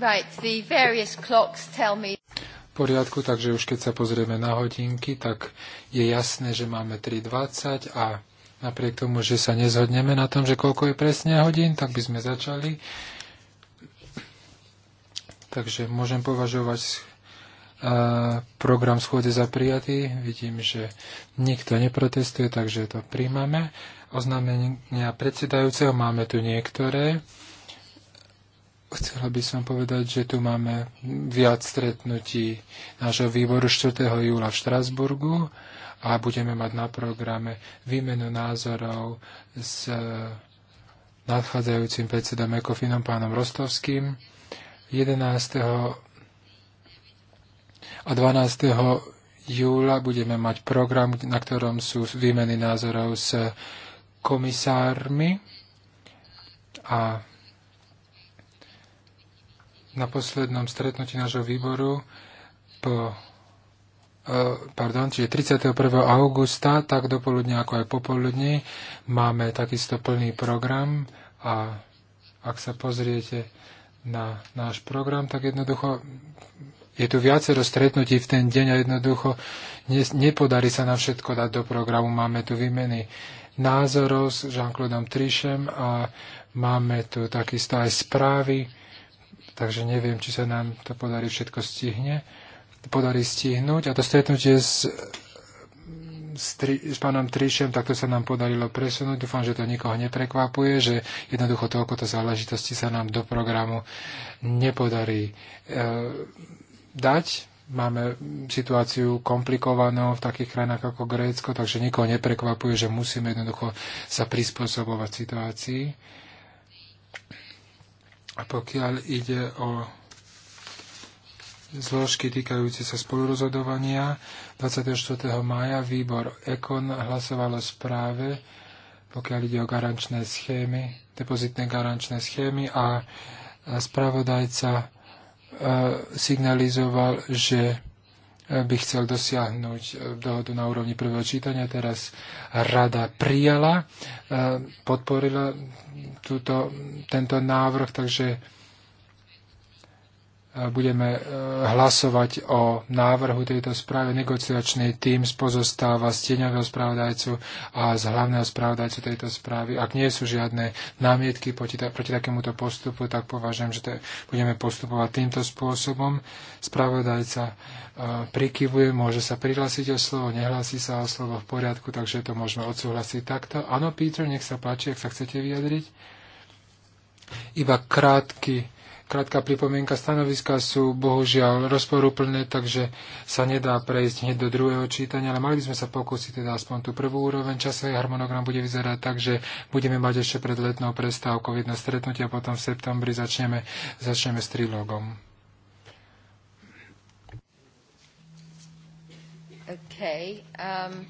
Right, the various clocks tell me... V poriadku, takže už keď sa pozrieme na hodinky, tak je jasné, že máme 3.20 a napriek tomu, že sa nezhodneme na tom, že koľko je presne hodín, tak by sme začali. Takže môžem považovať uh, program schôdze za prijatý. Vidím, že nikto neprotestuje, takže to príjmame. Oznámenia predsedajúceho máme tu niektoré. Chcela by som povedať, že tu máme viac stretnutí nášho výboru 4. júla v Štrasburgu a budeme mať na programe výmenu názorov s nadchádzajúcim predsedom Ekofinom pánom Rostovským. 11. a 12. júla budeme mať program, na ktorom sú výmeny názorov s komisármi a na poslednom stretnutí nášho výboru po e, pardon, čiže 31. augusta, tak dopoludne ako aj popoludne, máme takisto plný program a ak sa pozriete na náš program, tak jednoducho je tu viacero stretnutí v ten deň a jednoducho ne, nepodarí sa na všetko dať do programu. Máme tu výmeny názorov s jean claude Trišem a máme tu takisto aj správy takže neviem, či sa nám to podarí všetko stihne, podarí stihnúť. A to stretnutie s, s, tri, s pánom Trišem, tak to sa nám podarilo presunúť. Dúfam, že to nikoho neprekvapuje, že jednoducho toľko to záležitosti sa nám do programu nepodarí e, dať. Máme situáciu komplikovanú v takých krajinách ako Grécko, takže nikoho neprekvapuje, že musíme jednoducho sa prispôsobovať situácii. A pokiaľ ide o zložky týkajúce sa spolurozhodovania, 24. mája výbor EKON o správe, pokiaľ ide o garančné schémy, depozitné garančné schémy a spravodajca e, signalizoval, že by chcel dosiahnuť e, dohodu na úrovni prvého čítania. Teraz rada prijala, e, podporila túto, tento návrh, takže budeme e, hlasovať o návrhu tejto správy. Negociačný tým pozostáva z tieňového spravodajcu a z hlavného spravodajcu tejto správy. Ak nie sú žiadne námietky proti, proti takémuto postupu, tak považujem, že budeme postupovať týmto spôsobom. Spravodajca e, prikyvuje, môže sa prihlásiť o slovo, nehlási sa o slovo v poriadku, takže to môžeme odsúhlasiť takto. Áno, Peter, nech sa páči, ak sa chcete vyjadriť. Iba krátky krátka pripomienka stanoviska sú bohužiaľ rozporúplné, takže sa nedá prejsť hneď do druhého čítania, ale mali by sme sa pokúsiť teda aspoň tú prvú úroveň. Časový harmonogram bude vyzerať tak, že budeme mať ešte pred letnou prestávkou jedno stretnutie a potom v septembri začneme, začneme s trilógom. Okay, um,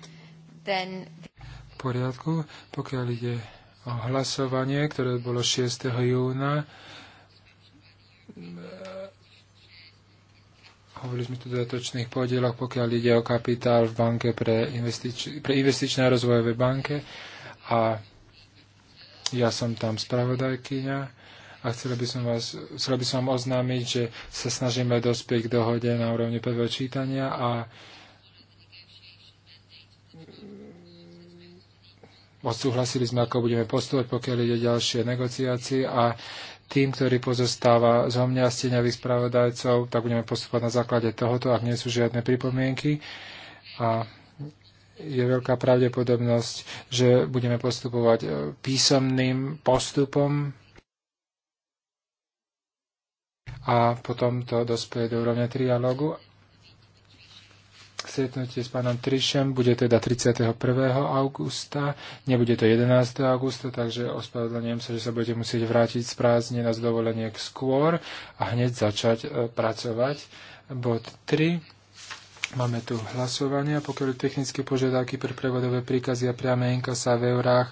then... V poriadku, pokiaľ ide o hlasovanie, ktoré bolo 6. júna, Mm, e, hovorili sme tu o dodatočných podieloch, pokiaľ ide o kapitál v banke pre, investič- pre investičné rozvojové banke a ja som tam spravodajkyňa a chcel by som, vás, chcel by som vám oznámiť, že sa snažíme dospieť k dohode na úrovni prvého čítania a odsúhlasili sme, ako budeme postupovať, pokiaľ ide ďalšie negociácie a tým, ktorý pozostáva z homňa stieňavých tak budeme postupovať na základe tohoto, ak nie sú žiadne pripomienky. A je veľká pravdepodobnosť, že budeme postupovať e, písomným postupom a potom to dospeje do úrovne trialógu Stretnutie s pánom Trišem bude teda 31. augusta, nebude to 11. augusta, takže ospravedlňujem sa, že sa budete musieť vrátiť z prázdne na zdovoleniek skôr a hneď začať e, pracovať. Bod 3. Máme tu hlasovania, pokiaľ technické požiadavky pre prevodové príkazy a priame inkasa v eurách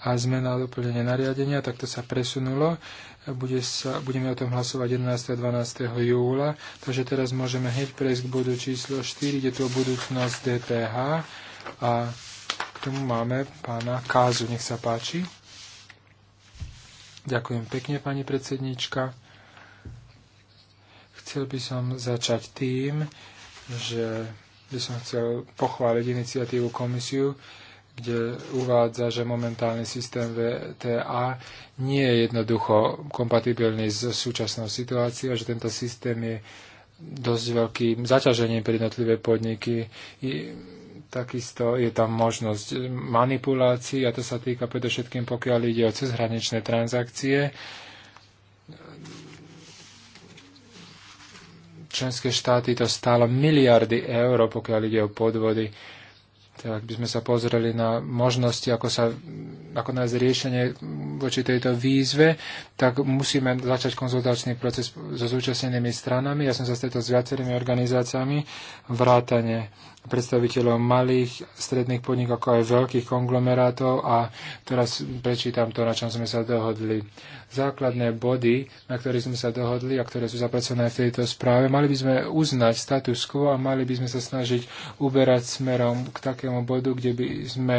a zmena a doplnenie nariadenia, tak to sa presunulo. Bude sa, budeme o tom hlasovať 11. a 12. júla. Takže teraz môžeme hneď prejsť k bodu číslo 4, kde to budúcnosť DPH. A k tomu máme pána Kázu, nech sa páči. Ďakujem pekne, pani predsednička. Chcel by som začať tým, že by som chcel pochváliť iniciatívu komisiu, kde uvádza, že momentálny systém VTA nie je jednoducho kompatibilný s súčasnou situáciou, že tento systém je dosť veľkým zaťažením pre jednotlivé podniky. I, takisto je tam možnosť manipulácií a to sa týka predovšetkým, pokiaľ ide o cezhraničné transakcie. Členské štáty to stálo miliardy eur, pokiaľ ide o podvody tak by sme sa pozreli na možnosti, ako, sa, ako nájsť riešenie voči tejto výzve, tak musíme začať konzultačný proces so zúčastnenými stranami. Ja som sa stretol s viacerými organizáciami, vrátane predstaviteľov malých, stredných podnikov, ako aj veľkých konglomerátov a teraz prečítam to, na čom sme sa dohodli. Základné body, na ktorých sme sa dohodli a ktoré sú zapracované v tejto správe, mali by sme uznať status quo a mali by sme sa snažiť uberať smerom k takému bodu, kde by sme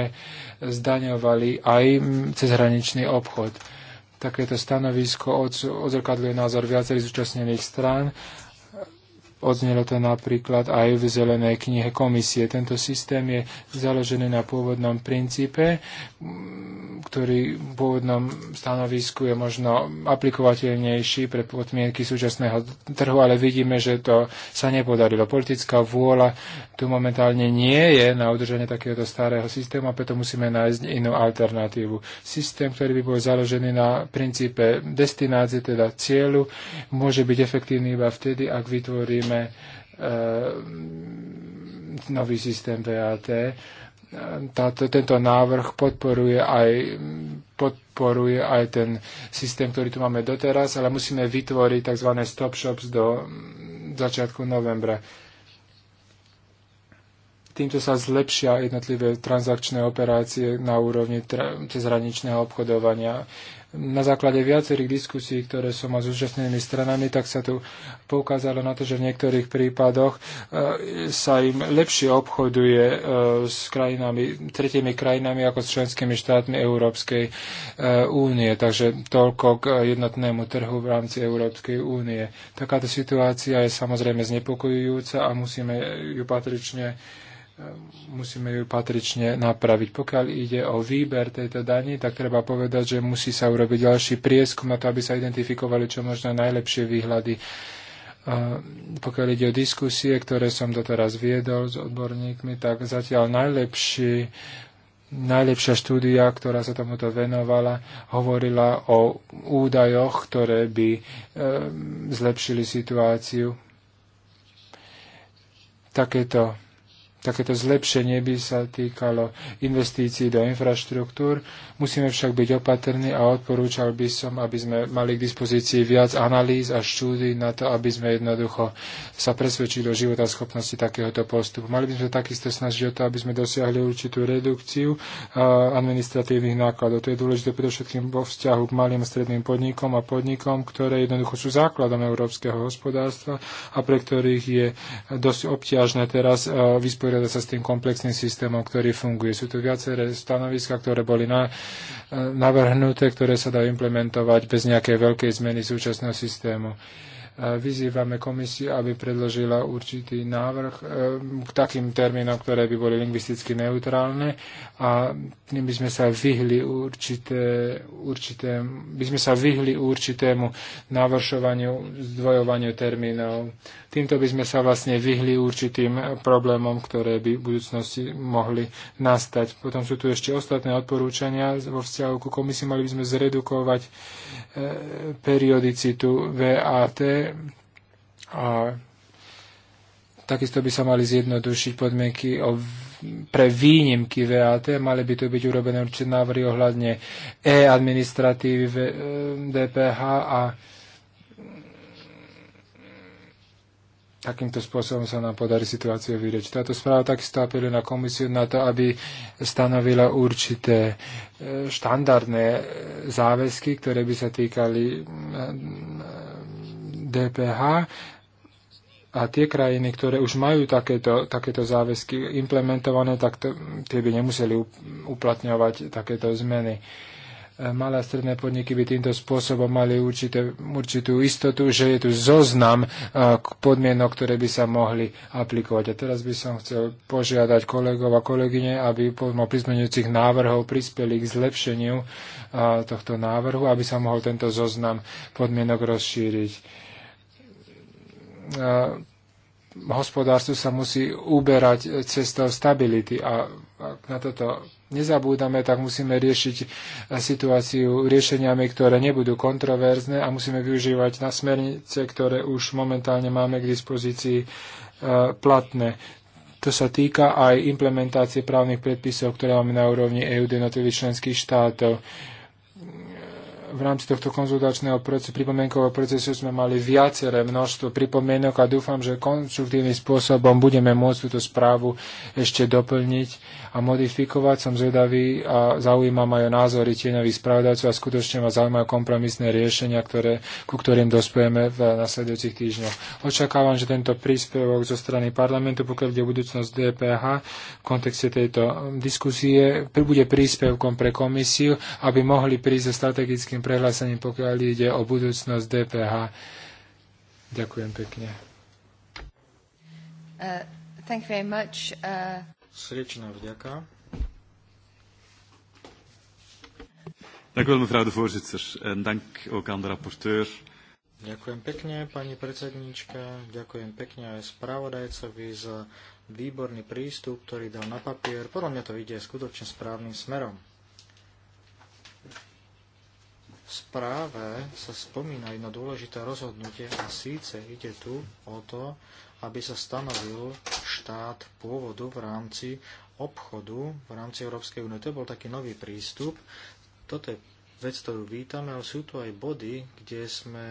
zdaňovali aj cezhraničný obchod takéto stanovisko odzrkadľuje názor viacerých zúčastnených strán Odznelo to napríklad aj v zelenej knihe komisie. Tento systém je založený na pôvodnom princípe, mm, ktorý v pôvodnom stanovisku je možno aplikovateľnejší pre podmienky súčasného trhu, ale vidíme, že to sa nepodarilo. Politická vôľa tu momentálne nie je na udržanie takéhoto starého systému a preto musíme nájsť inú alternatívu. Systém, ktorý by bol založený na princípe destinácie, teda cieľu, môže byť efektívny iba vtedy, ak vytvoríme máme eh, nový systém VAT. Táto, tento návrh podporuje aj, podporuje aj ten systém, ktorý tu máme doteraz, ale musíme vytvoriť tzv. stop shops do mm, začiatku novembra. Týmto sa zlepšia jednotlivé transakčné operácie na úrovni cezhraničného obchodovania. Na základe viacerých diskusí, ktoré som mal s účastnenými stranami, tak sa tu poukázalo na to, že v niektorých prípadoch e, sa im lepšie obchoduje e, s krajinami, tretimi krajinami ako s členskými štátmi Európskej e, únie. Takže toľko k jednotnému trhu v rámci Európskej únie. Takáto situácia je samozrejme znepokojujúca a musíme ju patrične musíme ju patrične napraviť. Pokiaľ ide o výber tejto dani, tak treba povedať, že musí sa urobiť ďalší prieskum na to, aby sa identifikovali čo možno najlepšie výhľady. pokiaľ ide o diskusie, ktoré som doteraz viedol s odborníkmi, tak zatiaľ najlepší, najlepšia štúdia, ktorá sa tomuto venovala, hovorila o údajoch, ktoré by e, zlepšili situáciu. Takéto Takéto zlepšenie by sa týkalo investícií do infraštruktúr. Musíme však byť opatrní a odporúčal by som, aby sme mali k dispozícii viac analýz a štúdí na to, aby sme jednoducho sa presvedčili o schopnosti takéhoto postupu. Mali by sme takisto snažiť o to, aby sme dosiahli určitú redukciu eh, administratívnych nákladov. To je dôležité predovšetkým vo vzťahu k malým a stredným podnikom a podnikom, ktoré jednoducho sú základom európskeho hospodárstva a pre ktorých je dosť obťažné teraz eh, vysporiadať vysporiadať sa s tým komplexným systémom, ktorý funguje. Sú tu viaceré stanoviska, ktoré boli na, eh, navrhnuté, ktoré sa dá implementovať bez nejakej veľkej zmeny súčasného systému vyzývame komisiu, aby predložila určitý návrh e, k takým termínom, ktoré by boli lingvisticky neutrálne a tým by sme sa vyhli určité, určité by sme sa vyhli určitému navršovaniu, zdvojovaniu termínov. Týmto by sme sa vlastne vyhli určitým problémom, ktoré by v budúcnosti mohli nastať. Potom sú tu ešte ostatné odporúčania vo vzťahu ku komisii. Mali by sme zredukovať e, periodicitu VAT a takisto by sa mali zjednodušiť podmienky o, pre výnimky VAT, mali by tu byť urobené určité návrhy ohľadne e-administratívy e, DPH a takýmto spôsobom sa nám podarí situáciu vyrieť. Táto správa takisto apeluje na komisiu na to, aby stanovila určité e, štandardné záväzky, ktoré by sa týkali DPH a tie krajiny, ktoré už majú takéto, takéto záväzky implementované, tak to, tie by nemuseli uplatňovať takéto zmeny. E, malé a stredné podniky by týmto spôsobom mali určité, určitú istotu, že je tu zoznam e, podmienok, ktoré by sa mohli aplikovať. A teraz by som chcel požiadať kolegov a kolegyne, aby po no, prizmenujúcich návrhov prispeli k zlepšeniu e, tohto návrhu, aby sa mohol tento zoznam podmienok rozšíriť hospodárstvo sa musí uberať cestou stability a ak na toto nezabúdame, tak musíme riešiť situáciu riešeniami, ktoré nebudú kontroverzné a musíme využívať na smernice, ktoré už momentálne máme k dispozícii e, platné. To sa týka aj implementácie právnych predpisov, ktoré máme na úrovni EU jednotlivých členských štátov v rámci tohto konzultačného procesu, pripomienkového procesu sme mali viaceré množstvo pripomienok a dúfam, že konstruktívnym spôsobom budeme môcť túto správu ešte doplniť a modifikovať. Som zvedavý a zaujíma ma názory tieňových správodajcov a skutočne ma zaujímajú kompromisné riešenia, ktoré, ku ktorým dospojeme v nasledujúcich týždňoch. Očakávam, že tento príspevok zo strany parlamentu, pokiaľ ide budúcnosť DPH v kontexte tejto diskusie, bude príspevkom pre komisiu, aby mohli prísť so strategickým vašim prehlásením, pokiaľ ide o budúcnosť DPH. Ďakujem pekne. Uh, thank you very much. Uh... Srdečná vďaka. Ďakujem, u wel, mevrouw de voorzitter. En dank ook aan de rapporteur. Ďakujem pekne, pani predsedníčka. Ďakujem pekne aj spravodajcovi za výborný prístup, ktorý dal na papier. Podľa mňa to ide skutočne správnym smerom správe sa spomína jedno dôležité rozhodnutie a síce ide tu o to, aby sa stanovil štát pôvodu v rámci obchodu, v rámci Európskej únie. To bol taký nový prístup. Toto je vec, ktorú vítame, ale sú tu aj body, kde sme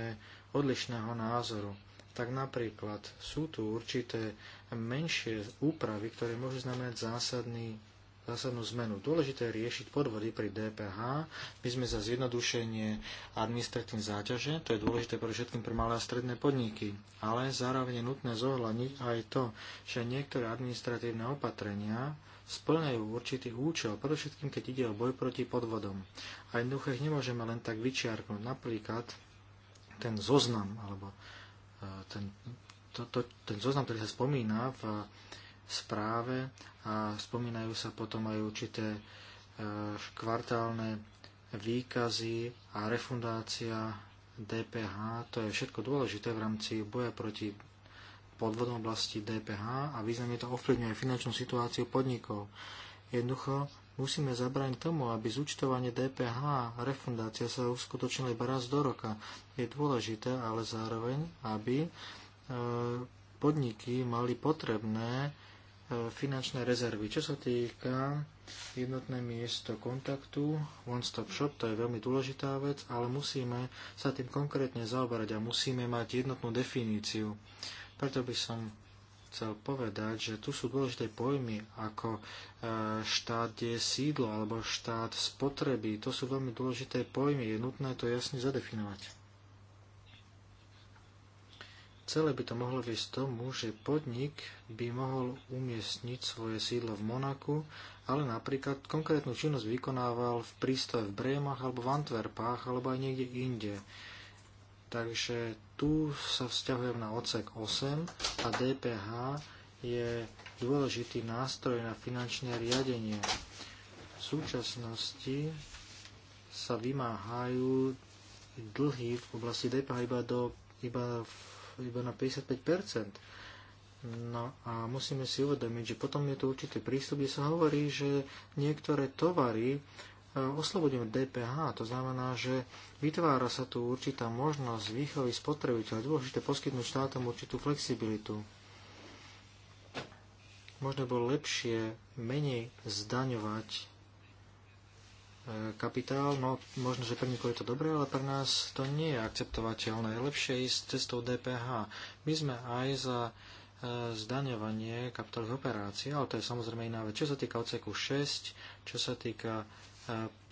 odlišného názoru. Tak napríklad sú tu určité menšie úpravy, ktoré môžu znamenať zásadný zásadnú zmenu. Dôležité je riešiť podvody pri DPH. My sme za zjednodušenie administratívnej záťaže, to je dôležité pre všetkým pre malé a stredné podniky, ale zároveň je nutné zohľadniť aj to, že niektoré administratívne opatrenia splňajú určitý účel, predovšetkým keď ide o boj proti podvodom. A jednoducho ich nemôžeme len tak vyčiarknúť. Napríklad ten zoznam, alebo e, ten, to, to, ten zoznam, ktorý sa spomína v správe a spomínajú sa potom aj určité e, kvartálne výkazy a refundácia DPH. To je všetko dôležité v rámci boja proti podvodom oblasti DPH a významne to ovplyvňuje finančnú situáciu podnikov. Jednoducho musíme zabrániť tomu, aby zúčtovanie DPH a refundácia sa uskutočnila iba raz do roka. Je dôležité, ale zároveň, aby e, podniky mali potrebné E, finančné rezervy. Čo sa týka jednotné miesto kontaktu, One Stop Shop, to je veľmi dôležitá vec, ale musíme sa tým konkrétne zaoberať a musíme mať jednotnú definíciu. Preto by som chcel povedať, že tu sú dôležité pojmy ako e, štát, je sídlo, alebo štát spotreby. To sú veľmi dôležité pojmy, je nutné to jasne zadefinovať. Celé by to mohlo viesť tomu, že podnik by mohol umiestniť svoje sídlo v Monaku, ale napríklad konkrétnu činnosť vykonával v prístave v Brémach alebo v Antwerpách alebo aj niekde inde. Takže tu sa vzťahujem na odsek 8 a DPH je dôležitý nástroj na finančné riadenie. V súčasnosti sa vymáhajú dlhy v oblasti DPH iba, do, iba v iba na 55%. No a musíme si uvedomiť, že potom je to určitý prístup, kde sa hovorí, že niektoré tovary e, oslobodíme DPH, to znamená, že vytvára sa tu určitá možnosť výchovy spotrebiteľa, dôležité poskytnúť štátom určitú flexibilitu. Možno bolo lepšie menej zdaňovať kapitál. No, možno, že pre niekoho je to dobré, ale pre nás to nie je akceptovateľné. Je lepšie ísť cestou DPH. My sme aj za e, zdaňovanie kapitálových operácií, ale to je samozrejme iná vec. Čo sa týka odseku 6, čo sa týka e,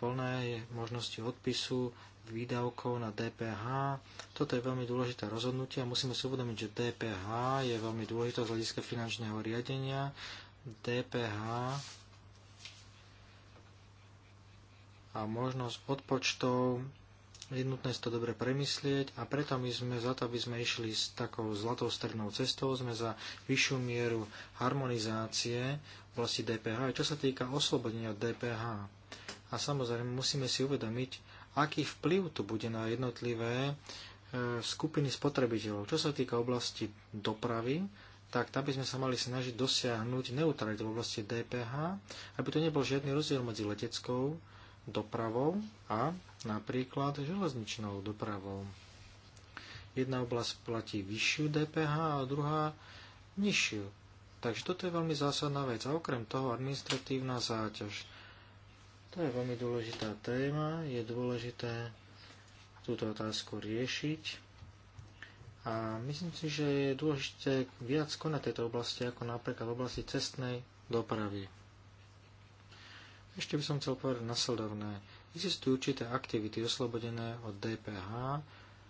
plnej možnosti odpisu výdavkov na DPH. Toto je veľmi dôležité rozhodnutie a musíme si uvedomiť, že DPH je veľmi dôležité z hľadiska finančného riadenia. DPH a možnosť odpočtov. Je nutné si to dobre premyslieť a preto my sme za to, aby sme išli s takou zlatou strednou cestou, sme za vyššiu mieru harmonizácie vlasti DPH, čo sa týka oslobodenia DPH. A samozrejme musíme si uvedomiť, aký vplyv tu bude na jednotlivé e, skupiny spotrebiteľov. Čo sa týka oblasti dopravy, tak tam by sme sa mali snažiť dosiahnuť neutralitu v oblasti DPH, aby to nebol žiadny rozdiel medzi leteckou dopravou a napríklad železničnou dopravou. Jedna oblasť platí vyššiu DPH a druhá nižšiu. Takže toto je veľmi zásadná vec. A okrem toho administratívna záťaž. To je veľmi dôležitá téma. Je dôležité túto otázku riešiť. A myslím si, že je dôležité viac konať tejto oblasti, ako napríklad v oblasti cestnej dopravy. Ešte by som chcel povedať nasledovné. Existujú určité aktivity oslobodené od DPH,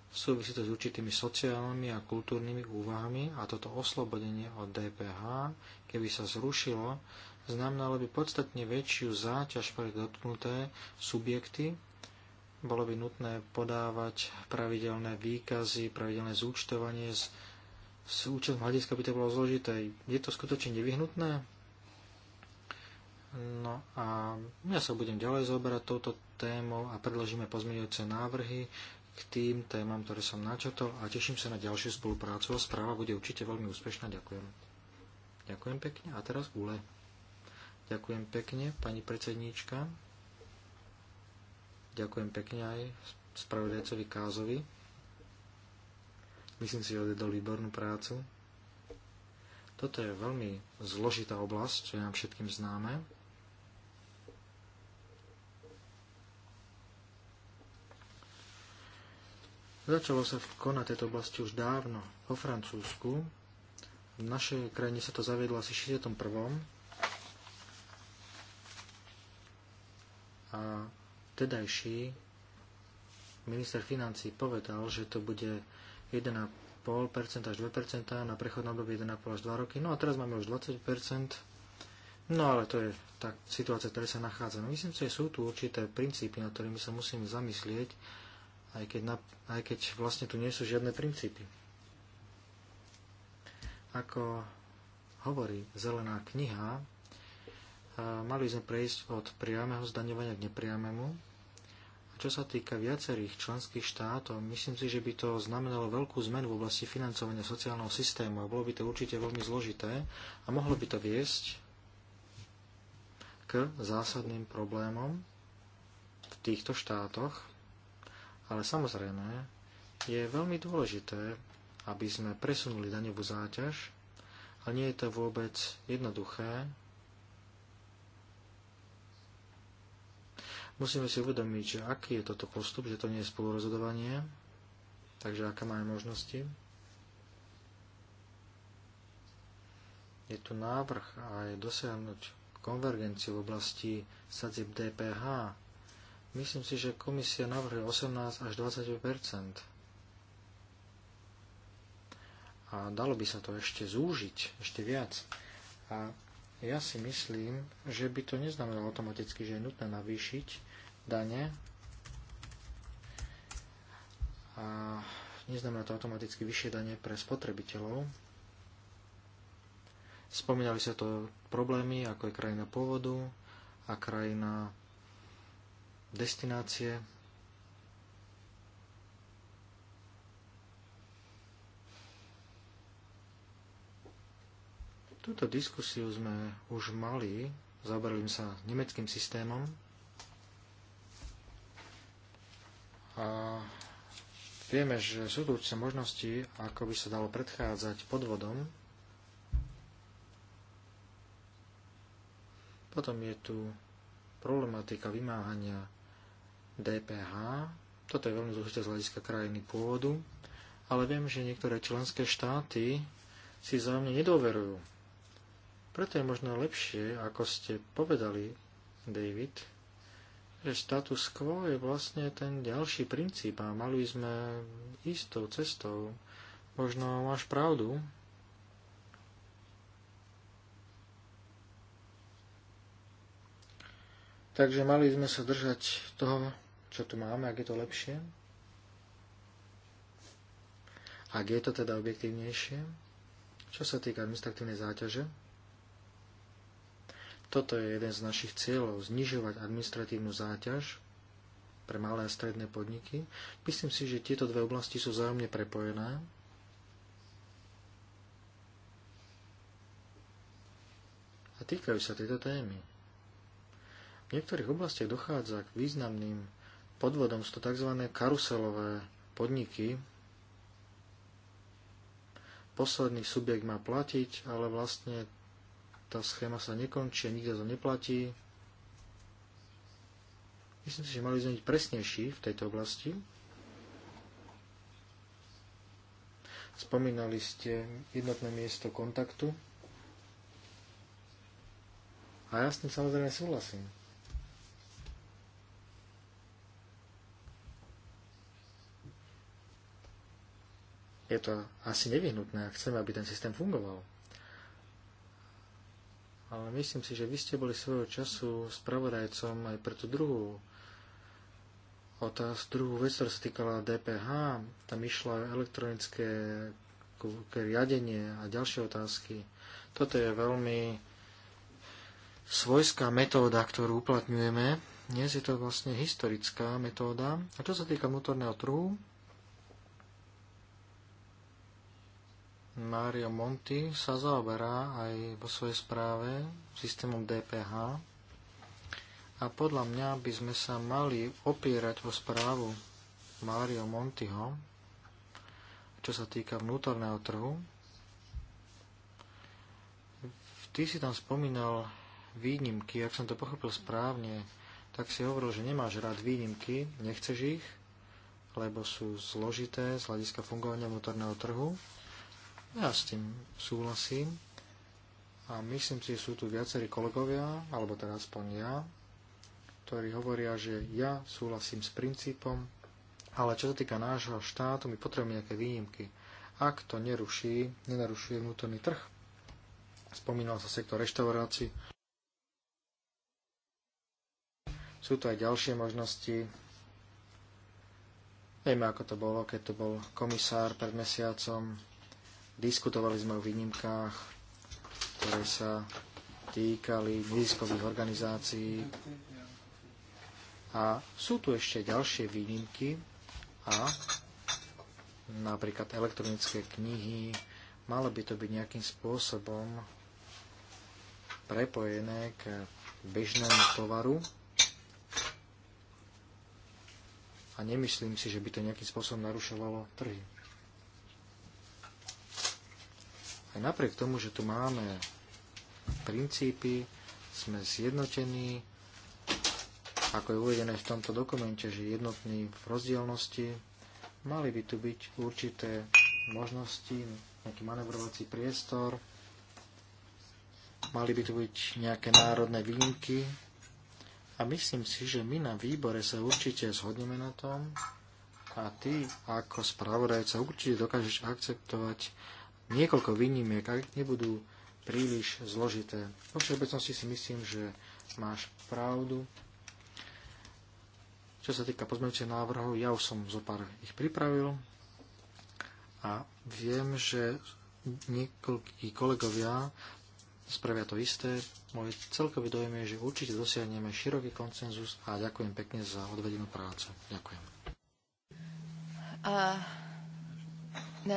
súvisí to s určitými sociálnymi a kultúrnymi úvahami a toto oslobodenie od DPH, keby sa zrušilo, znamenalo by podstatne väčšiu záťaž pre dotknuté subjekty, bolo by nutné podávať pravidelné výkazy, pravidelné zúčtovanie z, z účet hľadiska by to bolo zložité. Je to skutočne nevyhnutné? No a ja sa budem ďalej zaoberať touto témou a predložíme pozmeňujúce návrhy k tým témam, ktoré som načotol a teším sa na ďalšiu spoluprácu a správa bude určite veľmi úspešná. Ďakujem. Ďakujem pekne. A teraz Ule. Ďakujem pekne, pani predsedníčka. Ďakujem pekne aj spravodajcovi Kázovi. Myslím si, že odvedol výbornú prácu. Toto je veľmi zložitá oblasť, čo je nám všetkým známe. Začalo sa konať tejto oblasti už dávno vo Francúzsku. V našej krajine sa to zaviedlo asi 61. A vtedajší minister financí povedal, že to bude 1,5% až 2% na prechodnom období 1,5 až 2 roky. No a teraz máme už 20%. No ale to je tá situácia, v ktorej sa nachádzame. Myslím si, že sú tu určité princípy, na ktorými sa musíme zamyslieť aj keď, na, aj keď vlastne tu nie sú žiadne princípy. Ako hovorí zelená kniha, mali sme prejsť od priameho zdaňovania k nepriamému. A čo sa týka viacerých členských štátov, myslím si, že by to znamenalo veľkú zmenu v oblasti financovania sociálneho systému a bolo by to určite veľmi zložité a mohlo by to viesť k zásadným problémom v týchto štátoch. Ale samozrejme, je veľmi dôležité, aby sme presunuli daňovú záťaž, a nie je to vôbec jednoduché. Musíme si uvedomiť, že aký je toto postup, že to nie je spolurozhodovanie, takže aké máme možnosti. Je tu návrh aj dosiahnuť konvergenciu v oblasti sadzieb DPH Myslím si, že komisia navrhuje 18 až 20 A dalo by sa to ešte zúžiť, ešte viac. A ja si myslím, že by to neznamenalo automaticky, že je nutné navýšiť dane. A neznamená to automaticky vyššie dane pre spotrebiteľov. Spomínali sa to problémy, ako je krajina pôvodu a krajina destinácie. Túto diskusiu sme už mali, zaoberali sa nemeckým systémom a vieme, že sú tu určite možnosti, ako by sa dalo predchádzať podvodom. Potom je tu problematika vymáhania DPH. Toto je veľmi dôležité z hľadiska krajiny pôvodu, ale viem, že niektoré členské štáty si vzájomne nedoverujú. Preto je možno lepšie, ako ste povedali, David, že status quo je vlastne ten ďalší princíp a mali sme istou cestou. Možno máš pravdu, Takže mali sme sa držať toho, čo tu máme, ak je to lepšie. Ak je to teda objektívnejšie, čo sa týka administratívnej záťaže, toto je jeden z našich cieľov, znižovať administratívnu záťaž pre malé a stredné podniky. Myslím si, že tieto dve oblasti sú vzájomne prepojené. A týkajú sa tejto témy. V niektorých oblastiach dochádza k významným podvodom. Sú to tzv. karuselové podniky. Posledný subjekt má platiť, ale vlastne tá schéma sa nekončí, nikto to neplatí. Myslím si, že mali sme byť presnejší v tejto oblasti. Spomínali ste jednotné miesto kontaktu. A ja s tým samozrejme súhlasím. je to asi nevyhnutné, ak chceme, aby ten systém fungoval. Ale myslím si, že vy ste boli svojho času spravodajcom aj pre tú druhú otáz, druhú vec, ktorá sa týkala DPH, tam išlo elektronické riadenie a ďalšie otázky. Toto je veľmi svojská metóda, ktorú uplatňujeme. Dnes je to vlastne historická metóda. A čo sa týka vnútorného trhu, Mario Monti sa zaoberá aj vo svojej správe systémom DPH a podľa mňa by sme sa mali opierať o správu Mario Montiho, čo sa týka vnútorného trhu. Ty si tam spomínal výnimky, ak som to pochopil správne, tak si hovoril, že nemáš rád výnimky, nechceš ich, lebo sú zložité z hľadiska fungovania vnútorného trhu. Ja s tým súhlasím a myslím si, že sú tu viacerí kolegovia, alebo teda aspoň ja, ktorí hovoria, že ja súhlasím s princípom, ale čo sa týka nášho štátu, my potrebujeme nejaké výnimky. Ak to neruší, nenarušuje vnútorný trh, spomínal sa sektor reštaurácií, sú tu aj ďalšie možnosti. Vieme, ako to bolo, keď to bol komisár pred mesiacom. Diskutovali sme o výnimkách, ktoré sa týkali neziskových organizácií. A sú tu ešte ďalšie výnimky a napríklad elektronické knihy, malo by to byť nejakým spôsobom prepojené k bežnému tovaru. A nemyslím si, že by to nejakým spôsobom narušovalo trhy. Aj napriek tomu, že tu máme princípy, sme zjednotení, ako je uvedené v tomto dokumente, že jednotní v rozdielnosti, mali by tu byť určité možnosti, nejaký manevrovací priestor, mali by tu byť nejaké národné výnimky a myslím si, že my na výbore sa určite zhodneme na tom a ty ako spravodajca určite dokážeš akceptovať niekoľko výnimiek, ak nebudú príliš zložité. Vo všeobecnosti si myslím, že máš pravdu. Čo sa týka pozmeňujúcich návrhov, ja už som zo pár ich pripravil a viem, že niekoľkí kolegovia spravia to isté. Môj celkový dojem je, že určite dosiahneme široký koncenzus a ďakujem pekne za odvedenú prácu. Ďakujem. Uh, no.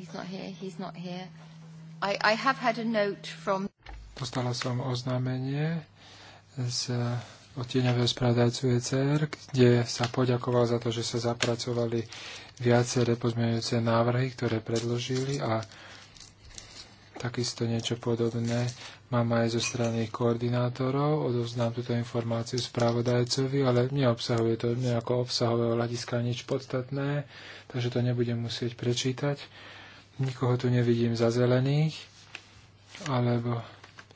He's not here, he's not here. I, I have had a note from... Dostala som oznámenie z odtieňového spravodajcu ECR, kde sa poďakoval za to, že sa zapracovali viaceré pozmeňujúce návrhy, ktoré predložili a takisto niečo podobné mám aj zo strany koordinátorov. Odovznám túto informáciu spravodajcovi, ale neobsahuje to nejako obsahového hľadiska nič podstatné, takže to nebudem musieť prečítať. Nikoho tu nevidím za zelených. Alebo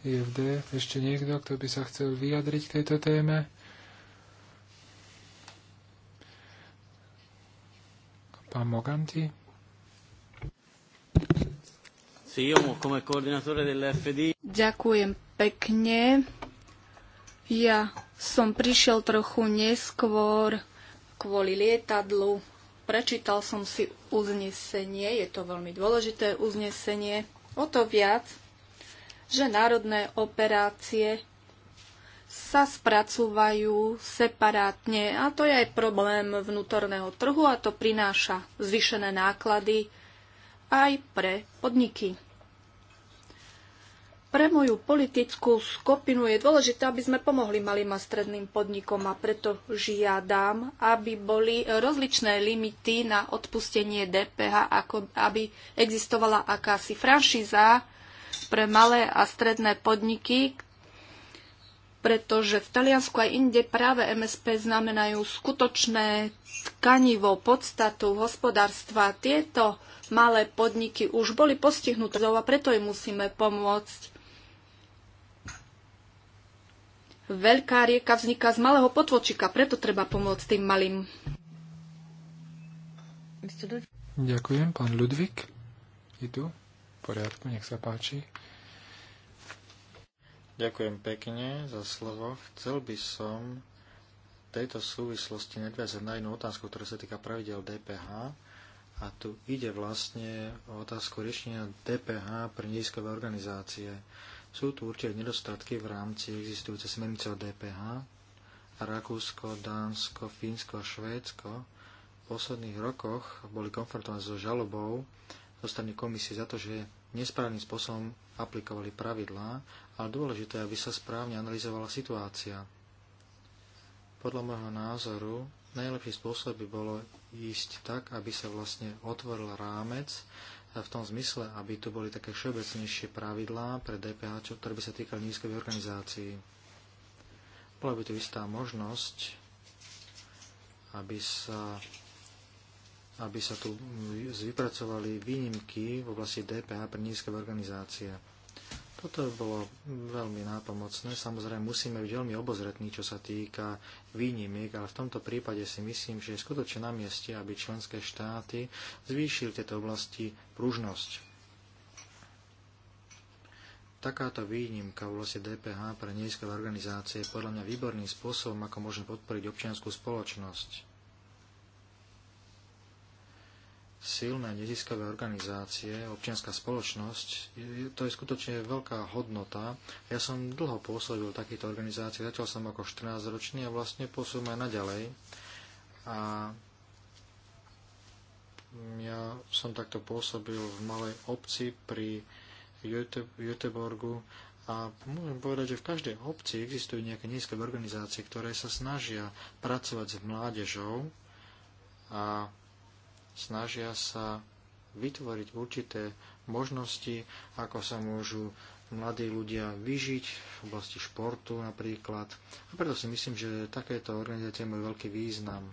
IFD. Ešte niekto, kto by sa chcel vyjadriť k tejto téme? Pán Moganti? Ďakujem pekne. Ja som prišiel trochu neskôr kvôli lietadlu Prečítal som si uznesenie, je to veľmi dôležité uznesenie, o to viac, že národné operácie sa spracúvajú separátne a to je aj problém vnútorného trhu a to prináša zvyšené náklady aj pre podniky. Pre moju politickú skupinu je dôležité, aby sme pomohli malým a stredným podnikom a preto žiadam, aby boli rozličné limity na odpustenie DPH, ako aby existovala akási franšíza pre malé a stredné podniky, pretože v Taliansku aj inde práve MSP znamenajú skutočné tkanivo, podstatu hospodárstva. Tieto malé podniky už boli postihnuté a preto im musíme pomôcť Veľká rieka vzniká z malého potvočika, preto treba pomôcť tým malým. Ďakujem, pán Ludvík. Je tu? V poriadku, nech sa páči. Ďakujem pekne za slovo. Chcel by som v tejto súvislosti nadviazať na jednu otázku, ktorá sa týka pravidel DPH. A tu ide vlastne o otázku riešenia DPH pre nízkové organizácie. Sú tu určite nedostatky v rámci existujúcej smernice o DPH a Rakúsko, Dánsko, Fínsko a Švédsko v posledných rokoch boli konfrontované so žalobou zo strany komisie za to, že nesprávnym spôsobom aplikovali pravidlá, ale dôležité, aby sa správne analyzovala situácia. Podľa môjho názoru najlepší spôsob by bolo ísť tak, aby sa vlastne otvoril rámec v tom zmysle, aby tu boli také všeobecnejšie pravidlá pre DPH, čo, ktoré by sa týkali nízkej organizácií. Bola by tu istá možnosť, aby sa, aby sa tu vypracovali výnimky v oblasti DPH pre nízkej organizácie. Toto bolo veľmi nápomocné. Samozrejme, musíme byť veľmi obozretní, čo sa týka výnimiek, ale v tomto prípade si myslím, že je skutočne na mieste, aby členské štáty zvýšili v tejto oblasti pružnosť. Takáto výnimka v oblasti DPH pre nízkové organizácie je podľa mňa výborným spôsobom, ako môžeme podporiť občianskú spoločnosť silné neziskové organizácie, občianská spoločnosť, to je skutočne veľká hodnota. Ja som dlho pôsobil v takýchto organizáciách, začal som ako 14-ročný a vlastne pôsobím aj naďalej. A ja som takto pôsobil v malej obci pri Göteborgu a môžem povedať, že v každej obci existujú nejaké nízke organizácie, ktoré sa snažia pracovať s mládežou a snažia sa vytvoriť určité možnosti, ako sa môžu mladí ľudia vyžiť v oblasti športu napríklad. A preto si myslím, že takéto organizácie majú veľký význam.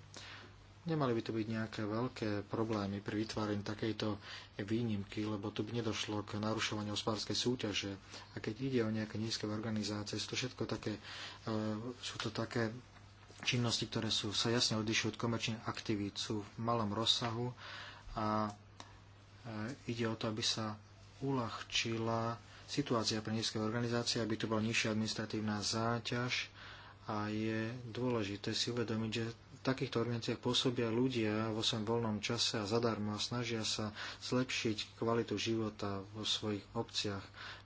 Nemali by tu byť nejaké veľké problémy pri vytváraní takejto výnimky, lebo tu by nedošlo k narušovaniu hospodárskej súťaže. A keď ide o nejaké nízke organizácie, sú to všetko také, e, sú to také činnosti, ktoré sú, sa jasne odlišujú od komerčných aktivít, sú v malom rozsahu a e, ide o to, aby sa uľahčila situácia pre nízke organizácie, aby tu bola nižšia administratívna záťaž a je dôležité si uvedomiť, že v takýchto organizáciách pôsobia ľudia vo svojom voľnom čase a zadarmo a snažia sa zlepšiť kvalitu života vo svojich obciach.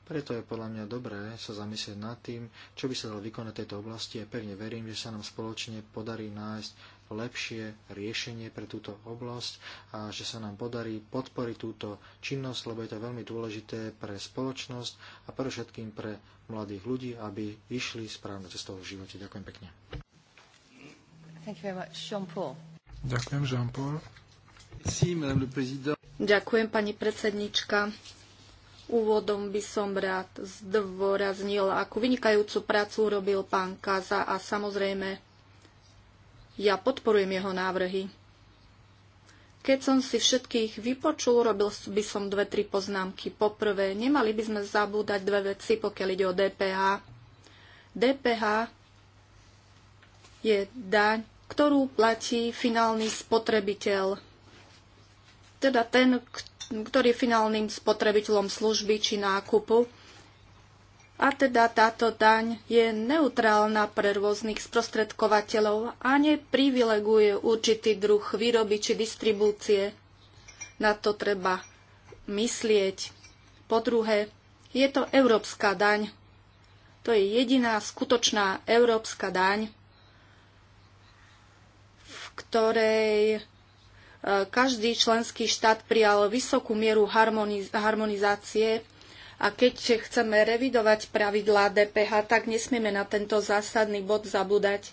Preto je podľa mňa dobré sa zamyslieť nad tým, čo by sa dalo vykonať v tejto oblasti a pevne verím, že sa nám spoločne podarí nájsť lepšie riešenie pre túto oblasť a že sa nám podarí podporiť túto činnosť, lebo je to veľmi dôležité pre spoločnosť a pre všetkým pre mladých ľudí, aby išli správne cestou v živote. Ďakujem pekne. Thank you very much. Jean -Paul. Ďakujem, Jean-Paul. Ďakujem, pani predsednička. Úvodom by som rád zdôraznil, akú vynikajúcu prácu urobil pán Kaza a samozrejme ja podporujem jeho návrhy. Keď som si všetkých vypočul, robil by som dve, tri poznámky. Poprvé, nemali by sme zabúdať dve veci, pokiaľ ide o DPH. DPH je daň, ktorú platí finálny spotrebiteľ. Teda ten, kto ktorý je finálnym spotrebiteľom služby či nákupu. A teda táto daň je neutrálna pre rôznych sprostredkovateľov a neprivileguje určitý druh výroby či distribúcie. Na to treba myslieť. Po druhé, je to európska daň. To je jediná skutočná európska daň, v ktorej každý členský štát prijal vysokú mieru harmonizácie a keď chceme revidovať pravidlá DPH, tak nesmieme na tento zásadný bod zabúdať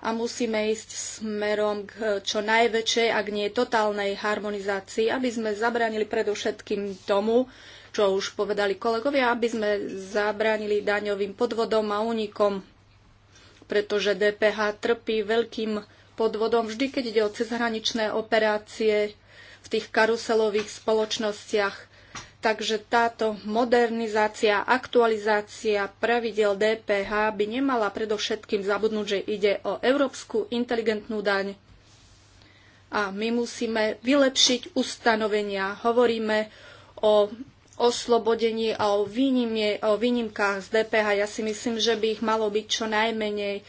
a musíme ísť smerom k čo najväčšej, ak nie totálnej harmonizácii, aby sme zabránili predovšetkým tomu, čo už povedali kolegovia, aby sme zabránili daňovým podvodom a únikom, pretože DPH trpí veľkým podvodom vždy, keď ide o cezhraničné operácie v tých karuselových spoločnostiach. Takže táto modernizácia, aktualizácia pravidel DPH by nemala predovšetkým zabudnúť, že ide o európsku inteligentnú daň. A my musíme vylepšiť ustanovenia. Hovoríme o oslobodení a o, výnimie, o výnimkách z DPH. Ja si myslím, že by ich malo byť čo najmenej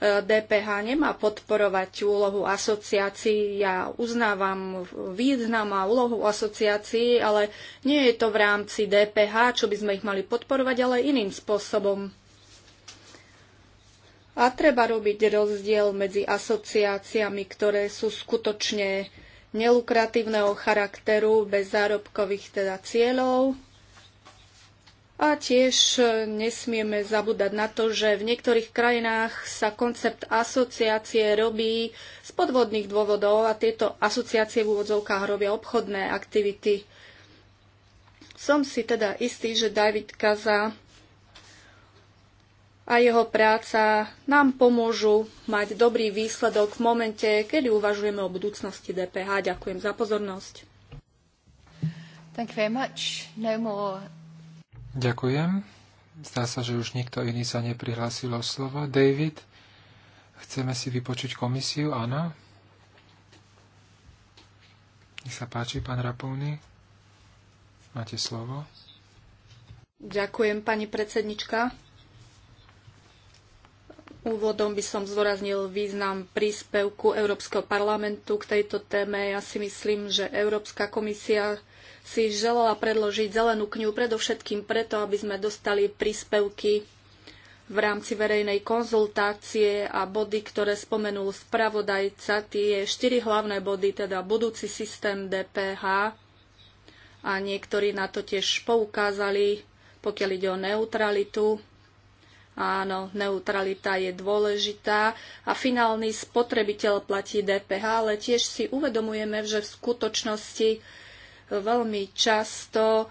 DPH nemá podporovať úlohu asociácií. Ja uznávam význam a úlohu asociácií, ale nie je to v rámci DPH, čo by sme ich mali podporovať, ale iným spôsobom. A treba robiť rozdiel medzi asociáciami, ktoré sú skutočne nelukratívneho charakteru, bez zárobkových teda cieľov, a tiež e, nesmieme zabúdať na to, že v niektorých krajinách sa koncept asociácie robí z podvodných dôvodov a tieto asociácie v úvodzovkách robia obchodné aktivity. Som si teda istý, že David Kaza a jeho práca nám pomôžu mať dobrý výsledok v momente, kedy uvažujeme o budúcnosti DPH. Ďakujem za pozornosť. Thank you very much. No more Ďakujem. Zdá sa, že už nikto iný sa neprihlásil o slovo. David, chceme si vypočuť komisiu, áno? Nech sa páči, pán Rapovny. Máte slovo. Ďakujem, pani predsednička. Úvodom by som zdôraznil význam príspevku Európskeho parlamentu k tejto téme. Ja si myslím, že Európska komisia si želala predložiť zelenú knihu predovšetkým preto, aby sme dostali príspevky v rámci verejnej konzultácie a body, ktoré spomenul spravodajca, tie štyri hlavné body, teda budúci systém DPH a niektorí na to tiež poukázali, pokiaľ ide o neutralitu. Áno, neutralita je dôležitá a finálny spotrebiteľ platí DPH, ale tiež si uvedomujeme, že v skutočnosti Veľmi často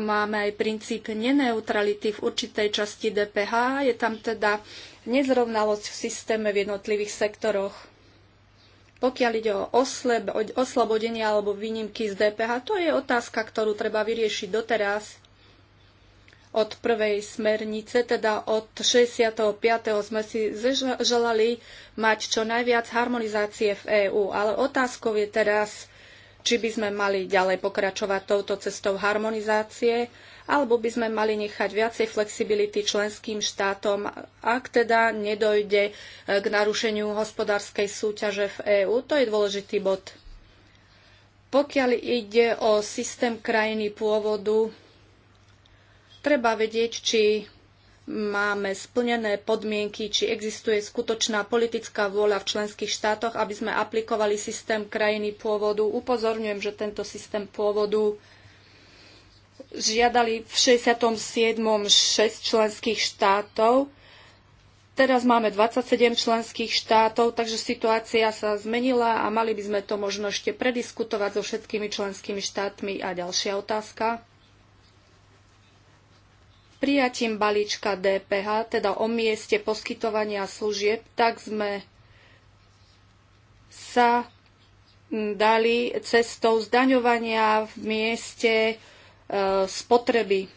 máme aj princíp neneutrality v určitej časti DPH. Je tam teda nezrovnalosť v systéme v jednotlivých sektoroch. Pokiaľ ide o osleb, oslobodenie alebo výnimky z DPH, to je otázka, ktorú treba vyriešiť doteraz od prvej smernice, teda od 65. sme si želali mať čo najviac harmonizácie v EÚ, ale otázkou je teraz, či by sme mali ďalej pokračovať touto cestou harmonizácie, alebo by sme mali nechať viacej flexibility členským štátom, ak teda nedojde e, k narušeniu hospodárskej súťaže v EÚ. To je dôležitý bod. Pokiaľ ide o systém krajiny pôvodu, treba vedieť, či máme splnené podmienky, či existuje skutočná politická vôľa v členských štátoch, aby sme aplikovali systém krajiny pôvodu. Upozorňujem, že tento systém pôvodu žiadali v 67. 6 členských štátov. Teraz máme 27 členských štátov, takže situácia sa zmenila a mali by sme to možno ešte prediskutovať so všetkými členskými štátmi. A ďalšia otázka. Prijatím balíčka DPH, teda o mieste poskytovania služieb, tak sme sa dali cestou zdaňovania v mieste e, spotreby.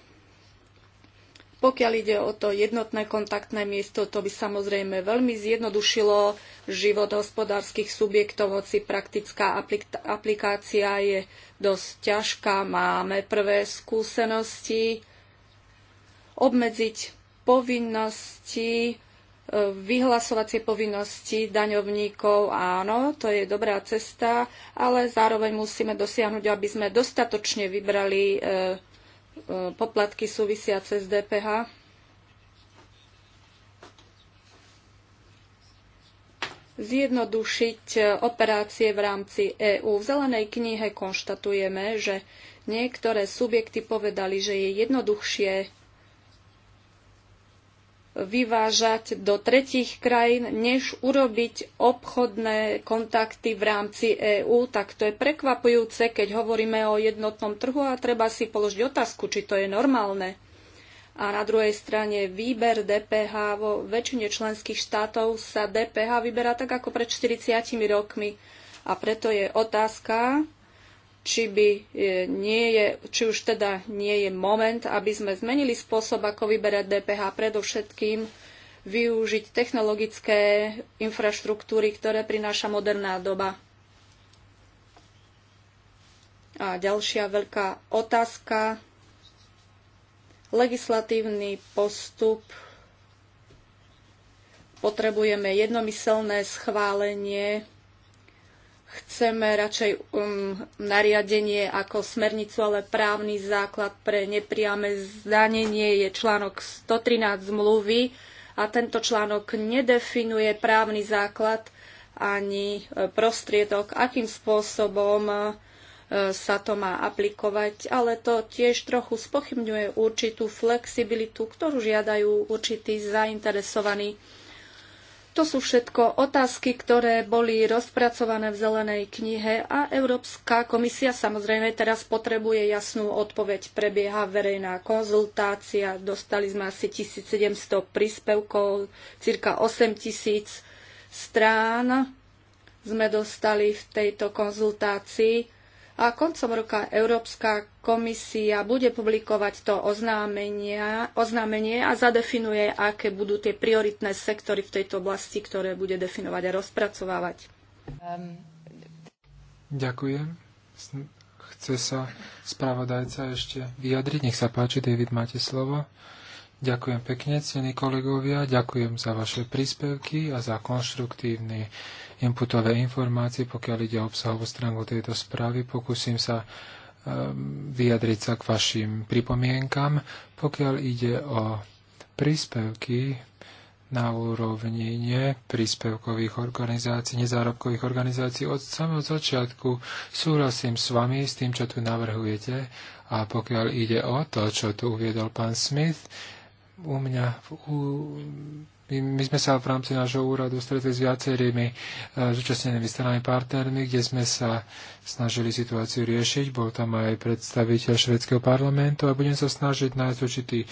Pokiaľ ide o to jednotné kontaktné miesto, to by samozrejme veľmi zjednodušilo život hospodárskych subjektov, hoci praktická aplikácia je dosť ťažká. Máme prvé skúsenosti obmedziť povinnosti, e, vyhlasovacie povinnosti daňovníkov. Áno, to je dobrá cesta, ale zároveň musíme dosiahnuť, aby sme dostatočne vybrali e, e, poplatky súvisiace s DPH. Zjednodušiť operácie v rámci EÚ. V zelenej knihe konštatujeme, že niektoré subjekty povedali, že je jednoduchšie vyvážať do tretích krajín, než urobiť obchodné kontakty v rámci EÚ, tak to je prekvapujúce, keď hovoríme o jednotnom trhu a treba si položiť otázku, či to je normálne. A na druhej strane výber DPH vo väčšine členských štátov sa DPH vyberá tak ako pred 40 rokmi. A preto je otázka, či, by e, nie je, či už teda nie je moment, aby sme zmenili spôsob, ako vyberať DPH, predovšetkým využiť technologické infraštruktúry, ktoré prináša moderná doba. A ďalšia veľká otázka. Legislatívny postup. Potrebujeme jednomyselné schválenie Chceme radšej um, nariadenie ako smernicu, ale právny základ pre nepriame zdanenie je článok 113 zmluvy a tento článok nedefinuje právny základ ani e, prostriedok, akým spôsobom e, sa to má aplikovať, ale to tiež trochu spochybňuje určitú flexibilitu, ktorú žiadajú určití zainteresovaní to sú všetko otázky, ktoré boli rozpracované v zelenej knihe a Európska komisia samozrejme teraz potrebuje jasnú odpoveď. Prebieha verejná konzultácia, dostali sme asi 1700 príspevkov, cirka 8000 strán sme dostali v tejto konzultácii a koncom roka Európska komisia bude publikovať to oznámenie a zadefinuje, aké budú tie prioritné sektory v tejto oblasti, ktoré bude definovať a rozpracovávať. Um, ďakujem. Chce sa spravodajca ešte vyjadriť. Nech sa páči, David, máte slovo. Ďakujem pekne, cení kolegovia, ďakujem za vaše príspevky a za konštruktívny inputové informácie, pokiaľ ide o obsahovú stránku tejto správy. Pokúsim sa ehm, vyjadriť sa k vašim pripomienkam. Pokiaľ ide o príspevky na úrovni príspevkových organizácií, nezárobkových organizácií. Od samého začiatku súhlasím s vami s tým, čo tu navrhujete a pokiaľ ide o to, čo tu uviedol pán Smith, u mňa v, my, my sme sa v rámci nášho úradu stretli s viacerými e, zúčastnenými stranami partnermi, kde sme sa snažili situáciu riešiť. Bol tam aj predstaviteľ švedského parlamentu a budem sa snažiť nájsť určitý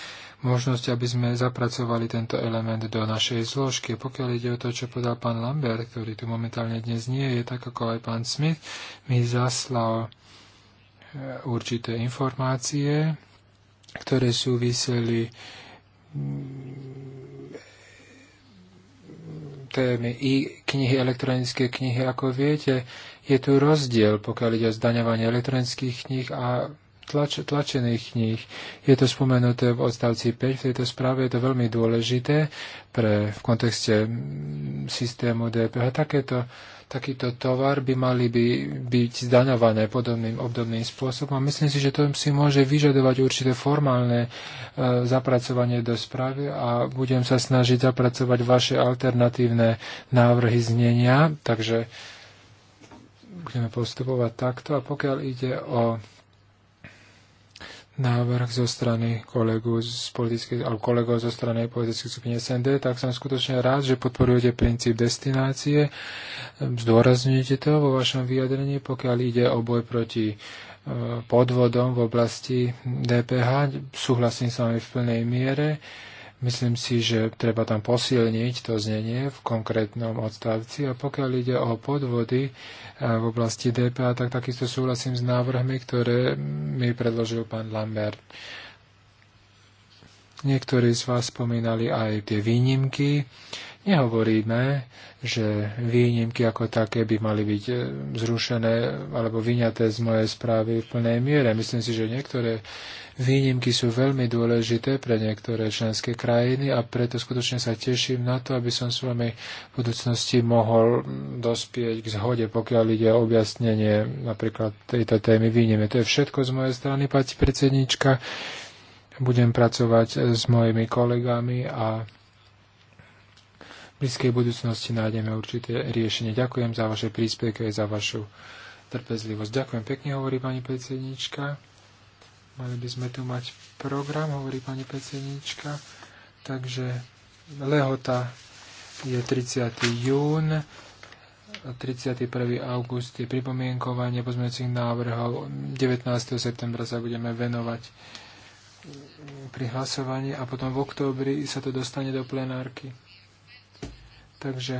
možnosť, aby sme zapracovali tento element do našej zložky. Pokiaľ ide o to, čo podal pán Lambert, ktorý tu momentálne dnes nie je, tak ako aj pán Smith, mi zaslal e, určité informácie, ktoré súviseli témy i knihy, elektronické knihy. Ako viete, je tu rozdiel, pokiaľ ide o zdaňovanie elektronických kníh a tlač, tlačených kníh. Je to spomenuté v odstavci 5. V tejto správe je to veľmi dôležité pre, v kontexte mm, systému DPH. Takéto takýto tovar by mali by byť zdaňované podobným obdobným spôsobom. Myslím si, že to si môže vyžadovať určité formálne e, zapracovanie do správy a budem sa snažiť zapracovať vaše alternatívne návrhy znenia, takže budeme postupovať takto. A pokiaľ ide o návrh zo strany kolegu z politickej, alebo kolegov zo strany politickej skupiny SND, tak som skutočne rád, že podporujete princíp destinácie. Ehm, zdôrazňujete to vo vašom vyjadrení, pokiaľ ide o boj proti e, podvodom v oblasti DPH. Súhlasím s vami v plnej miere. Myslím si, že treba tam posilniť to znenie v konkrétnom odstavci. A pokiaľ ide o podvody eh, v oblasti DPA, tak takisto súhlasím s návrhmi, ktoré mi predložil pán Lambert. Niektorí z vás spomínali aj tie výnimky. Nehovoríme, že výnimky ako také by mali byť e, zrušené alebo vyňaté z mojej správy v plnej miere. Myslím si, že niektoré výnimky sú veľmi dôležité pre niektoré členské krajiny a preto skutočne sa teším na to, aby som s vami v budúcnosti mohol dospieť k zhode, pokiaľ ide o objasnenie napríklad tejto témy výnime. To je všetko z mojej strany, pani predsednička. Budem pracovať s mojimi kolegami a blízkej budúcnosti nájdeme určité riešenie. Ďakujem za vaše príspevky aj za vašu trpezlivosť. Ďakujem pekne, hovorí pani predsednička. Mali by sme tu mať program, hovorí pani predsednička. Takže lehota je 30. jún, 31. august je pripomienkovanie pozmeňujúcich návrhov, 19. septembra sa budeme venovať pri hlasovaní a potom v októbri sa to dostane do plenárky. Takže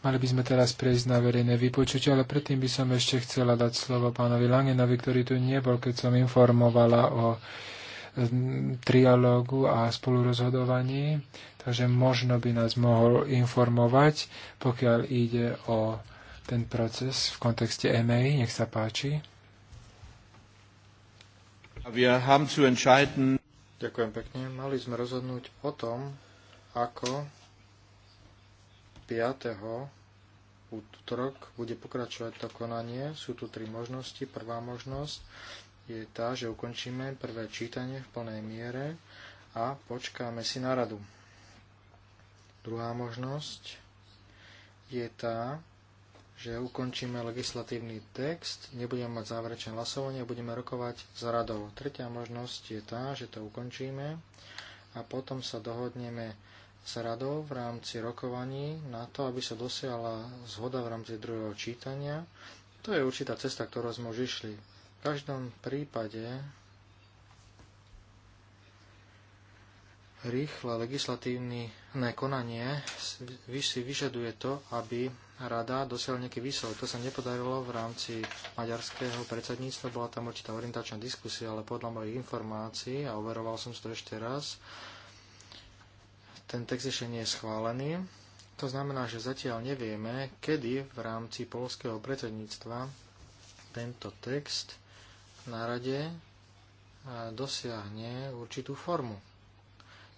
mali by sme teraz prejsť na verejné vypočutie, ale predtým by som ešte chcela dať slovo pánovi Langenovi, ktorý tu nebol, keď som informovala o e, trialógu a spolurozhodovaní, takže možno by nás mohol informovať, pokiaľ ide o ten proces v kontexte EMEI. Nech sa páči. Ďakujem pekne. Mali sme rozhodnúť o tom, ako útorok bude pokračovať to konanie. Sú tu tri možnosti. Prvá možnosť je tá, že ukončíme prvé čítanie v plnej miere a počkáme si na radu. Druhá možnosť je tá, že ukončíme legislatívny text, nebudeme mať záverečné hlasovanie, budeme rokovať s radou. Tretia možnosť je tá, že to ukončíme a potom sa dohodneme s radou v rámci rokovaní na to, aby sa dosiahla zhoda v rámci druhého čítania. To je určitá cesta, ktorú sme už išli. V každom prípade rýchle legislatívne konanie si vyžaduje to, aby rada dosiahla nejaký výsledok. To sa nepodarilo v rámci maďarského predsedníctva, bola tam určitá orientačná diskusia, ale podľa mojich informácií, a overoval som to ešte raz, ten text ešte nie je schválený. To znamená, že zatiaľ nevieme, kedy v rámci polského predsedníctva tento text na rade dosiahne určitú formu.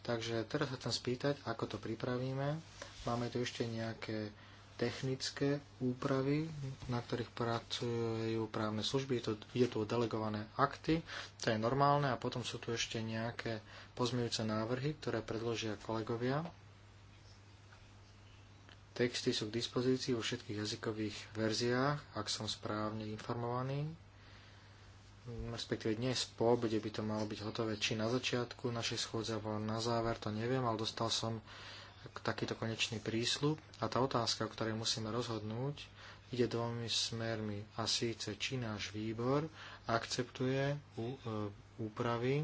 Takže teraz sa chcem spýtať, ako to pripravíme. Máme tu ešte nejaké technické úpravy, na ktorých pracujú právne služby. Je, to, je tu o delegované akty, to je normálne a potom sú tu ešte nejaké pozmejúce návrhy, ktoré predložia kolegovia. Texty sú k dispozícii vo všetkých jazykových verziách, ak som správne informovaný. Respektíve dnes po obede by to malo byť hotové, či na začiatku našej schôdze, alebo na záver, to neviem, ale dostal som takýto konečný prísľub a tá otázka, o ktorej musíme rozhodnúť, ide dvomi smermi a síce či náš výbor akceptuje e, úpravy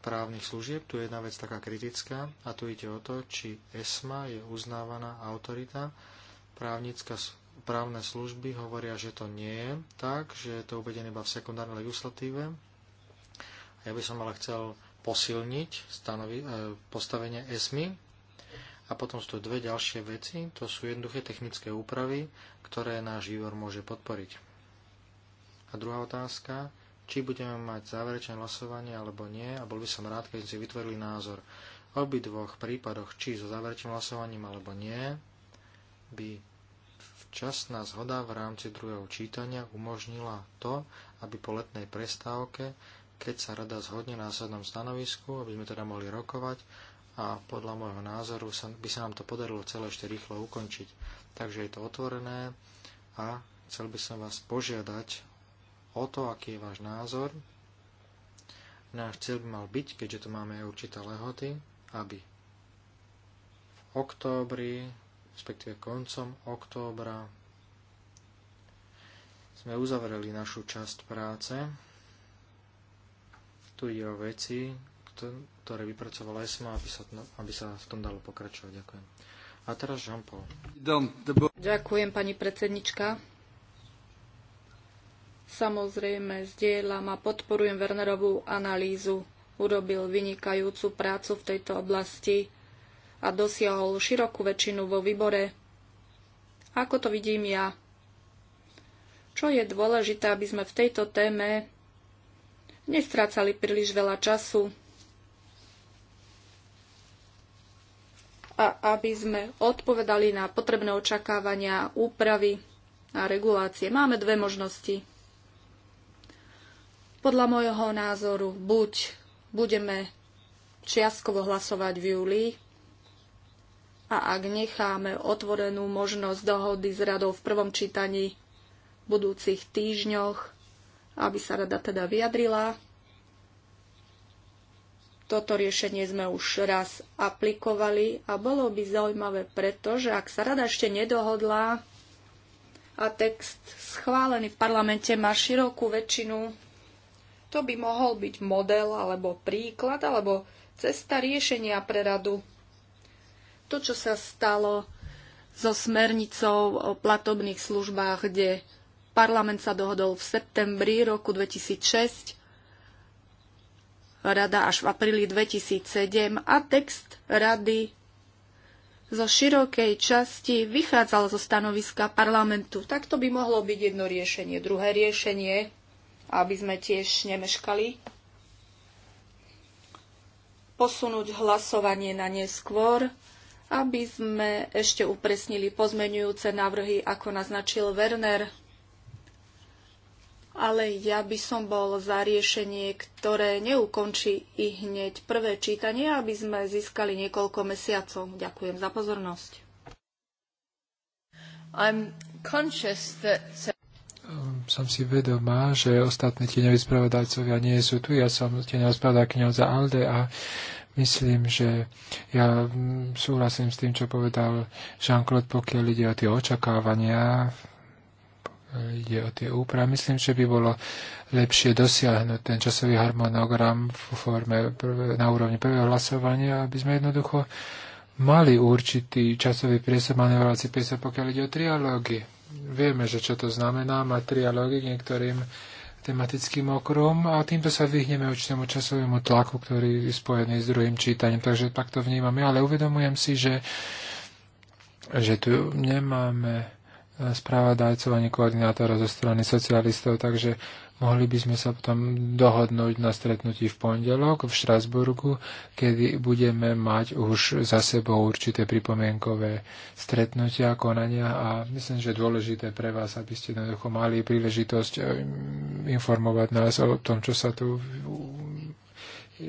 právnych služieb. Tu je jedna vec taká kritická a tu ide o to, či ESMA je uznávaná autorita. Právnická, právne služby hovoria, že to nie je tak, že je to uvedené iba v sekundárnej legislatíve. Ja by som ale chcel posilniť stanovi, e, postavenie ESMI a potom sú tu dve ďalšie veci, to sú jednoduché technické úpravy, ktoré náš výbor môže podporiť. A druhá otázka, či budeme mať záverečné hlasovanie alebo nie, a bol by som rád, keď si vytvorili názor. V obidvoch prípadoch, či so záverečným hlasovaním alebo nie, by včasná zhoda v rámci druhého čítania umožnila to, aby po letnej prestávke, keď sa rada zhodne na následnom stanovisku, aby sme teda mohli rokovať, a podľa môjho názoru sa, by sa nám to podarilo celé ešte rýchlo ukončiť. Takže je to otvorené a chcel by som vás požiadať o to, aký je váš názor. Náš no cieľ by mal byť, keďže tu máme aj určité lehoty, aby v októbri, respektíve koncom októbra, sme uzavreli našu časť práce. Tu ide o veci, ktoré vypracovala ESMA, aby sa, aby sa v tom dalo pokračovať. Ďakujem. A teraz Jean-Paul. Ďakujem, pani predsednička. Samozrejme, zdieľam a podporujem Wernerovú analýzu. Urobil vynikajúcu prácu v tejto oblasti a dosiahol širokú väčšinu vo výbore. Ako to vidím ja? Čo je dôležité, aby sme v tejto téme nestrácali príliš veľa času. a aby sme odpovedali na potrebné očakávania, úpravy a regulácie. Máme dve možnosti. Podľa môjho názoru buď budeme čiastkovo hlasovať v júli a ak necháme otvorenú možnosť dohody s radou v prvom čítaní v budúcich týždňoch, aby sa rada teda vyjadrila, toto riešenie sme už raz aplikovali a bolo by zaujímavé preto, že ak sa rada ešte nedohodla a text schválený v parlamente má širokú väčšinu, to by mohol byť model alebo príklad alebo cesta riešenia pre radu. To, čo sa stalo so smernicou o platobných službách, kde parlament sa dohodol v septembri roku 2006 rada až v apríli 2007 a text rady zo širokej časti vychádzal zo stanoviska parlamentu. Tak to by mohlo byť jedno riešenie. Druhé riešenie, aby sme tiež nemeškali, posunúť hlasovanie na neskôr, aby sme ešte upresnili pozmenujúce návrhy, ako naznačil Werner ale ja by som bol za riešenie, ktoré neukončí i hneď prvé čítanie, aby sme získali niekoľko mesiacov. Ďakujem za pozornosť. I'm conscious that... Ehm, som si vedomá, že ostatní tieňoví spravodajcovia nie sú tu. Ja som tieňová spravodajkňa za ALDE a myslím, že ja mm, súhlasím s tým, čo povedal Jean-Claude, pokiaľ ide o tie očakávania ide o tie úpravy. Myslím, že by bolo lepšie dosiahnuť ten časový harmonogram v forme na úrovni prvého hlasovania, aby sme jednoducho mali určitý časový priestor manevrovací priestor, pokiaľ ide o trialógy. Vieme, že čo to znamená mať trialógy k niektorým tematickým okrom a týmto sa vyhneme určitému časovému tlaku, ktorý je spojený s druhým čítaním. Takže tak to vnímam ale uvedomujem si, že, že tu nemáme správodajcov ani koordinátora zo strany socialistov, takže mohli by sme sa potom dohodnúť na stretnutí v pondelok v Štrasburgu, kedy budeme mať už za sebou určité pripomienkové stretnutia, konania a myslím, že dôležité pre vás, aby ste jednoducho mali príležitosť eh, informovať nás o tom, čo sa tu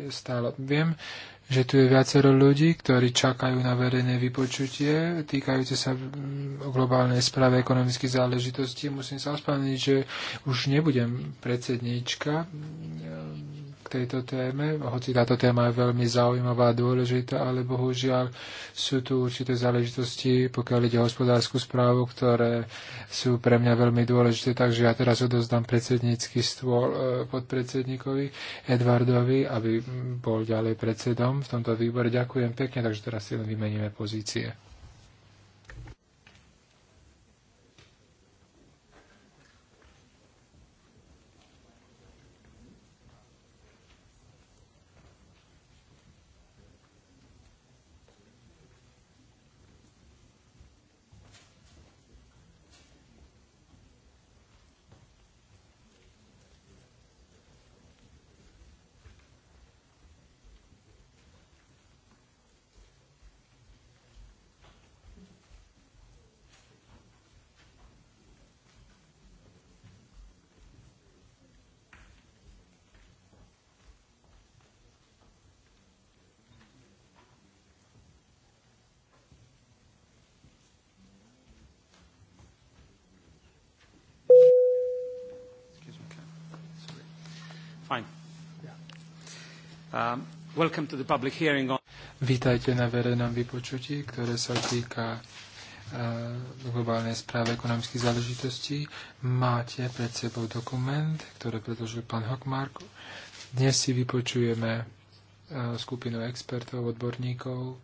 stalo. Viem, že tu je viacero ľudí, ktorí čakajú na verejné vypočutie týkajúce sa mm, globálnej správe ekonomických záležitostí. Musím sa ospravedlniť, že už nebudem predsedníčka mm, tejto téme, hoci táto téma je veľmi zaujímavá a dôležitá, ale bohužiaľ sú tu určité záležitosti, pokiaľ ide o hospodárskú správu, ktoré sú pre mňa veľmi dôležité, takže ja teraz odozdám predsednícky stôl e, podpredsedníkovi Edvardovi, aby bol ďalej predsedom v tomto výbore. Ďakujem pekne, takže teraz si len vymeníme pozície. Vítajte na verejnom vypočutí, ktoré sa týka uh, globálnej správy ekonomických záležitostí. Máte pred sebou dokument, ktorý predložil pán Hockmark. Dnes si vypočujeme e, skupinu expertov, odborníkov.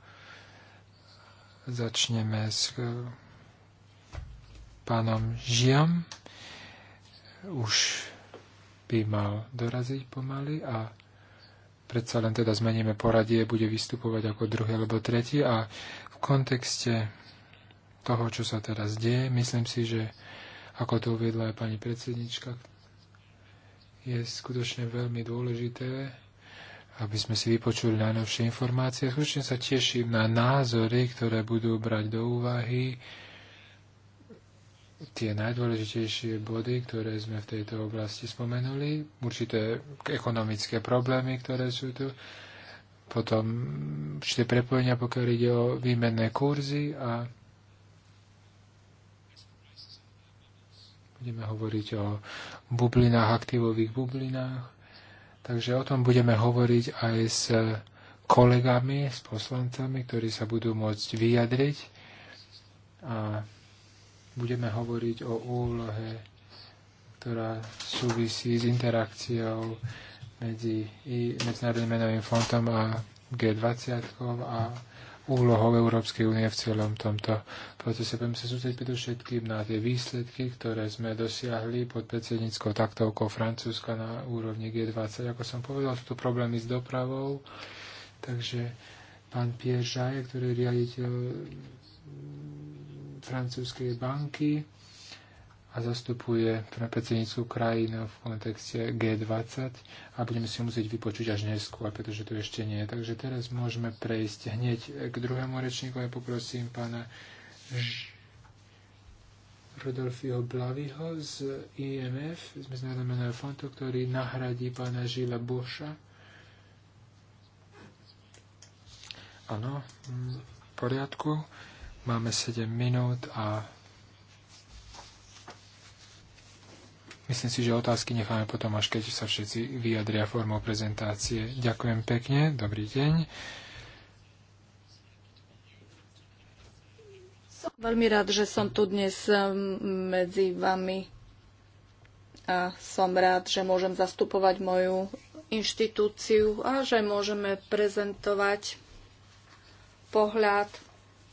Začneme s e, pánom Žiam. Už by mal doraziť pomaly a predsa len teda zmeníme poradie, bude vystupovať ako druhý alebo tretí a v kontexte toho, čo sa teraz deje, myslím si, že ako to uviedla aj pani predsednička, je skutočne veľmi dôležité, aby sme si vypočuli najnovšie informácie. Skutočne sa teším na názory, ktoré budú brať do úvahy tie najdôležitejšie body, ktoré sme v tejto oblasti spomenuli, určité ekonomické problémy, ktoré sú tu, potom určité prepojenia, pokiaľ ide o výmenné kurzy a budeme hovoriť o bublinách, aktívových bublinách. Takže o tom budeme hovoriť aj s kolegami, s poslancami, ktorí sa budú môcť vyjadriť. A budeme hovoriť o úlohe, ktorá súvisí s interakciou medzi Medzinárodným menovým fondom a G20 a úlohou Európskej únie v celom tomto procese. Budeme sa sústrediť predovšetkým na tie výsledky, ktoré sme dosiahli pod predsedníckou taktovkou Francúzska na úrovni G20. Ako som povedal, sú tu problémy s dopravou, takže pán Pierre Žaje, ktorý je riaditeľ francúzskej banky a zastupuje predsedníctvu krajinu v kontexte G20 a budeme si musieť vypočuť až neskôr, pretože to ešte nie. Takže teraz môžeme prejsť hneď k druhému rečníku a poprosím pána Rodolfio Rodolfiho Blaviho z IMF, z Medzinárodného fondu, ktorý nahradí pána Žila Boša. Áno, mm, v poriadku. Máme 7 minút a myslím si, že otázky necháme potom, až keď sa všetci vyjadria formou prezentácie. Ďakujem pekne, dobrý deň. Som veľmi rád, že som tu dnes um, medzi vami a som rád, že môžem zastupovať moju inštitúciu a že môžeme prezentovať pohľad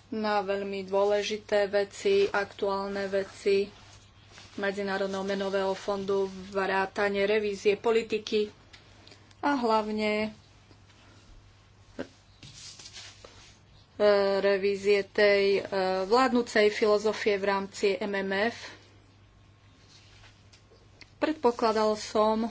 na veľmi dôležité veci, aktuálne veci Medzinárodného menového fondu, vrátanie revízie politiky a hlavne e, revízie tej e, vládnúcej filozofie v rámci MMF. Predpokladal som,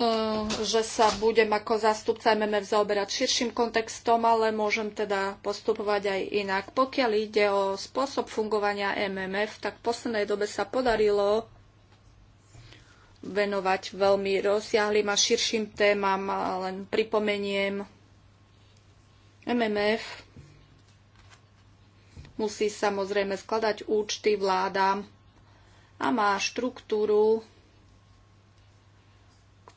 Mm, že sa budem ako zástupca MMF zaoberať širším kontextom, ale môžem teda postupovať aj inak. Pokiaľ ide o spôsob fungovania MMF, tak v poslednej dobe sa podarilo venovať veľmi rozsiahlým a širším témam. Len pripomeniem, MMF musí samozrejme skladať účty vládám a má štruktúru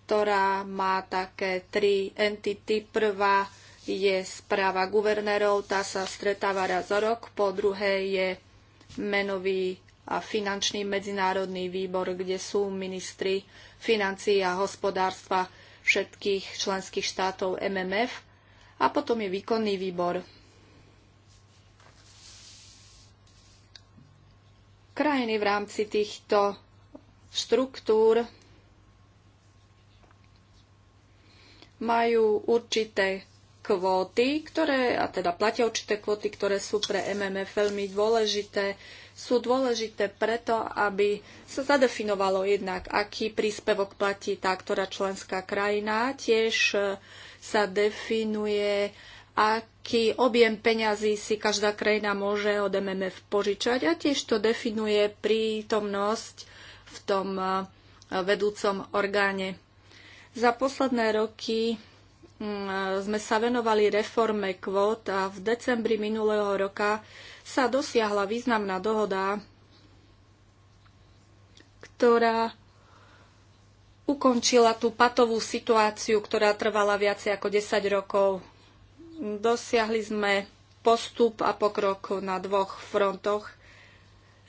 ktorá má také tri entity. Prvá je správa guvernérov, tá sa stretáva raz za rok. Po druhé je menový a finančný medzinárodný výbor, kde sú ministri financií a hospodárstva všetkých členských štátov MMF. A potom je výkonný výbor. Krajiny v rámci týchto štruktúr majú určité kvóty, ktoré, a teda platia určité kvóty, ktoré sú pre MMF veľmi dôležité, sú dôležité preto, aby sa zadefinovalo jednak, aký príspevok platí tá, ktorá členská krajina. Tiež e, sa definuje, aký objem peňazí si každá krajina môže od MMF požičať a tiež to definuje prítomnosť v tom e, vedúcom orgáne. Za posledné roky mm, sme sa venovali reforme kvót a v decembri minulého roka sa dosiahla významná dohoda, ktorá ukončila tú patovú situáciu, ktorá trvala viacej ako 10 rokov. Dosiahli sme postup a pokrok na dvoch frontoch.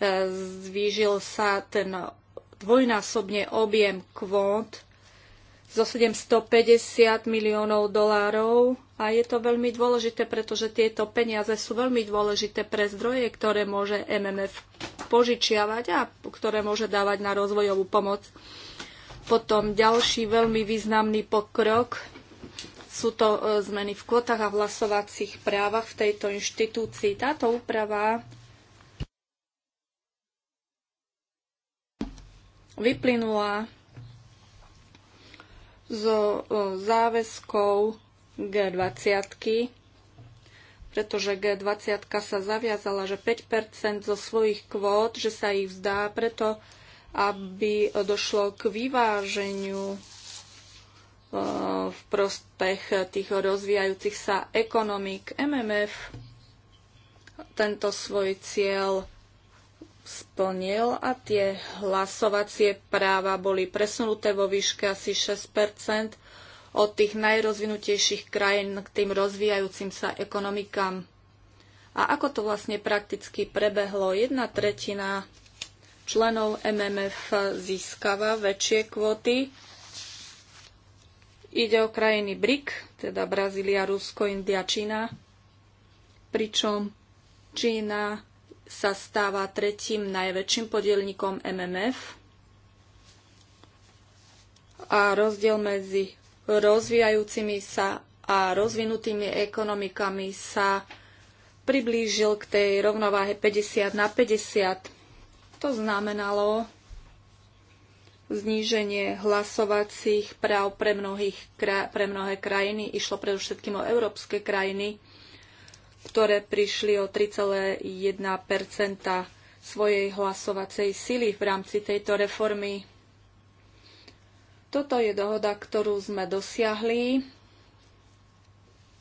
E, Zvýžil sa ten dvojnásobne objem kvót zo 750 miliónov dolárov a je to veľmi dôležité, pretože tieto peniaze sú veľmi dôležité pre zdroje, ktoré môže MMF požičiavať a ktoré môže dávať na rozvojovú pomoc. Potom ďalší veľmi významný pokrok sú to e, zmeny v kvotách a v hlasovacích právach v tejto inštitúcii. Táto úprava vyplynula so e, záväzkov G20, pretože G20 sa zaviazala, že 5 zo svojich kvót, že sa ich vzdá preto, aby došlo k vyváženiu e, v prospech tých rozvíjajúcich sa ekonomík MMF tento svoj cieľ splnil a tie hlasovacie práva boli presunuté vo výške asi 6 od tých najrozvinutejších krajín k tým rozvíjajúcim sa ekonomikám. A ako to vlastne prakticky prebehlo? Jedna tretina členov MMF získava väčšie kvóty. Ide o krajiny BRIC, teda Brazília, Rusko, India, Čína. Pričom Čína sa stáva tretím najväčším podielnikom MMF a rozdiel medzi rozvíjajúcimi sa a rozvinutými ekonomikami sa priblížil k tej rovnováhe 50 na 50. To znamenalo zníženie hlasovacích práv pre, mnohých, pre mnohé krajiny. Išlo predovšetkým o európske krajiny ktoré prišli o 3,1 svojej hlasovacej sily v rámci tejto reformy. Toto je dohoda, ktorú sme dosiahli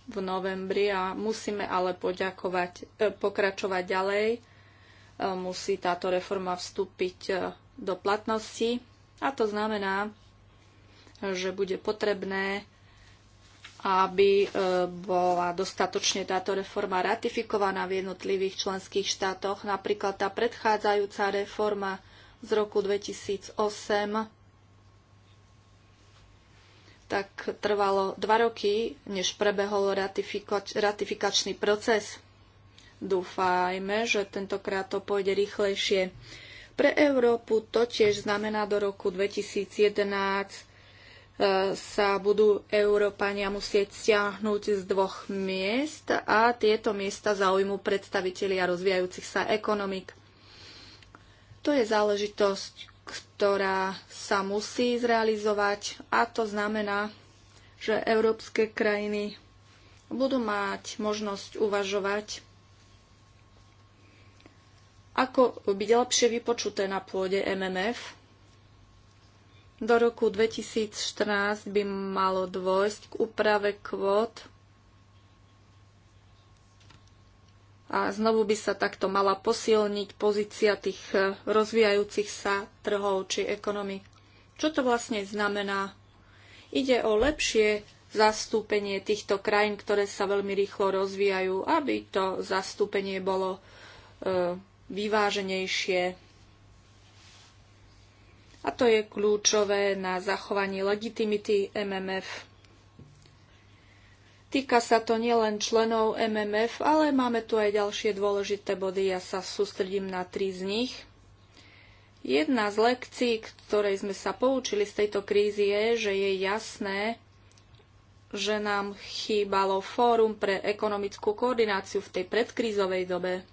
v novembri a musíme ale poďakovať, e, pokračovať ďalej. E, musí táto reforma vstúpiť e, do platnosti a to znamená, že bude potrebné aby e, bola dostatočne táto reforma ratifikovaná v jednotlivých členských štátoch. Napríklad tá predchádzajúca reforma z roku 2008 tak trvalo dva roky, než prebehol ratifikačný proces. Dúfajme, že tentokrát to pôjde rýchlejšie. Pre Európu to tiež znamená do roku 2011 E, sa budú Európania musieť stiahnuť z dvoch miest a tieto miesta zaujmu predstavitelia rozvíjajúcich sa ekonomik. To je záležitosť, ktorá sa musí zrealizovať a to znamená, že európske krajiny budú mať možnosť uvažovať, ako byť lepšie vypočuté na pôde MMF do roku 2014 by malo dôjsť k úprave kvót a znovu by sa takto mala posilniť pozícia tých e, rozvíjajúcich sa trhov či ekonomik. Čo to vlastne znamená? Ide o lepšie zastúpenie týchto krajín, ktoré sa veľmi rýchlo rozvíjajú, aby to zastúpenie bolo e, vyváženejšie a to je kľúčové na zachovanie legitimity MMF. Týka sa to nielen členov MMF, ale máme tu aj ďalšie dôležité body. Ja sa sústredím na tri z nich. Jedna z lekcií, ktorej sme sa poučili z tejto krízy, je, že je jasné, že nám chýbalo fórum pre ekonomickú koordináciu v tej predkrízovej dobe.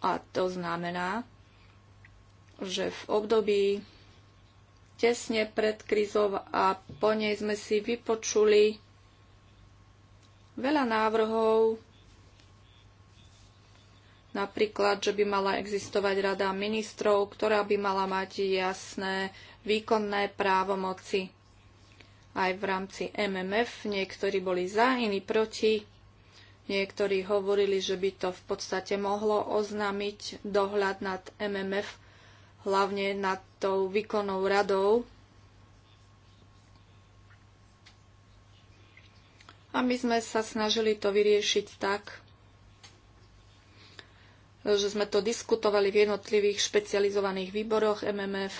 A to znamená, že v období tesne pred krizov a po nej sme si vypočuli veľa návrhov, napríklad, že by mala existovať rada ministrov, ktorá by mala mať jasné výkonné právomoci. Aj v rámci MMF niektorí boli za, iní proti. Niektorí hovorili, že by to v podstate mohlo oznámiť dohľad nad MMF hlavne nad tou výkonnou radou. A my sme sa snažili to vyriešiť tak, že sme to diskutovali v jednotlivých špecializovaných výboroch MMF.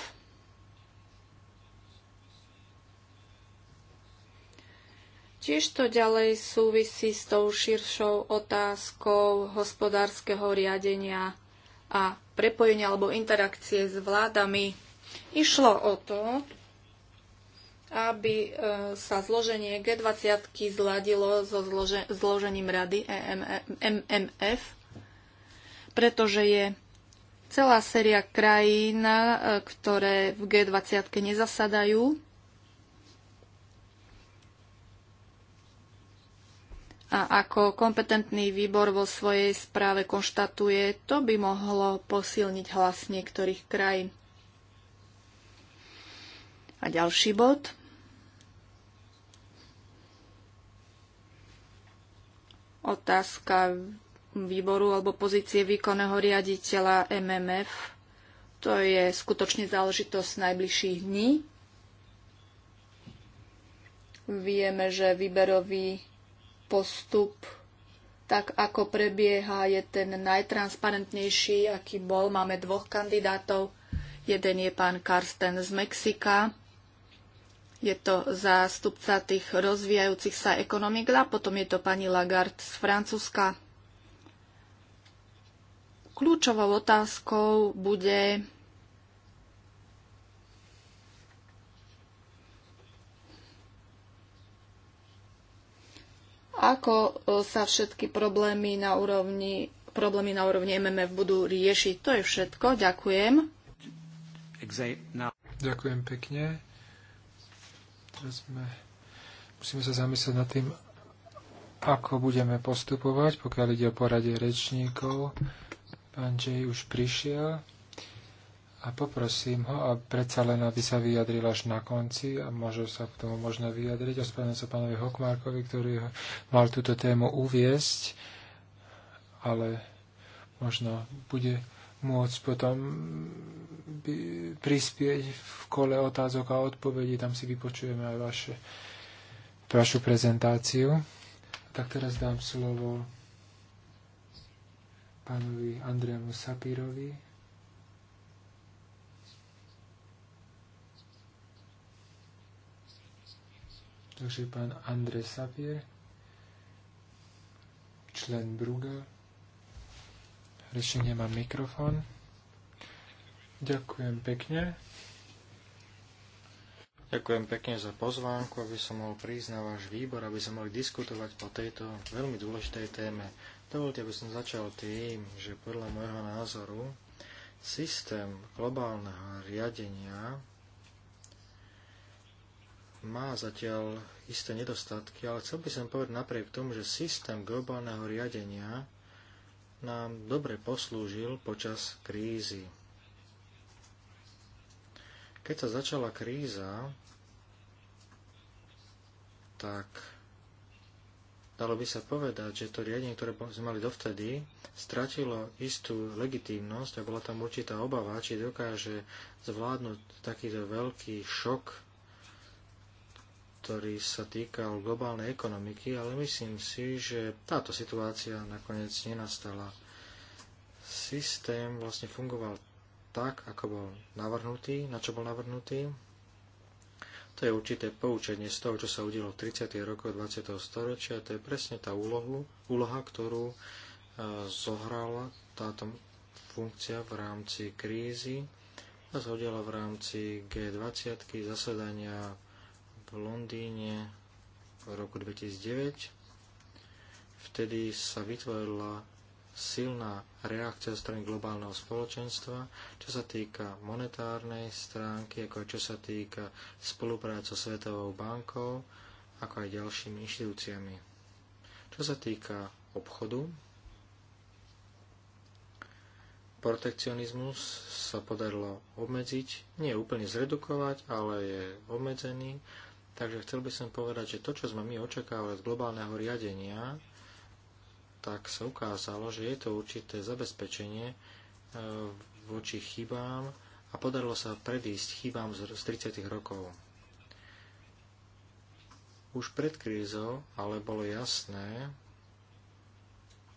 Tiež to ďalej súvisí s tou širšou otázkou hospodárskeho riadenia a prepojenia alebo interakcie s vládami. Išlo o to, aby e, sa zloženie G20 zladilo so zložením rady e MMF, e pretože je celá séria krajín, ktoré v G20 nezasadajú A ako kompetentný výbor vo svojej správe konštatuje, to by mohlo posilniť hlas niektorých krajín. A ďalší bod. Otázka výboru alebo pozície výkonného riaditeľa MMF. To je skutočne záležitosť najbližších dní. Vieme, že výberový postup tak ako prebieha, je ten najtransparentnejší, aký bol. Máme dvoch kandidátov. Jeden je pán Karsten z Mexika. Je to zástupca tých rozvíjajúcich sa ekonomik a potom je to pani Lagarde z Francúzska. Kľúčovou otázkou bude ako e, sa všetky problémy na úrovni, problémy na úrovni MMF budú riešiť. To je všetko. Ďakujem. Ďakujem pekne. Teraz sme, musíme sa zamyslieť nad tým, ako budeme postupovať, pokiaľ ide o poradie rečníkov. Pán Jay už prišiel a poprosím ho a predsa len, aby sa vyjadril až na konci a môže sa k tomu možno vyjadriť. Ospravedlňujem sa pánovi Hokmarkovi, ktorý mal túto tému uviesť, ale možno bude môcť potom prispieť v kole otázok a odpovedí. Tam si vypočujeme aj vaše, vašu prezentáciu. Tak teraz dám slovo pánovi Andrému Sapírovi. Takže pán Andrej Sapier, člen Brugel. Rečne nemám mikrofón. Ďakujem pekne. Ďakujem pekne za pozvánku, aby som mohol prísť na váš výbor, aby sme mohli diskutovať po tejto veľmi dôležitej téme. Dovolte, aby som začal tým, že podľa môjho názoru systém globálneho riadenia má zatiaľ isté nedostatky, ale chcel by som povedať napriek tomu, že systém globálneho riadenia nám dobre poslúžil počas krízy. Keď sa začala kríza, tak dalo by sa povedať, že to riadenie, ktoré sme mali dovtedy, stratilo istú legitímnosť a bola tam určitá obava, či dokáže zvládnuť takýto veľký šok ktorý sa týkal globálnej ekonomiky, ale myslím si, že táto situácia nakoniec nenastala. Systém vlastne fungoval tak, ako bol navrhnutý, na čo bol navrhnutý. To je určité poučenie z toho, čo sa udialo v 30. rokoch 20. storočia. To je presne tá úlohu, úloha, ktorú e, zohrala táto funkcia v rámci krízy a zhodila v rámci G20 zasadania v Londýne v roku 2009. Vtedy sa vytvorila silná reakcia zo strany globálneho spoločenstva, čo sa týka monetárnej stránky, ako aj čo sa týka spolupráce so Svetovou bankou, ako aj ďalšími inštitúciami. Čo sa týka obchodu, protekcionizmus sa podarilo obmedziť, nie úplne zredukovať, ale je obmedzený Takže chcel by som povedať, že to, čo sme my očakávali z globálneho riadenia, tak sa ukázalo, že je to určité zabezpečenie e, voči chybám a podarilo sa predísť chybám z 30. rokov. Už pred krízou ale bolo jasné,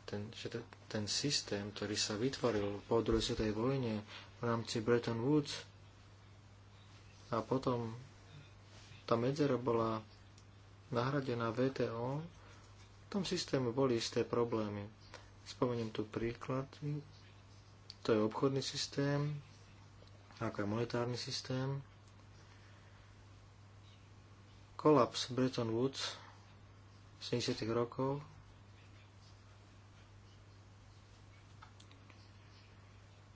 ten, že ten systém, ktorý sa vytvoril po druhej svetovej vojne v rámci Bretton Woods a potom tá medzera bola nahradená VTO, v tom systéme boli isté problémy. Spomeniem tu príklad, to je obchodný systém, ako je monetárny systém. Kolaps Bretton Woods 70. rokov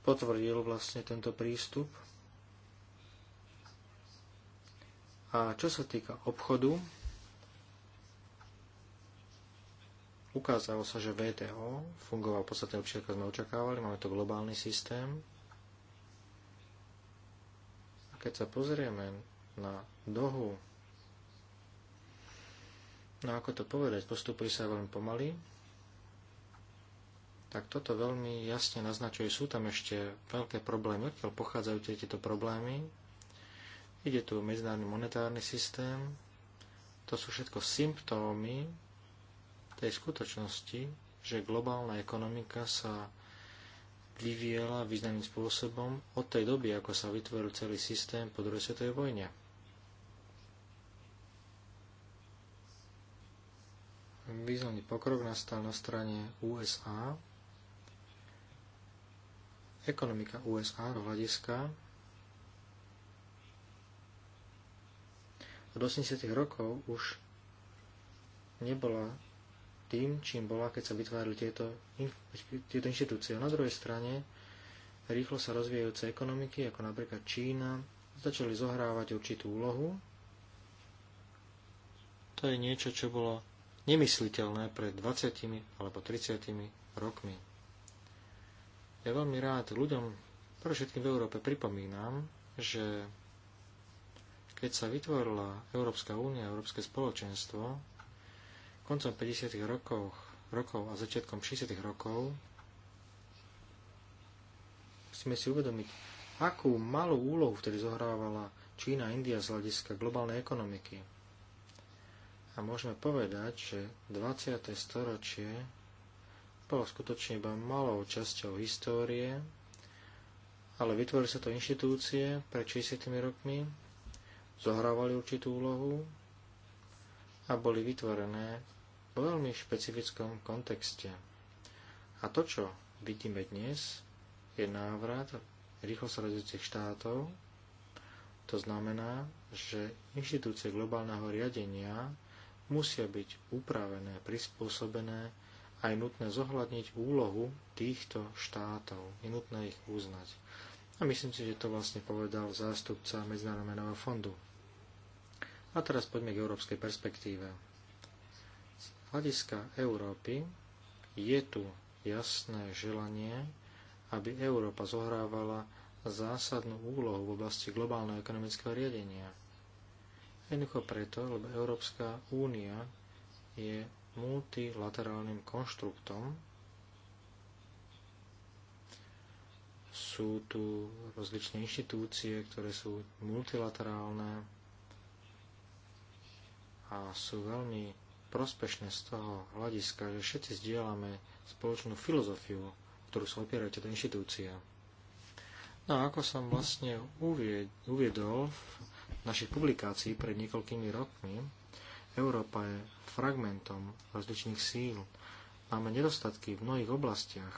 potvrdil vlastne tento prístup A čo sa týka obchodu, ukázalo sa, že VTO fungoval podstate lepšie, ako sme očakávali. Máme to globálny systém. A keď sa pozrieme na dohu, no ako to povedať, postupuje sa veľmi pomaly, tak toto veľmi jasne naznačuje, sú tam ešte veľké problémy, odkiaľ pochádzajú tieto problémy, Ide tu o medzinárodný monetárny systém. To sú všetko symptómy tej skutočnosti, že globálna ekonomika sa vyviela významným spôsobom od tej doby, ako sa vytvoril celý systém po druhej svetovej vojne. významný pokrok nastal na strane USA. Ekonomika USA do hľadiska od 80. rokov už nebola tým, čím bola, keď sa vytvárali tieto, tieto inštitúcie. na druhej strane rýchlo sa rozvíjajúce ekonomiky, ako napríklad Čína, začali zohrávať určitú úlohu. To je niečo, čo bolo nemysliteľné pred 20 alebo 30 rokmi. Ja veľmi rád ľuďom, pre všetkým v Európe, pripomínam, že keď sa vytvorila Európska únia, Európske spoločenstvo, koncom 50. rokov, rokov a začiatkom 60. rokov, musíme si uvedomiť, akú malú úlohu vtedy zohrávala Čína a India z hľadiska globálnej ekonomiky. A môžeme povedať, že 20. storočie bolo skutočne iba malou časťou histórie, ale vytvorili sa to inštitúcie pred 60 rokmi, zohrávali určitú úlohu a boli vytvorené v veľmi špecifickom kontexte. A to, čo vidíme dnes, je návrat rýchlo sa štátov. To znamená, že inštitúcie globálneho riadenia musia byť upravené, prispôsobené a je nutné zohľadniť úlohu týchto štátov. Je nutné ich uznať. A myslím si, že to vlastne povedal zástupca Medzinárodného fondu. A teraz poďme k európskej perspektíve. Z hľadiska Európy je tu jasné želanie, aby Európa zohrávala zásadnú úlohu v oblasti globálneho ekonomického riadenia. Jednoducho preto, lebo Európska únia je multilaterálnym konštruktom. Sú tu rozličné inštitúcie, ktoré sú multilaterálne, a sú veľmi prospešné z toho hľadiska, že všetci zdieľame spoločnú filozofiu, ktorú sa opiera tieto inštitúcia. No a ako som vlastne uviedol v našich publikácií pred niekoľkými rokmi, Európa je fragmentom rozličných síl. Máme nedostatky v mnohých oblastiach.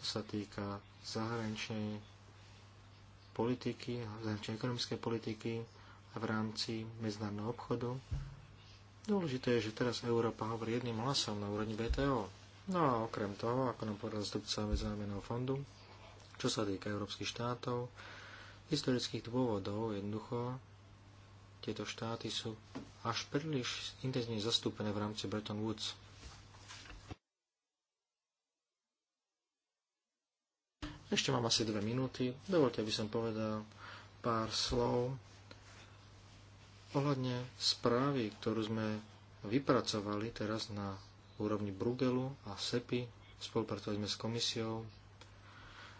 To sa týka zahraničnej politiky, zahraničnej ekonomickej politiky, v rámci medzinárodného obchodu. Dôležité je, že teraz Európa hovorí jedným hlasom na úrovni VTO. No a okrem toho, ako nám povedal zastupca Medzinárodného fondu, čo sa týka európskych štátov, historických dôvodov jednoducho tieto štáty sú až príliš intenzívne zastúpené v rámci Bretton Woods. Ešte mám asi dve minúty. Dovolte, aby som povedal pár slov Ohľadne správy, ktorú sme vypracovali teraz na úrovni Brugelu a SEPI, spolupracovali sme s komisiou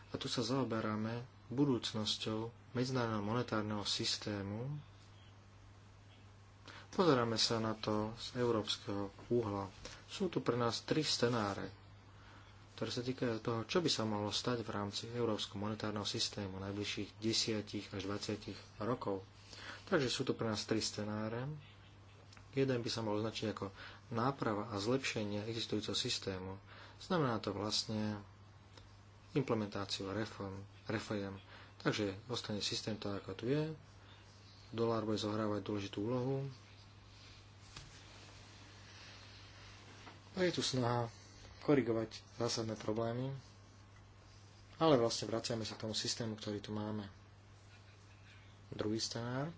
a tu sa zaoberáme budúcnosťou medzinárodného monetárneho systému. Pozeráme sa na to z európskeho úhla. Sú tu pre nás tri scenáre, ktoré sa týkajú toho, čo by sa mohlo stať v rámci európskeho monetárneho systému najbližších 10 až 20 rokov. Takže sú tu pre nás tri scenáre. Jeden by sa mal označiť ako náprava a zlepšenie existujúceho systému. Znamená to vlastne implementáciu reform, reform. Takže ostane systém tak, ako tu je. Dolár bude zohrávať dôležitú úlohu. A je tu snaha korigovať zásadné problémy, ale vlastne vraciame sa k tomu systému, ktorý tu máme. Druhý scenár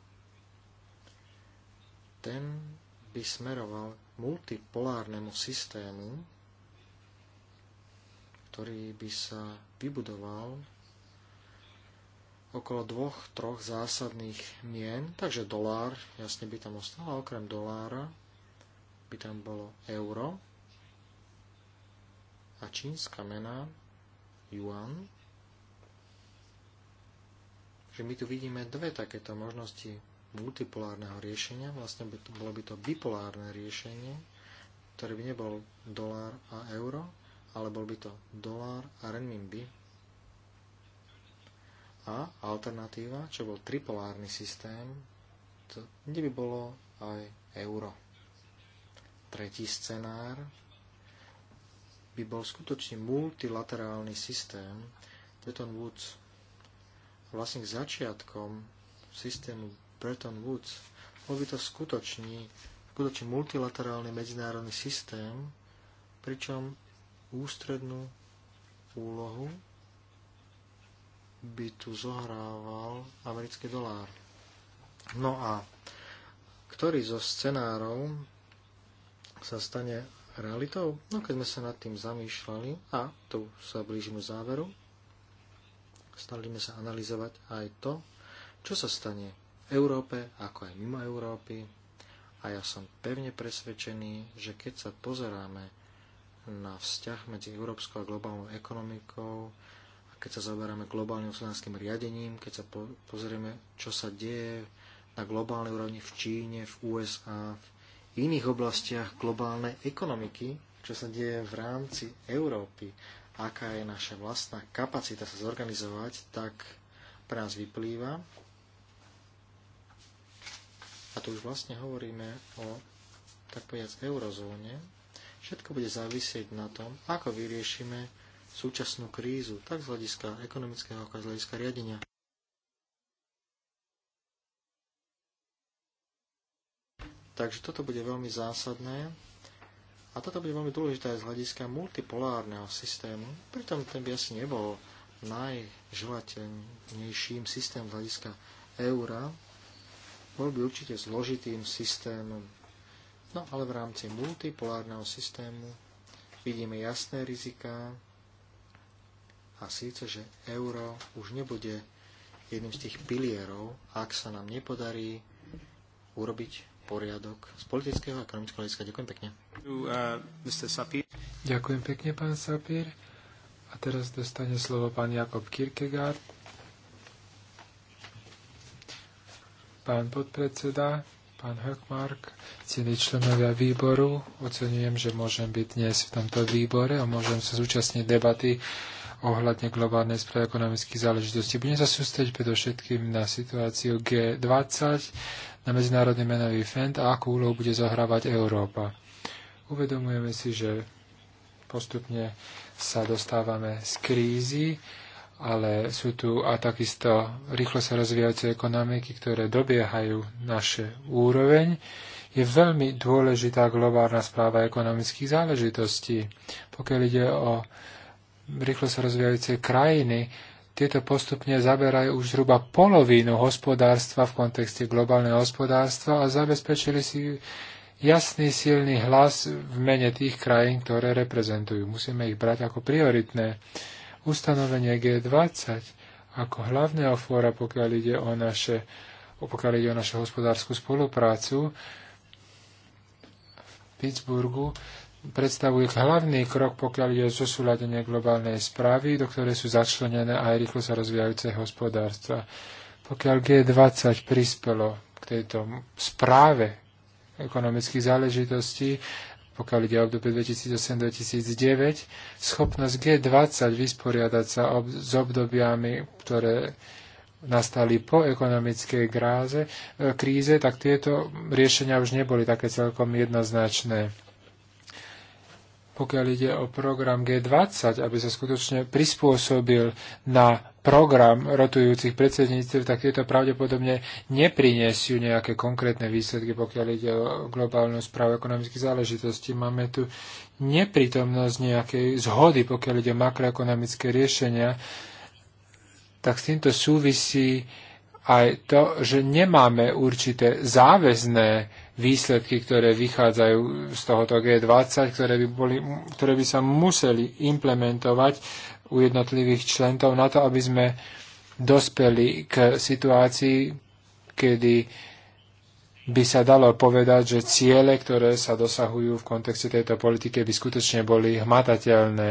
ten by smeroval multipolárnemu systému, ktorý by sa vybudoval okolo dvoch, troch zásadných mien, takže dolár, jasne by tam ostal, a okrem dolára by tam bolo euro a čínska mena yuan. Že my tu vidíme dve takéto možnosti multipolárneho riešenia, vlastne by to, bolo by to bipolárne riešenie, ktoré by nebol dolár a euro, ale bol by to dolár a renminbi. A alternatíva, čo bol tripolárny systém, to, kde by bolo aj euro. Tretí scenár by bol skutočne multilaterálny systém. Bretton Woods vlastne k začiatkom systému Bretton Woods, bol by to skutočný, skutočný multilaterálny medzinárodný systém, pričom ústrednú úlohu by tu zohrával americký dolár. No a ktorý zo scenárov sa stane realitou? No keď sme sa nad tým zamýšľali, a tu sa blížim k záveru, stali sme sa analyzovať aj to, čo sa stane Európe, ako aj mimo Európy. A ja som pevne presvedčený, že keď sa pozeráme na vzťah medzi európskou a globálnou ekonomikou, a keď sa zaoberáme globálnym hospodárskym riadením, keď sa po- pozrieme, čo sa deje na globálnej úrovni v Číne, v USA, v iných oblastiach globálnej ekonomiky, čo sa deje v rámci Európy, aká je naša vlastná kapacita sa zorganizovať, tak pre nás vyplýva, a tu už vlastne hovoríme o, tak povedať, eurozóne, všetko bude závisieť na tom, ako vyriešime súčasnú krízu, tak z hľadiska ekonomického, ako z hľadiska riadenia. Takže toto bude veľmi zásadné a toto bude veľmi dôležité aj z hľadiska multipolárneho systému. Pritom ten by asi nebol najželateľnejším systém z hľadiska eura, bol by určite zložitým systémom. No ale v rámci multipolárneho systému vidíme jasné riziká a síce, že euro už nebude jedným z tých pilierov, ak sa nám nepodarí urobiť poriadok z politického a ekonomického hľadiska. Ďakujem pekne. Uh, Ďakujem pekne, pán Sapir. A teraz dostane slovo pán Jakob Kierkegaard pán podpredseda, pán Hökmark, ctení členovia výboru. Ocenujem, že môžem byť dnes v tomto výbore a môžem sa zúčastniť debaty ohľadne globálnej správy ekonomických záležitostí. Budem sa sústrediť predovšetkým na situáciu G20, na Medzinárodný menový fend a akú úlohu bude zohrávať Európa. Uvedomujeme si, že postupne sa dostávame z krízy, ale sú tu a takisto rýchlo sa rozvíjajúce ekonomiky, ktoré dobiehajú naše úroveň, je veľmi dôležitá globálna správa ekonomických záležitostí. Pokiaľ ide o rýchlo sa rozvíjajúce krajiny, tieto postupne zaberajú už zhruba polovinu hospodárstva v kontexte globálneho hospodárstva a zabezpečili si jasný, silný hlas v mene tých krajín, ktoré reprezentujú. Musíme ich brať ako prioritné ustanovenie G20 ako hlavného fóra, pokiaľ ide o, naše, pokiaľ ide o našu hospodárskú spoluprácu v Pittsburghu, predstavuje hlavný krok, pokiaľ ide o zosúladenie globálnej správy, do ktorej sú začlenené aj rýchlo sa rozvíjajúce hospodárstva. Pokiaľ G20 prispelo k tejto správe ekonomických záležitostí, pokiaľ ide o obdobie 2008-2009, schopnosť G20 vysporiadať sa ob- s obdobiami, ktoré nastali po ekonomickej gráze, e, kríze, tak tieto riešenia už neboli také celkom jednoznačné pokiaľ ide o program G20, aby sa skutočne prispôsobil na program rotujúcich predsedníctv, tak tieto pravdepodobne neprinesú nejaké konkrétne výsledky, pokiaľ ide o globálnu správu ekonomických záležitostí. Máme tu neprítomnosť nejakej zhody, pokiaľ ide o makroekonomické riešenia, tak s týmto súvisí aj to, že nemáme určité záväzné výsledky, ktoré vychádzajú z tohoto G20, ktoré by, boli, ktoré by sa museli implementovať u jednotlivých členov na to, aby sme dospeli k situácii, kedy by sa dalo povedať, že ciele, ktoré sa dosahujú v kontexte tejto politiky, by skutočne boli hmatateľné.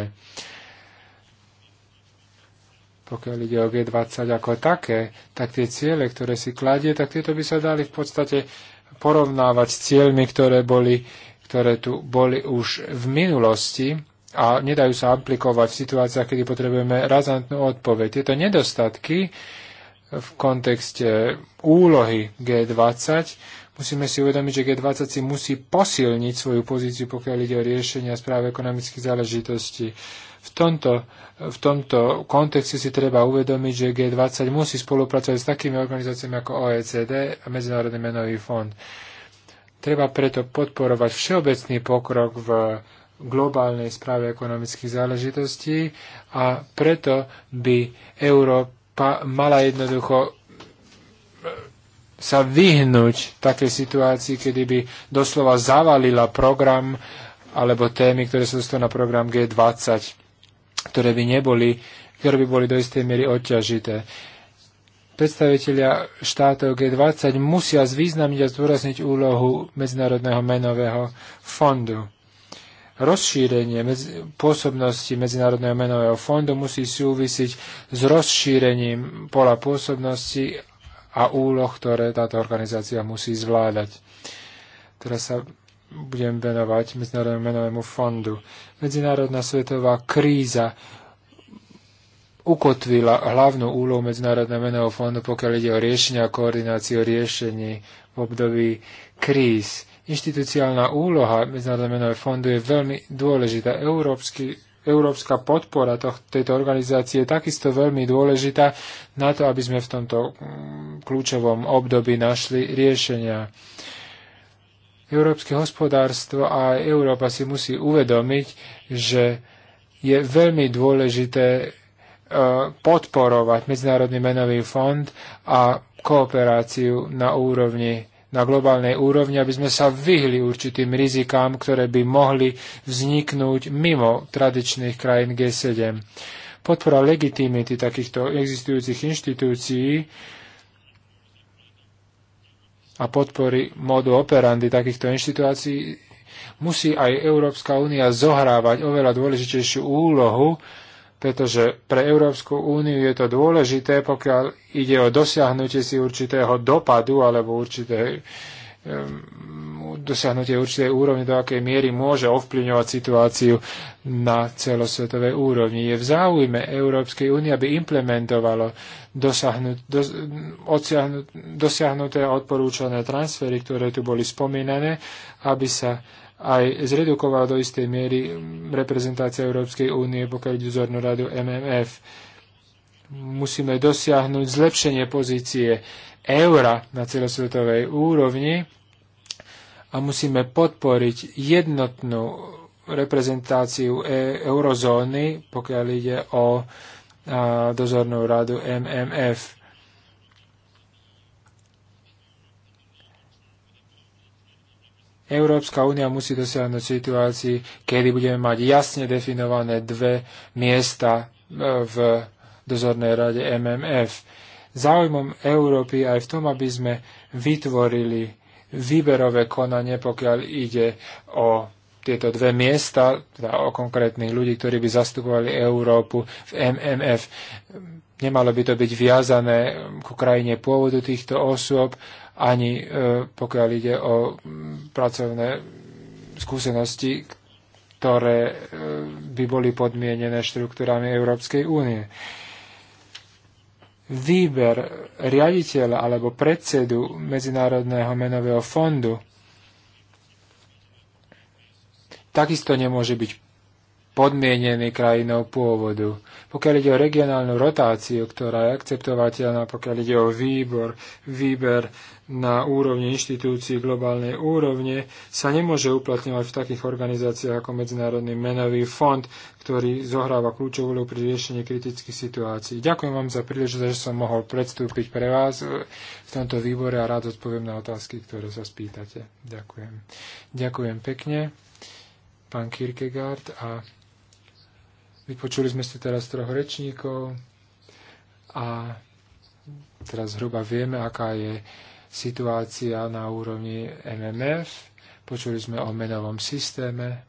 Pokiaľ ide o G20 ako také, tak tie ciele, ktoré si kladie, tak tieto by sa dali v podstate porovnávať s cieľmi, ktoré, boli, ktoré tu boli už v minulosti a nedajú sa aplikovať v situáciách, kedy potrebujeme razantnú odpoveď. Tieto nedostatky v kontexte úlohy G20 musíme si uvedomiť, že G20 si musí posilniť svoju pozíciu, pokiaľ ide o riešenia správy ekonomických záležitostí. V tomto, v tomto kontexte si treba uvedomiť, že G20 musí spolupracovať s takými organizáciami ako OECD a Medzinárodný menový fond. Treba preto podporovať všeobecný pokrok v globálnej správe ekonomických záležitostí a preto by Európa mala jednoducho eh, sa vyhnúť takej situácii, kedy by doslova zavalila program alebo témy, ktoré sa dostali na program G20 ktoré by neboli, ktoré by boli do istej miery odťažité. Predstavitelia štátov G20 musia zvýznamniť a zdôrazniť úlohu Medzinárodného menového fondu. Rozšírenie medzi, pôsobnosti Medzinárodného menového fondu musí súvisiť s rozšírením pola pôsobnosti a úloh, ktoré táto organizácia musí zvládať. Teraz sa budem venovať Medzinárodnému menovému fondu. Medzinárodná svetová kríza ukotvila hlavnú úlohu Medzinárodného menového fondu, pokiaľ ide o riešenie a koordináciu riešení v období kríz. Inštitúciálna úloha Medzinárodného menového fondu je veľmi dôležitá. Európsky, európska podpora tejto organizácie je takisto veľmi dôležitá na to, aby sme v tomto mm, kľúčovom období našli riešenia. Európske hospodárstvo a aj Európa si musí uvedomiť, že je veľmi dôležité e, podporovať Medzinárodný menový fond a kooperáciu na úrovni na globálnej úrovni, aby sme sa vyhli určitým rizikám, ktoré by mohli vzniknúť mimo tradičných krajín G7. Podpora legitimity takýchto existujúcich inštitúcií a podpory modu operandy takýchto inštitúcií, musí aj Európska únia zohrávať oveľa dôležitejšiu úlohu, pretože pre Európsku úniu je to dôležité, pokiaľ ide o dosiahnutie si určitého dopadu alebo určitej Ehm, dosiahnutie určitej úrovne, do akej miery môže ovplyvňovať situáciu na celosvetovej úrovni. Je v záujme Európskej únie, aby implementovalo dosiahnut, dos, odsiahnut, dosiahnuté a odporúčané transfery, ktoré tu boli spomínané, aby sa aj zredukovala do istej miery reprezentácia Európskej únie, pokiaľ ide vzornú radu MMF. Musíme dosiahnuť zlepšenie pozície eura na celosvetovej úrovni a musíme podporiť jednotnú reprezentáciu e- eurozóny, pokiaľ ide o a, dozornú radu MMF. Európska únia musí dosiahnuť situácii, kedy budeme mať jasne definované dve miesta e, v dozornej rade MMF záujmom Európy aj v tom, aby sme vytvorili výberové konanie, pokiaľ ide o tieto dve miesta, teda o konkrétnych ľudí, ktorí by zastupovali Európu v MMF. Nemalo by to byť viazané ku krajine pôvodu týchto osôb, ani e, pokiaľ ide o mm, pracovné skúsenosti, ktoré e, by boli podmienené štruktúrami Európskej únie. E, výber riaditeľa alebo predsedu Medzinárodného menového fondu takisto nemôže byť podmienený krajinou pôvodu. Pokiaľ ide o regionálnu rotáciu, ktorá je akceptovateľná, pokiaľ ide o výbor, výber na úrovni inštitúcií globálnej úrovne, sa nemôže uplatňovať v takých organizáciách ako Medzinárodný menový fond, ktorý zohráva kľúčovú úlohu pri riešení kritických situácií. Ďakujem vám za príležitosť, že som mohol predstúpiť pre vás e, v tomto výbore a rád odpoviem na otázky, ktoré sa spýtate. Ďakujem. Ďakujem pekne, pán Kierkegaard. A Vypočuli sme si teraz troch rečníkov a teraz zhruba vieme, aká je situácia na úrovni MMF. Počuli sme o menovom systéme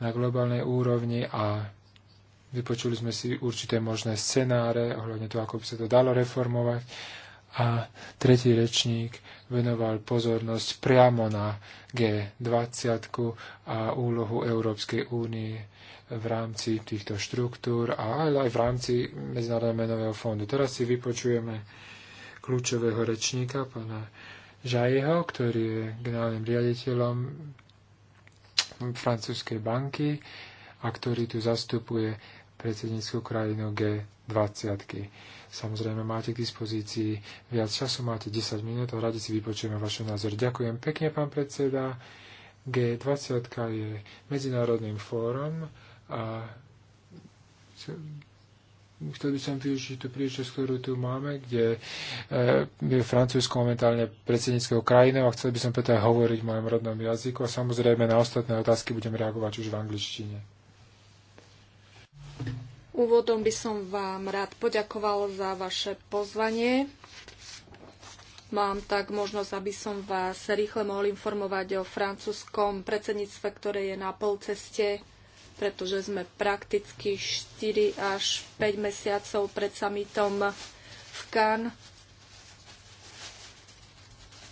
na globálnej úrovni a vypočuli sme si určité možné scenáre ohľadne toho, ako by sa to dalo reformovať. A tretí rečník venoval pozornosť priamo na G20 a úlohu Európskej únie v rámci týchto štruktúr a aj v rámci Medzinárodného menového fondu. Teraz si vypočujeme kľúčového rečníka, pána Žajeho, ktorý je generálnym riaditeľom francúzskej banky a ktorý tu zastupuje predsedníckú krajinu G20. Samozrejme, máte k dispozícii viac času, máte 10 minút a radi si vypočujeme vaše názor. Ďakujem pekne, pán predseda. G20 je medzinárodným fórom, a chcel by som využiť tú príležitosť, ktorú tu máme, kde eh, je Francúzsko momentálne predsedníckou krajinou a chcel by som preto aj hovoriť v mojom rodnom jazyku a samozrejme na ostatné otázky budem reagovať už v angličtine. Úvodom by som vám rád poďakoval za vaše pozvanie. Mám tak možnosť, aby som vás rýchle mohol informovať o francúzskom predsedníctve, ktoré je na polceste ceste pretože sme prakticky 4 až 5 mesiacov pred samitom v Cannes.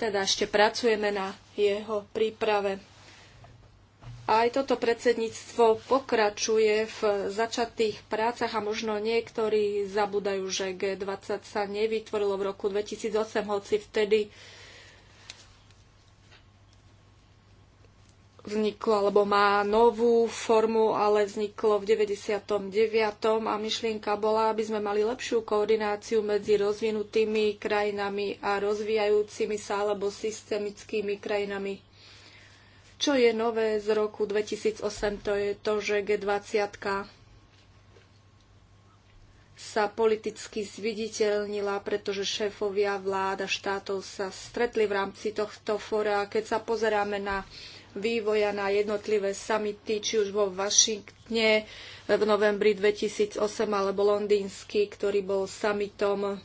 Teda ešte pracujeme na jeho príprave. Aj toto predsedníctvo pokračuje v začatých prácach a možno niektorí zabudajú, že G20 sa nevytvorilo v roku 2008, hoci vtedy vzniklo, alebo má novú formu, ale vzniklo v 99. a myšlienka bola, aby sme mali lepšiu koordináciu medzi rozvinutými krajinami a rozvíjajúcimi sa alebo systemickými krajinami. Čo je nové z roku 2008, to je to, že G20 sa politicky zviditeľnila, pretože šéfovia vláda štátov sa stretli v rámci tohto fóra. Keď sa pozeráme na vývoja na jednotlivé samity, či už vo Washingtone eh, v novembri 2008 alebo londýnsky, ktorý bol samitom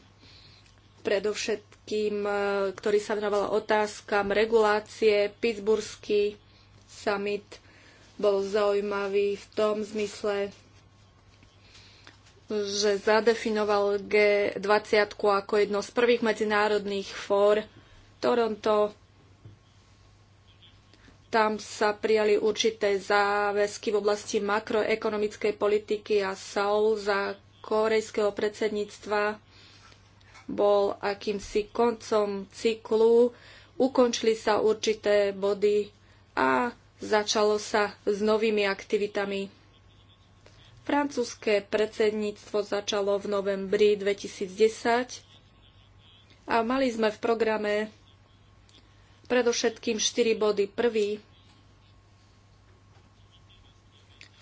predovšetkým, eh, ktorý sa venoval otázkam regulácie. Pittsburghský summit bol zaujímavý v tom zmysle, že zadefinoval G20 ako jedno z prvých medzinárodných fór. Toronto tam sa prijali určité záväzky v oblasti makroekonomickej politiky a Saul za korejského predsedníctva bol akýmsi koncom cyklu. Ukončili sa určité body a začalo sa s novými aktivitami. Francúzske predsedníctvo začalo v novembri 2010 a mali sme v programe Predovšetkým štyri body. Prvý,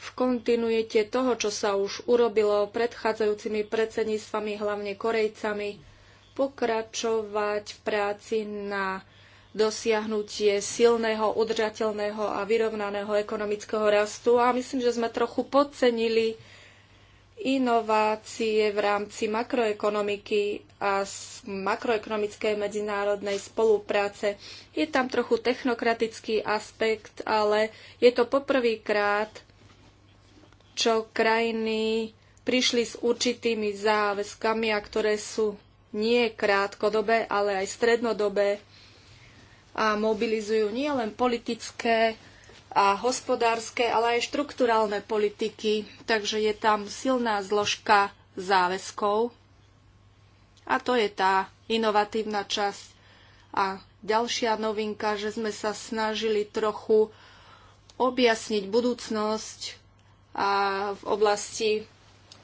v kontinuite toho, čo sa už urobilo predchádzajúcimi predsedníctvami, hlavne Korejcami, pokračovať v práci na dosiahnutie silného, udržateľného a vyrovnaného ekonomického rastu. A myslím, že sme trochu podcenili inovácie v rámci makroekonomiky a makroekonomickej medzinárodnej spolupráce. Je tam trochu technokratický aspekt, ale je to poprvýkrát, čo krajiny prišli s určitými záväzkami, a ktoré sú nie krátkodobé, ale aj strednodobé a mobilizujú nielen politické a hospodárske, ale aj štrukturálne politiky, takže je tam silná zložka záväzkov a to je tá inovatívna časť. A ďalšia novinka, že sme sa snažili trochu objasniť budúcnosť a v oblasti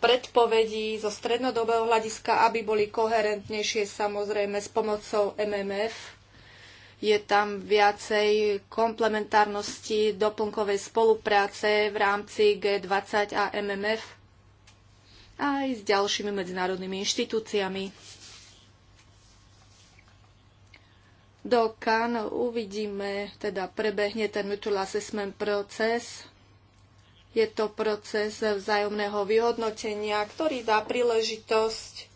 predpovedí zo strednodobého hľadiska, aby boli koherentnejšie samozrejme s pomocou MMF je tam viacej komplementárnosti, doplnkovej spolupráce v rámci G20 a MMF aj s ďalšími medzinárodnými inštitúciami. Do KAN uvidíme, teda prebehne ten mutual assessment proces. Je to proces vzájomného vyhodnotenia, ktorý dá príležitosť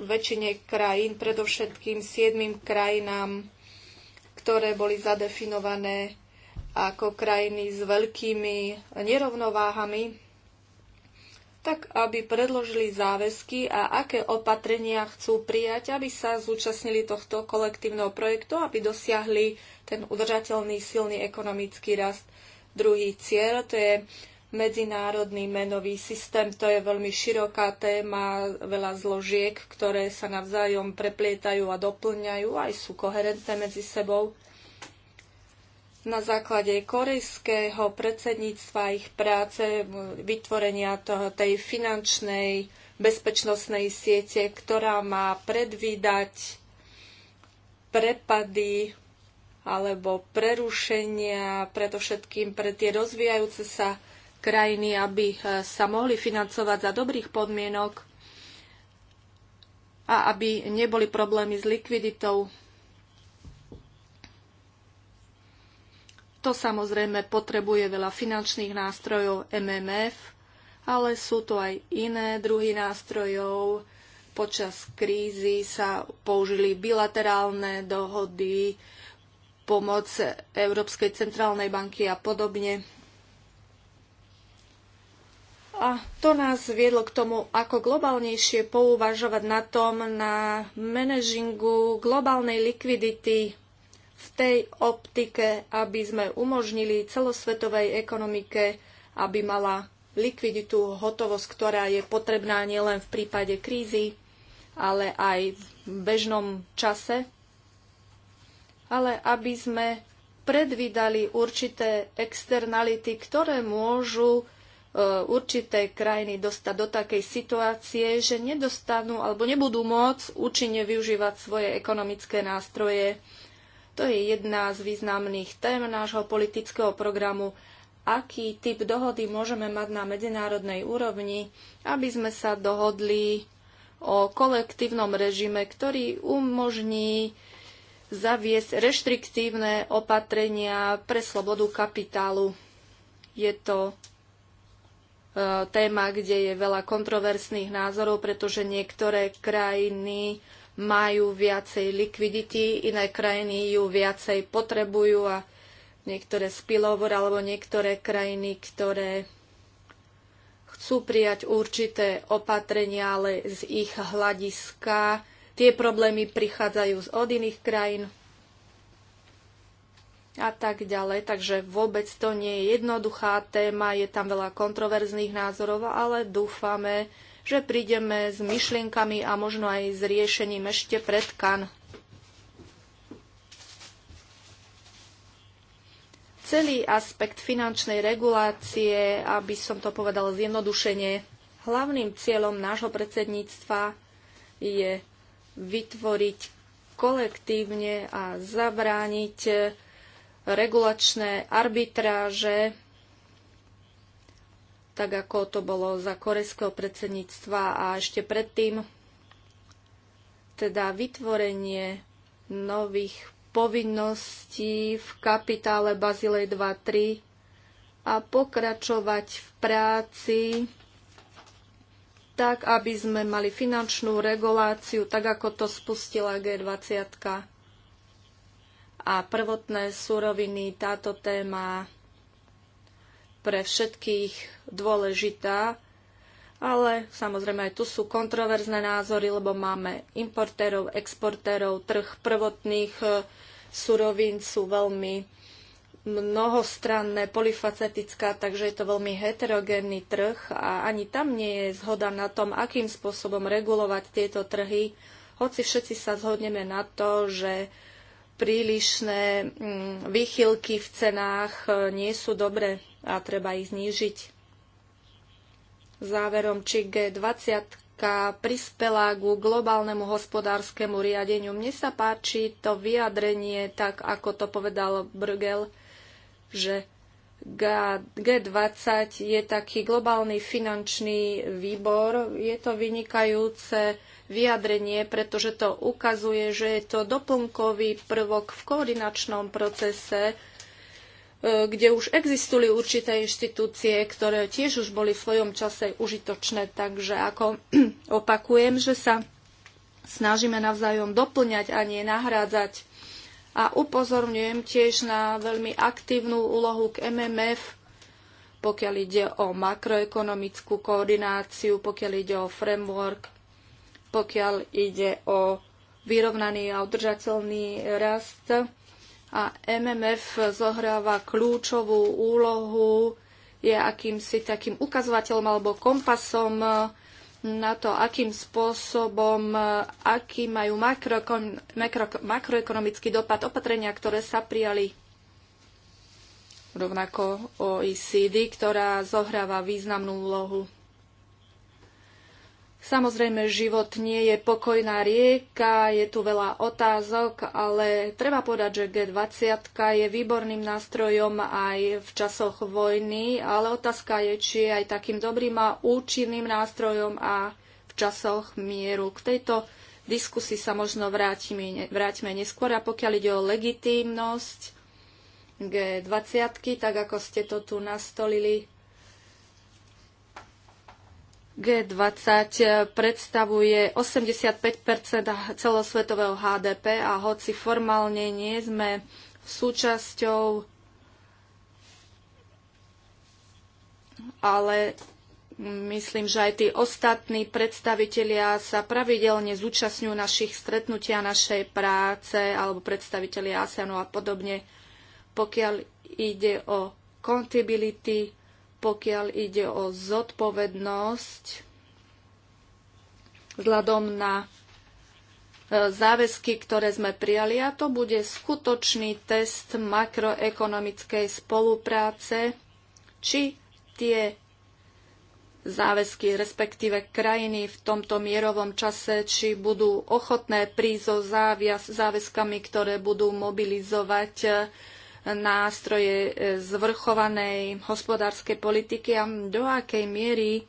väčšine krajín, predovšetkým siedmým krajinám, ktoré boli zadefinované ako krajiny s veľkými nerovnováhami, tak aby predložili záväzky a aké opatrenia chcú prijať, aby sa zúčastnili tohto kolektívneho projektu, aby dosiahli ten udržateľný silný ekonomický rast. Druhý cieľ to je medzinárodný menový systém. To je veľmi široká téma, veľa zložiek, ktoré sa navzájom preplietajú a doplňajú, aj sú koherentné medzi sebou. Na základe korejského predsedníctva ich práce, vytvorenia toho, tej finančnej bezpečnostnej siete, ktorá má predvídať prepady alebo prerušenia, predovšetkým pre tie rozvíjajúce sa krajiny, aby eh, sa mohli financovať za dobrých podmienok a aby neboli problémy s likviditou. To samozrejme potrebuje veľa finančných nástrojov MMF, ale sú to aj iné druhy nástrojov. Počas krízy sa použili bilaterálne dohody, pomoc Európskej centrálnej banky a podobne. A to nás viedlo k tomu, ako globálnejšie pouvažovať na tom, na manažingu globálnej likvidity v tej optike, aby sme umožnili celosvetovej ekonomike, aby mala likviditu, hotovosť, ktorá je potrebná nielen v prípade krízy, ale aj v bežnom čase, ale aby sme predvídali určité externality, ktoré môžu Eh, určité krajiny dostať do takej situácie, že nedostanú alebo nebudú môcť účinne využívať svoje ekonomické nástroje. To je jedna z významných tém nášho politického programu. Aký typ dohody môžeme mať na medzinárodnej úrovni, aby sme sa dohodli o kolektívnom režime, ktorý umožní zaviesť reštriktívne opatrenia pre slobodu kapitálu. Je to téma, kde je veľa kontroverzných názorov, pretože niektoré krajiny majú viacej likvidity, iné krajiny ju viacej potrebujú a niektoré spillover alebo niektoré krajiny, ktoré chcú prijať určité opatrenia, ale z ich hľadiska tie problémy prichádzajú z od iných krajín a tak ďalej. Takže vôbec to nie je jednoduchá téma, je tam veľa kontroverzných názorov, ale dúfame, že prídeme s myšlienkami a možno aj s riešením ešte pred kan. Celý aspekt finančnej regulácie, aby som to povedal zjednodušene, hlavným cieľom nášho predsedníctva je vytvoriť kolektívne a zabrániť regulačné arbitráže, tak ako to bolo za korejského predsedníctva a ešte predtým, teda vytvorenie nových povinností v kapitále Bazilej 2.3 a pokračovať v práci tak, aby sme mali finančnú reguláciu, tak ako to spustila G20 a prvotné súroviny. Táto téma pre všetkých dôležitá, ale samozrejme aj tu sú kontroverzné názory, lebo máme importérov, exportérov, trh prvotných e, surovín sú veľmi mnohostranné, polifacetická, takže je to veľmi heterogénny trh a ani tam nie je zhoda na tom, akým spôsobom regulovať tieto trhy, hoci všetci sa zhodneme na to, že prílišné mm, výchylky v cenách e, nie sú dobré a treba ich znížiť. Záverom, či G20 prispela k globálnemu hospodárskemu riadeniu. Mne sa páči to vyjadrenie, tak ako to povedal Brgel, že G20 je taký globálny finančný výbor. Je to vynikajúce vyjadrenie, pretože to ukazuje, že je to doplnkový prvok v koordinačnom procese, e, kde už existujú určité inštitúcie, ktoré tiež už boli v svojom čase užitočné. Takže ako opakujem, že sa snažíme navzájom doplňať a nie nahrádzať. A upozorňujem tiež na veľmi aktívnu úlohu k MMF, pokiaľ ide o makroekonomickú koordináciu, pokiaľ ide o framework pokiaľ ide o vyrovnaný a udržateľný rast. A MMF zohráva kľúčovú úlohu, je akýmsi takým ukazovateľom alebo kompasom na to, akým spôsobom, aký majú makro, makro, makroekonomický dopad opatrenia, ktoré sa prijali rovnako OECD, ktorá zohráva významnú úlohu. Samozrejme, život nie je pokojná rieka, je tu veľa otázok, ale treba povedať, že G20 je výborným nástrojom aj v časoch vojny, ale otázka je, či je aj takým dobrým a účinným nástrojom a v časoch mieru. K tejto diskusii sa možno vrátime, vrátime neskôr a pokiaľ ide o legitímnosť G20, tak ako ste to tu nastolili, G20 predstavuje 85 celosvetového HDP a hoci formálne nie sme súčasťou, ale myslím, že aj tí ostatní predstavitelia sa pravidelne zúčastňujú našich stretnutia, našej práce alebo predstavitelia ASEANu a podobne. Pokiaľ ide o contability, pokiaľ ide o zodpovednosť vzhľadom na e, záväzky, ktoré sme prijali a to bude skutočný test makroekonomickej spolupráce, či tie záväzky, respektíve krajiny v tomto mierovom čase, či budú ochotné prísť so záväzkami, ktoré budú mobilizovať e, nástroje e, zvrchovanej hospodárskej politiky a do akej miery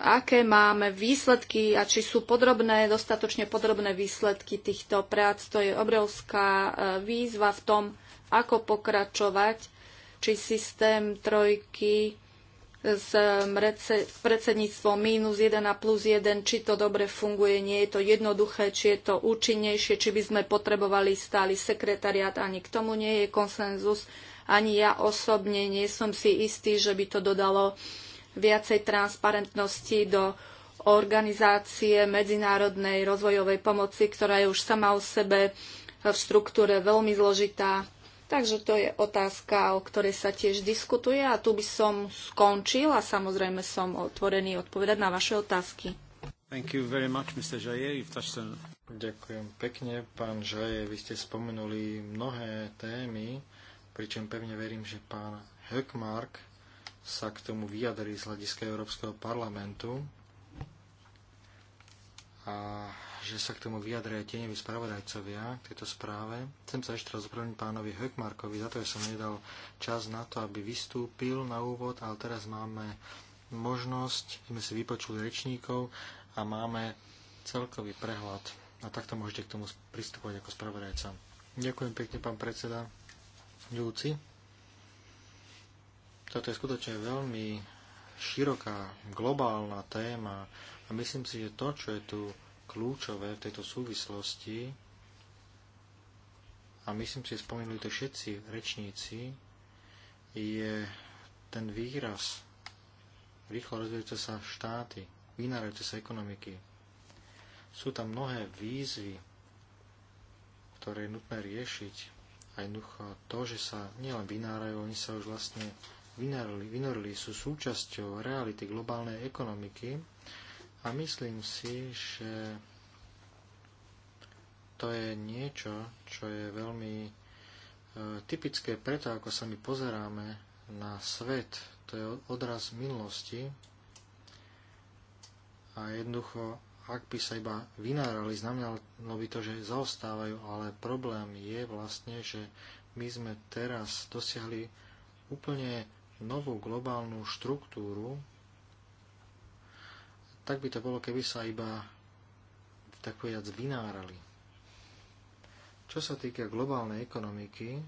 aké máme výsledky a či sú podrobné, dostatočne podrobné výsledky týchto prác. To je obrovská e, výzva v tom, ako pokračovať, či systém trojky s predsedníctvom mínus 1 a plus 1, či to dobre funguje, nie je to jednoduché, či je to účinnejšie, či by sme potrebovali stály sekretariat, ani k tomu nie je konsenzus, ani ja osobne nie som si istý, že by to dodalo viacej transparentnosti do organizácie medzinárodnej rozvojovej pomoci, ktorá je už sama o sebe v štruktúre veľmi zložitá Takže to je otázka, o ktorej sa tiež diskutuje a tu by som skončil a samozrejme som otvorený odpovedať na vaše otázky. Thank you very much, Mr. Jaye. Ďakujem pekne, pán Žaje. Vy ste spomenuli mnohé témy, pričom pevne verím, že pán Hökmark sa k tomu vyjadrí z hľadiska Európskeho parlamentu. A že sa k tomu vyjadria tieňoví spravodajcovia k tejto správe. Chcem sa ešte raz opravniť pánovi Hökmarkovi za to, že som nedal čas na to, aby vystúpil na úvod, ale teraz máme možnosť, sme si vypočuli rečníkov a máme celkový prehľad. A takto môžete k tomu pristupovať ako spravodajca. Ďakujem pekne, pán predseda Ľúci. Toto je skutočne veľmi široká globálna téma a myslím si, že to, čo je tu kľúčové v tejto súvislosti, a myslím si, spomenuli to všetci rečníci, je ten výraz rýchlo rozvíjajúce sa štáty, vynárajúce sa ekonomiky. Sú tam mnohé výzvy, ktoré je nutné riešiť. Aj jednoducho to, že sa nielen vynárajú, oni sa už vlastne vynorili, vynorili sú súčasťou reality globálnej ekonomiky, a myslím si, že to je niečo, čo je veľmi e, typické preto, ako sa my pozeráme na svet. To je odraz minulosti. A jednoducho, ak by sa iba vynárali, znamenalo by to, že zaostávajú, ale problém je vlastne, že my sme teraz dosiahli úplne novú globálnu štruktúru, tak by to bolo, keby sa iba tak povedať vynárali. Čo sa týka globálnej ekonomiky,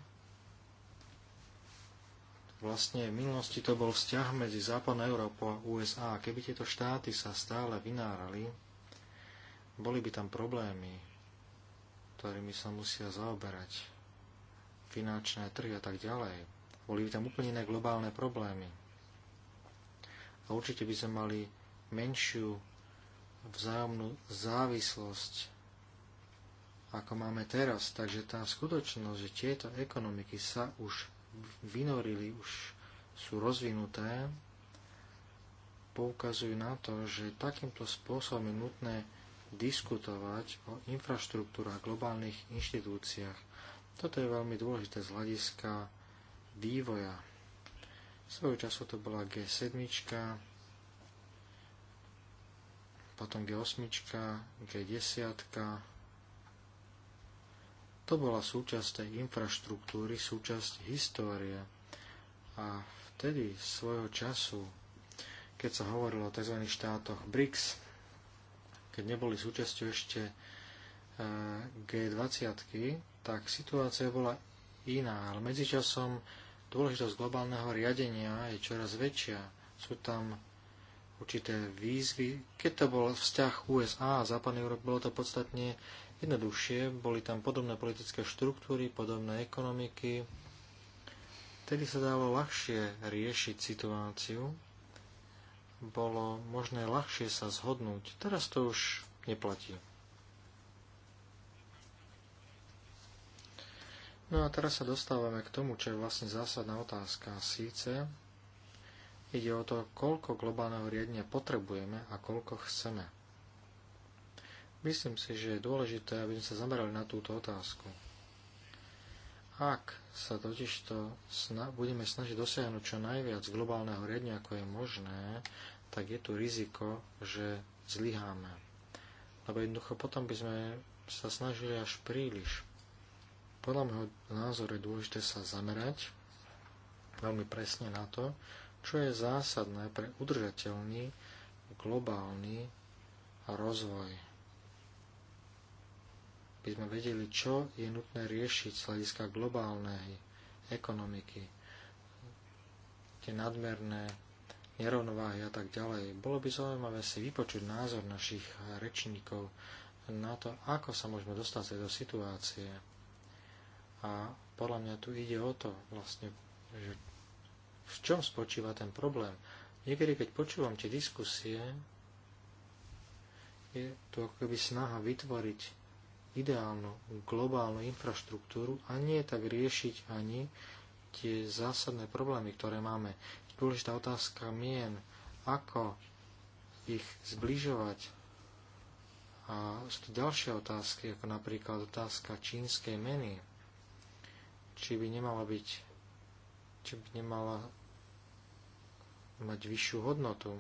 vlastne v minulosti to bol vzťah medzi Západnou Európou a USA. Keby tieto štáty sa stále vynárali, boli by tam problémy, ktorými sa musia zaoberať finančné trhy a tak ďalej. Boli by tam úplne iné globálne problémy. A určite by sme mali menšiu vzájomnú závislosť, ako máme teraz. Takže tá skutočnosť, že tieto ekonomiky sa už vynorili, už sú rozvinuté, poukazujú na to, že takýmto spôsobom je nutné diskutovať o infraštruktúrach globálnych inštitúciách. Toto je veľmi dôležité z hľadiska vývoja. Svojho času to bola G7, potom G8, G10. To bola súčasť tej infraštruktúry, súčasť histórie. A vtedy svojho času, keď sa hovorilo o tzv. štátoch BRICS, keď neboli súčasťou ešte e, G20, tak situácia bola iná, ale medzičasom dôležitosť globálneho riadenia je čoraz väčšia. Sú tam určité výzvy. Keď to bol vzťah USA a západnej Európy, bolo to podstatne jednoduchšie. Boli tam podobné politické štruktúry, podobné ekonomiky. Tedy sa dalo ľahšie riešiť situáciu. Bolo možné ľahšie sa zhodnúť. Teraz to už neplatí. No a teraz sa dostávame k tomu, čo je vlastne zásadná otázka. Síce, Ide o to, koľko globálneho riadenia potrebujeme a koľko chceme. Myslím si, že je dôležité, aby sme sa zamerali na túto otázku. Ak sa totižto sna- budeme snažiť dosiahnuť čo najviac globálneho riadenia, ako je možné, tak je tu riziko, že zlyháme. Lebo jednoducho potom by sme sa snažili až príliš. Podľa môjho názoru je dôležité sa zamerať veľmi presne na to, čo je zásadné pre udržateľný globálny rozvoj. By sme vedeli, čo je nutné riešiť z hľadiska globálnej ekonomiky, tie nadmerné nerovnováhy a tak ďalej. Bolo by zaujímavé si vypočuť názor našich rečníkov na to, ako sa môžeme dostať z do situácie. A podľa mňa tu ide o to, vlastne, že v čom spočíva ten problém. Niekedy, keď počúvam tie diskusie, je to ako keby snaha vytvoriť ideálnu globálnu infraštruktúru a nie tak riešiť ani tie zásadné problémy, ktoré máme. Dôležitá otázka mien, ako ich zbližovať. A sú tu ďalšie otázky, ako napríklad otázka čínskej meny. Či by nemala byť, či by nemala mať vyššiu hodnotu.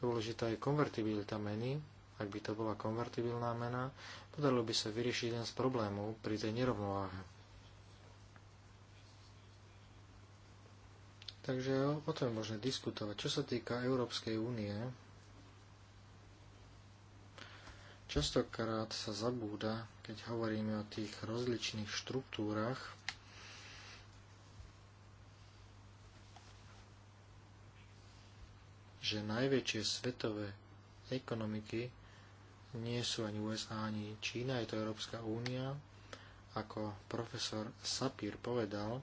Dôležitá je konvertibilita meny. Ak by to bola konvertibilná mena, podarilo by sa vyriešiť jeden z problémov pri tej nerovnováhe. Takže o tom je možné diskutovať. Čo sa týka Európskej únie, častokrát sa zabúda, keď hovoríme o tých rozličných štruktúrach, že najväčšie svetové ekonomiky nie sú ani USA, ani Čína, je to Európska únia. Ako profesor Sapir povedal, e,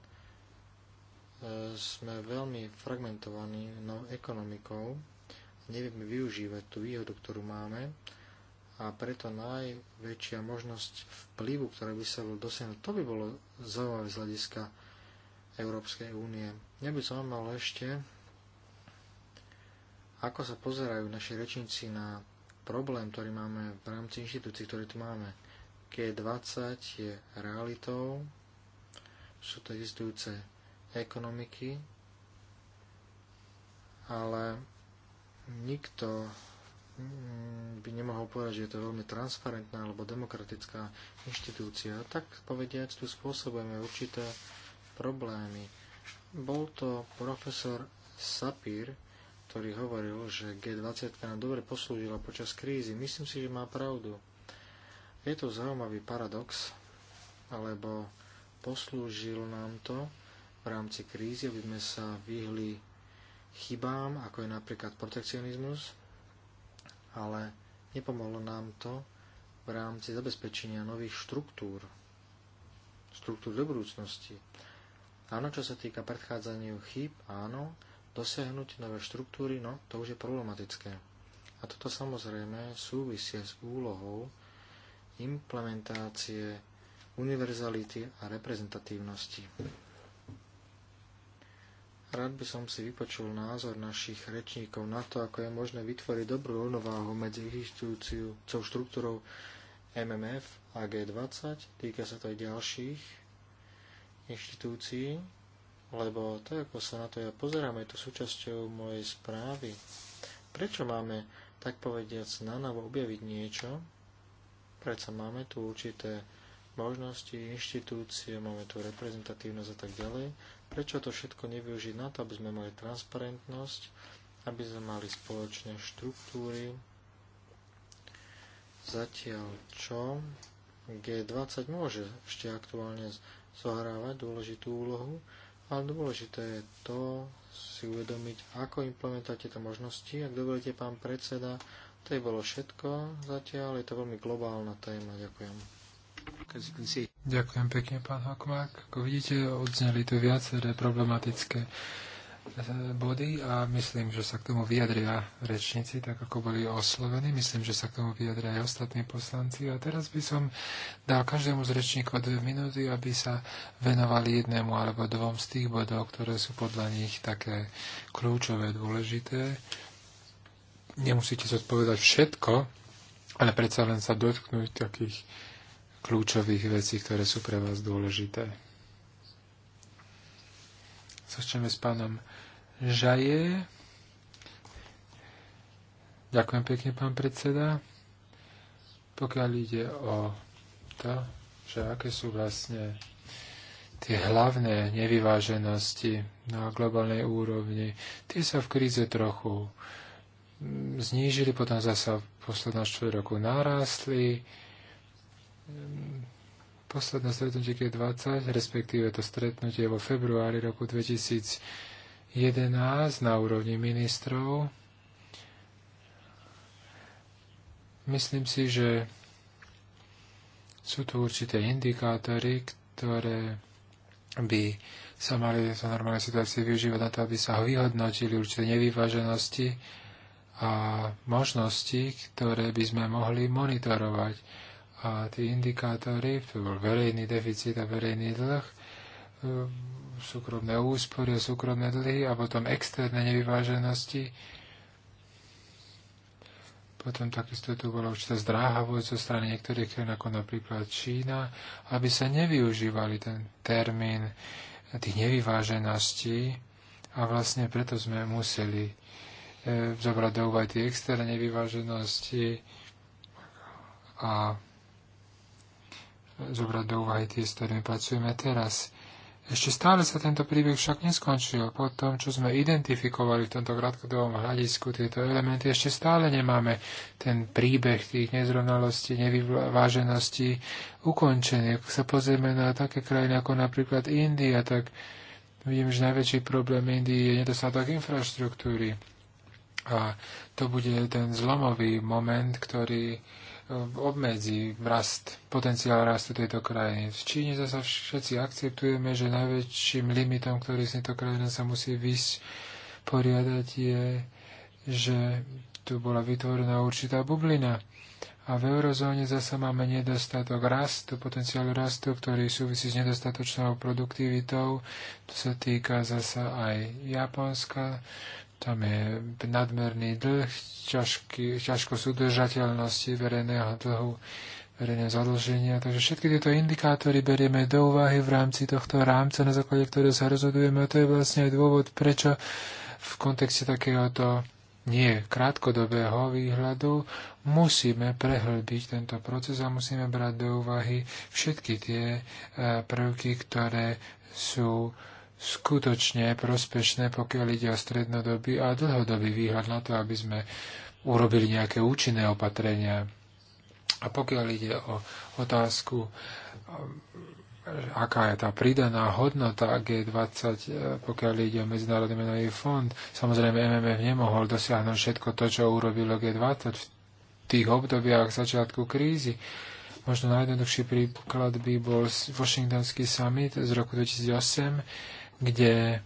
sme veľmi fragmentovaní novou ekonomikou, nevieme využívať tú výhodu, ktorú máme a preto najväčšia možnosť vplyvu, ktorá by sa bol dosiahnuť, to by bolo zaujímavé z hľadiska Európskej únie. Ja by som mal ešte ako sa pozerajú naši rečníci na problém, ktorý máme v rámci inštitúcií, ktoré tu máme. G20 je realitou, sú to existujúce ekonomiky, ale nikto mm, by nemohol povedať, že je to veľmi transparentná alebo demokratická inštitúcia. Tak povediať, tu spôsobujeme určité problémy. Bol to profesor Sapir, ktorý hovoril, že G20 nám dobre poslúžila počas krízy. Myslím si, že má pravdu. Je to zaujímavý paradox, alebo poslúžil nám to v rámci krízy, aby sme sa vyhli chybám, ako je napríklad protekcionizmus, ale nepomohlo nám to v rámci zabezpečenia nových štruktúr, štruktúr do budúcnosti. Áno, čo sa týka predchádzaniu chýb, áno, dosiahnuť nové štruktúry, no to už je problematické. A toto samozrejme súvisie s úlohou implementácie univerzality a reprezentatívnosti. Rád by som si vypočul názor našich rečníkov na to, ako je možné vytvoriť dobrú rovnováhu medzi existujúcou štruktúrou MMF a G20, týka sa to aj ďalších inštitúcií, lebo tak ako sa na to ja pozerám, je to súčasťou mojej správy. Prečo máme, tak povediac, na novo objaviť niečo? Prečo máme tu určité možnosti, inštitúcie, máme tu reprezentatívnosť a tak ďalej. Prečo to všetko nevyužiť na to, aby sme mali transparentnosť, aby sme mali spoločné štruktúry? Zatiaľ čo? G20 môže ešte aktuálne zohrávať dôležitú úlohu, ale dôležité je to si uvedomiť, ako implementovať tieto možnosti. Ak dovolíte, pán predseda, to je bolo všetko zatiaľ. Je to veľmi globálna téma. Ďakujem. Ďakujem pekne, pán Hakmák. Ako vidíte, odzneli tu viaceré problematické E, body a myslím, že sa k tomu vyjadria rečníci, tak ako boli oslovení. Myslím, že sa k tomu vyjadria aj ostatní poslanci. A teraz by som dal každému z rečníkov dve minúty, aby sa venovali jednému alebo dvom z tých bodov, ktoré sú podľa nich také kľúčové, dôležité. Nemusíte zodpovedať všetko, ale predsa len sa dotknúť takých kľúčových vecí, ktoré sú pre vás dôležité. Začneme s pánom Žaje. Ďakujem pekne, pán predseda. Pokiaľ ide o to, že aké sú vlastne tie hlavné nevyváženosti na globálnej úrovni, tie sa v kríze trochu znížili, potom zasa v poslednom roku narástli. Posledné stretnutie G20, respektíve to stretnutie vo februári roku 2011 na úrovni ministrov. Myslím si, že sú tu určité indikátory, ktoré by sa mali v normálnej situácii využívať na to, aby sa vyhodnotili určité nevyváženosti a možnosti, ktoré by sme mohli monitorovať a tie indikátory, to bol verejný deficit a verejný dlh, e, súkromné úspory a súkromné dlhy a potom externé nevyváženosti. Potom takisto tu bola určitá zdráhavosť zo strany niektorých krajín, ako napríklad Čína, aby sa nevyužívali ten termín tých nevyvážeností a vlastne preto sme museli e, zobrať do úvahy tie externé nevyváženosti a zobrať do úvahy tie, s ktorými pracujeme teraz. Ešte stále sa tento príbeh však neskončil. Po tom, čo sme identifikovali v tomto krátkodobom hľadisku tieto elementy, ešte stále nemáme ten príbeh tých nezrovnalostí, nevyvážeností ukončený. Ak sa pozrieme na také krajiny ako napríklad India, tak vidím, že najväčší problém Indii je nedostatok infraštruktúry. A to bude ten zlomový moment, ktorý obmedzi rast, potenciál rastu tejto krajiny. V Číne zase všetci akceptujeme, že najväčším limitom, ktorý z tejto krajina sa musí vysporiadať, je, že tu bola vytvorená určitá bublina. A v eurozóne zase máme nedostatok rastu, potenciál rastu, ktorý súvisí s nedostatočnou produktivitou. To sa týka zase aj Japonska tam je nadmerný dlh, ťažký, ťažkosť udržateľnosti verejného dlhu, verejného zadlženia. Takže všetky tieto indikátory berieme do úvahy v rámci tohto rámca, na základe ktorého sa rozhodujeme. A to je vlastne aj dôvod, prečo v kontexte takéhoto nie krátkodobého výhľadu musíme prehlbiť tento proces a musíme brať do úvahy všetky tie eh, prvky, ktoré sú skutočne prospešné, pokiaľ ide o strednodobý a dlhodobý výhľad na to, aby sme urobili nejaké účinné opatrenia. A pokiaľ ide o otázku, aká je tá pridaná hodnota G20, eh, pokiaľ ide o Medzinárodný menový fond, samozrejme MMF nemohol dosiahnuť všetko to, čo urobilo G20 v tých obdobiach začiatku krízy. Možno najjednoduchší príklad by bol Washingtonský summit z roku 2008, kde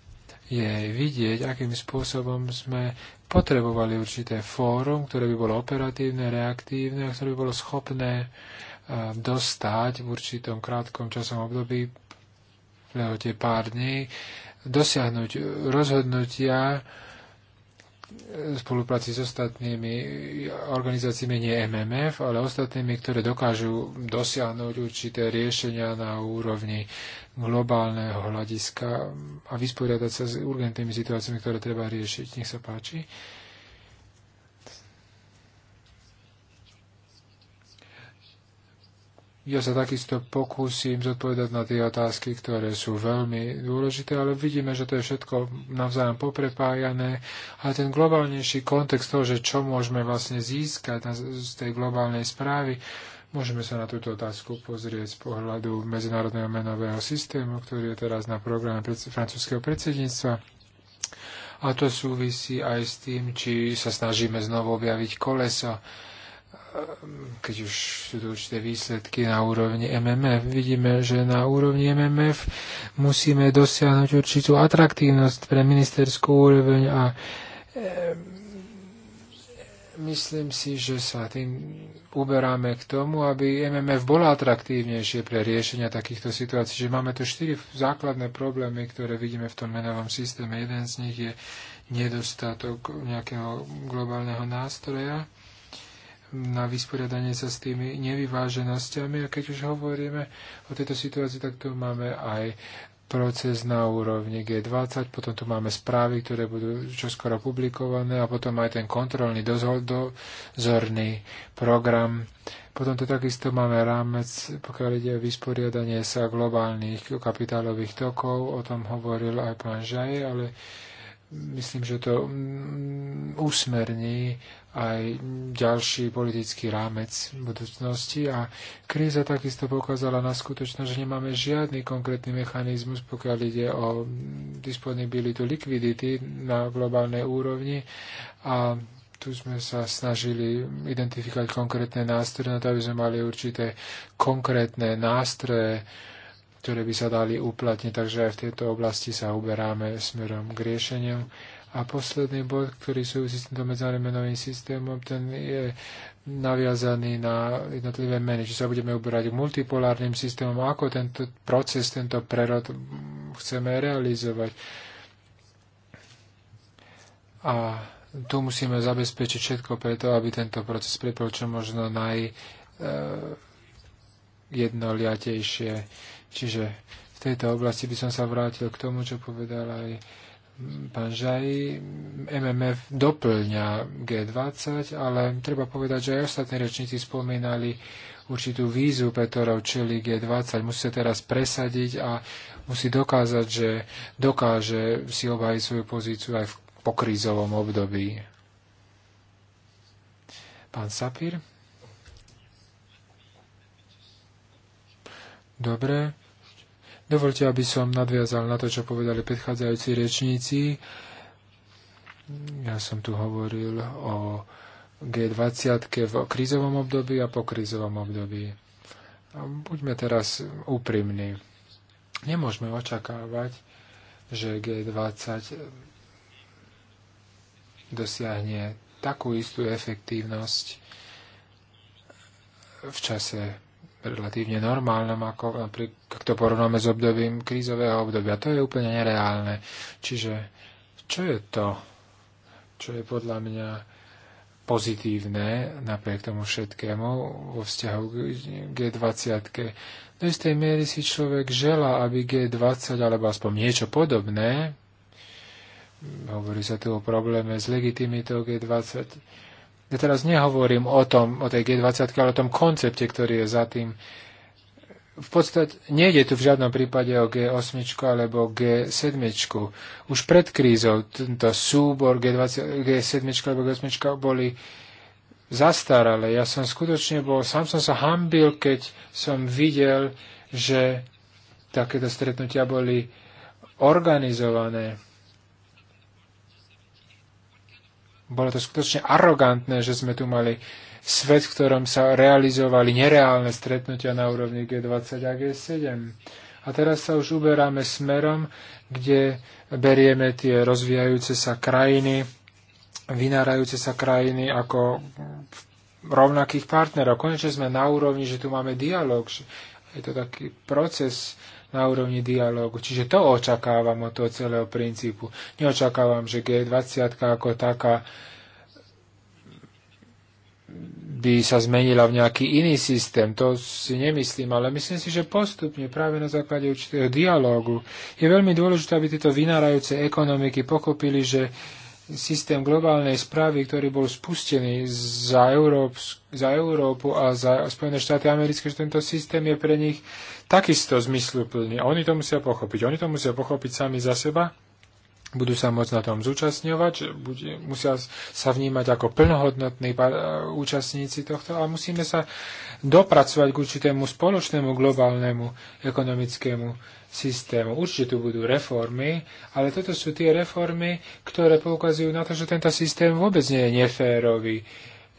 je vidieť, akým spôsobom sme potrebovali určité fórum, ktoré by bolo operatívne, reaktívne a ktoré by bolo schopné e, dostať v určitom krátkom časom období, tie pár dní, dosiahnuť rozhodnutia, spolupráci s ostatnými organizáciami, nie MMF, ale ostatnými, ktoré dokážu dosiahnuť určité riešenia na úrovni globálneho hľadiska a vysporiadať sa s urgentnými situáciami, ktoré treba riešiť. Nech sa páči. Uh, Ja sa takisto pokúsim zodpovedať na tie otázky, ktoré sú veľmi dôležité, ale vidíme, že to je všetko navzájom poprepájané a ten globálnejší kontext toho, že čo môžeme vlastne získať z tej globálnej správy, môžeme sa na túto otázku pozrieť z pohľadu Medzinárodného menového systému, ktorý je teraz na programe francúzského predsedníctva. A to súvisí aj s tým, či sa snažíme znovu objaviť koleso keď už sú to určité výsledky na úrovni MMF, vidíme, že na úrovni MMF musíme dosiahnuť určitú atraktívnosť pre ministerskú úroveň a e, myslím si, že sa tým uberáme k tomu, aby MMF bola atraktívnejšie pre riešenia takýchto situácií. Že máme tu štyri základné problémy, ktoré vidíme v tom menovom systéme. Jeden z nich je nedostatok nejakého globálneho nástroja na vysporiadanie sa s tými nevyváženostiami. A keď už hovoríme o tejto situácii, tak tu máme aj proces na úrovni G20, potom tu máme správy, ktoré budú čoskoro publikované a potom aj ten kontrolný dozorný program. Potom tu takisto máme rámec, pokiaľ ide o vysporiadanie sa globálnych kapitálových tokov, o tom hovoril aj pán Žaj, ale myslím, že to mm, mm, usmerní aj ďalší politický rámec v budúcnosti a kríza takisto pokázala na skutočnosť, že nemáme žiadny konkrétny mechanizmus, pokiaľ ide o disponibilitu likvidity na globálnej úrovni a tu sme sa snažili identifikovať konkrétne nástroje, na to aby sme mali určité konkrétne nástroje, ktoré by sa dali uplatniť, takže aj v tejto oblasti sa uberáme smerom k riešeniu a posledný bod, ktorý súvisí s týmto medzinárodným systémom, ten je naviazaný na jednotlivé meny, či sa budeme uberať multipolárnym systémom, ako tento proces, tento prerod chceme realizovať. A tu musíme zabezpečiť všetko preto, aby tento proces prepol čo možno najjednoliatejšie. E, Čiže v tejto oblasti by som sa vrátil k tomu, čo povedal aj pán Žaj, MMF doplňa G20, ale treba povedať, že aj ostatní rečníci spomínali určitú vízu, pre ktorou čeli G20. Musí sa teraz presadiť a musí dokázať, že dokáže si obhájiť svoju pozíciu aj v pokrízovom období. Pán Sapir? Dobre. Dovolte, aby som nadviazal na to, čo povedali predchádzajúci rečníci. Ja som tu hovoril o G20 v krízovom období a po krízovom období. Buďme teraz úprimní. Nemôžeme očakávať, že G20 dosiahne takú istú efektívnosť v čase relatívne normálnom, ako, eh, ak to porovnáme s obdobím krízového obdobia. To je úplne nereálne. Čiže čo je to, čo je podľa mňa pozitívne, napriek tomu všetkému, vo vzťahu k G20. Do istej miery si človek žela, aby G20, alebo aspoň niečo podobné, hovorí sa tu o probléme s legitimitou G20, ja teraz nehovorím o tom, o tej G20, ale o tom koncepte, ktorý je za tým. V podstate nejde tu v žiadnom prípade o G8 alebo G7. Už pred krízou tento súbor G20, G7 alebo G8 boli zastaralé. Ja som skutočne bol, sám som sa hambil, keď som videl, že takéto stretnutia boli organizované Bolo to skutočne arogantné, že sme tu mali svet, v ktorom sa realizovali nereálne stretnutia na úrovni G20 a G7. A teraz sa už uberáme smerom, kde berieme tie rozvíjajúce sa krajiny, vynárajúce sa krajiny ako rovnakých partnerov. Konečne sme na úrovni, že tu máme dialog. Je to taký proces na úrovni dialógu. Čiže to očakávam od toho celého princípu. Neočakávam, že G20 ako taká by sa zmenila v nejaký iný systém. To si nemyslím, ale myslím si, že postupne práve na základe určitého dialógu je veľmi dôležité, aby tieto vynárajúce ekonomiky pochopili, že systém globálnej správy, ktorý bol spustený za, Európs- za Európu a za Spojené štáty americké, že tento systém je pre nich takisto zmysluplný. A oni to musia pochopiť. Oni to musia pochopiť sami za seba budú sa môcť na tom zúčastňovať, bude, musia sa vnímať ako plnohodnotní e, účastníci tohto a musíme sa dopracovať k určitému spoločnému globálnemu ekonomickému systému. Určite tu budú reformy, ale toto sú tie reformy, ktoré poukazujú na to, že tento systém vôbec nie je neférový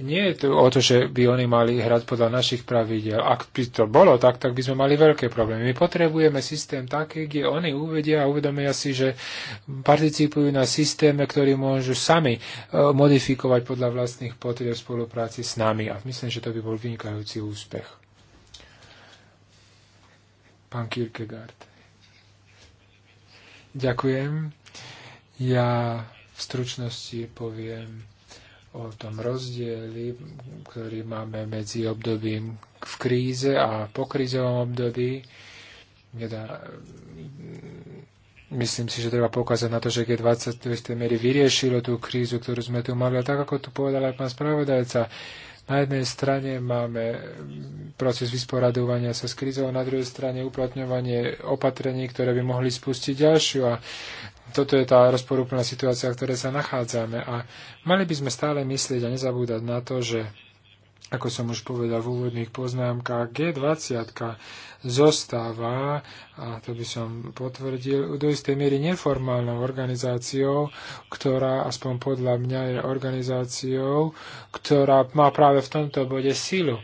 nie je to o to, že by oni mali hrať podľa našich pravidel. Ak by to bolo tak, tak by sme mali veľké problémy. My potrebujeme systém taký, kde oni uvedia a uvedomia si, že participujú na systéme, ktorý môžu sami e, modifikovať podľa vlastných potrieb spolupráci s nami. A myslím, že to by bol vynikajúci úspech. Pán Kierkegaard. Ďakujem. Ja v stručnosti poviem o tom rozdieli, ktorý máme medzi obdobím v kríze a po krízovom období. Teda, myslím si, že treba poukázať na to, že G20 do istej miery vyriešilo tú krízu, ktorú sme tu mali. A tak, ako tu povedal aj pán spravodajca, na jednej strane máme proces vysporadovania sa s krízou, na druhej strane uplatňovanie opatrení, ktoré by mohli spustiť ďalšiu a toto je tá rozporúplná situácia, v ktorej sa nachádzame. A mali by sme stále myslieť a nezabúdať na to, že ako som už povedal v úvodných poznámkach, G20 zostáva, a to by som potvrdil, do istej miery neformálnou organizáciou, ktorá aspoň podľa mňa je organizáciou, ktorá má práve v tomto bode silu.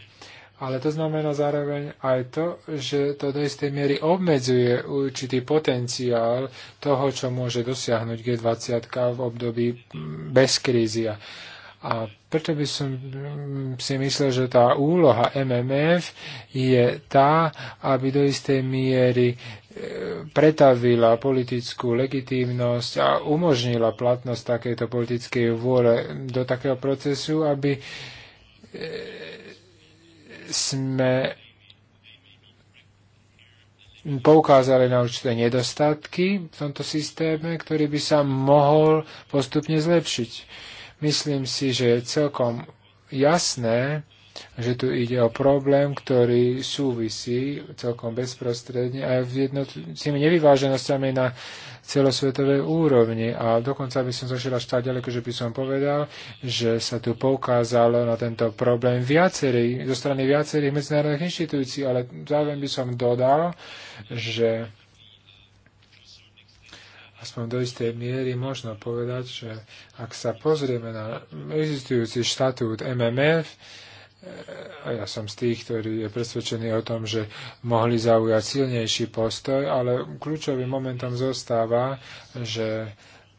Ale to znamená zároveň aj to, že to do istej miery obmedzuje určitý potenciál toho, čo môže dosiahnuť G20 v období bez krízia. A preto by som mm, si myslel, že tá úloha MMF je tá, aby do istej miery e, pretavila politickú legitímnosť a umožnila platnosť takejto politickej vôle do takého procesu, aby e, sme poukázali na určité nedostatky v tomto systéme, ktorý by sa mohol postupne zlepšiť. Myslím si, že je celkom jasné, že tu ide o problém, ktorý súvisí celkom bezprostredne aj s tými nevyváženosťami na celosvetovej úrovni. A dokonca by som zašiel až tak ďaleko, že by som povedal, že sa tu poukázalo na tento problém viacerých, zo strany viacerých medzinárodných inštitúcií, ale zároveň by som dodal, že aspoň do istej miery možno povedať, že ak sa pozrieme na existujúci štatút MMF, e, a ja som z tých, ktorý je presvedčený o tom, že mohli zaujať silnejší postoj, ale kľúčovým momentom zostáva, že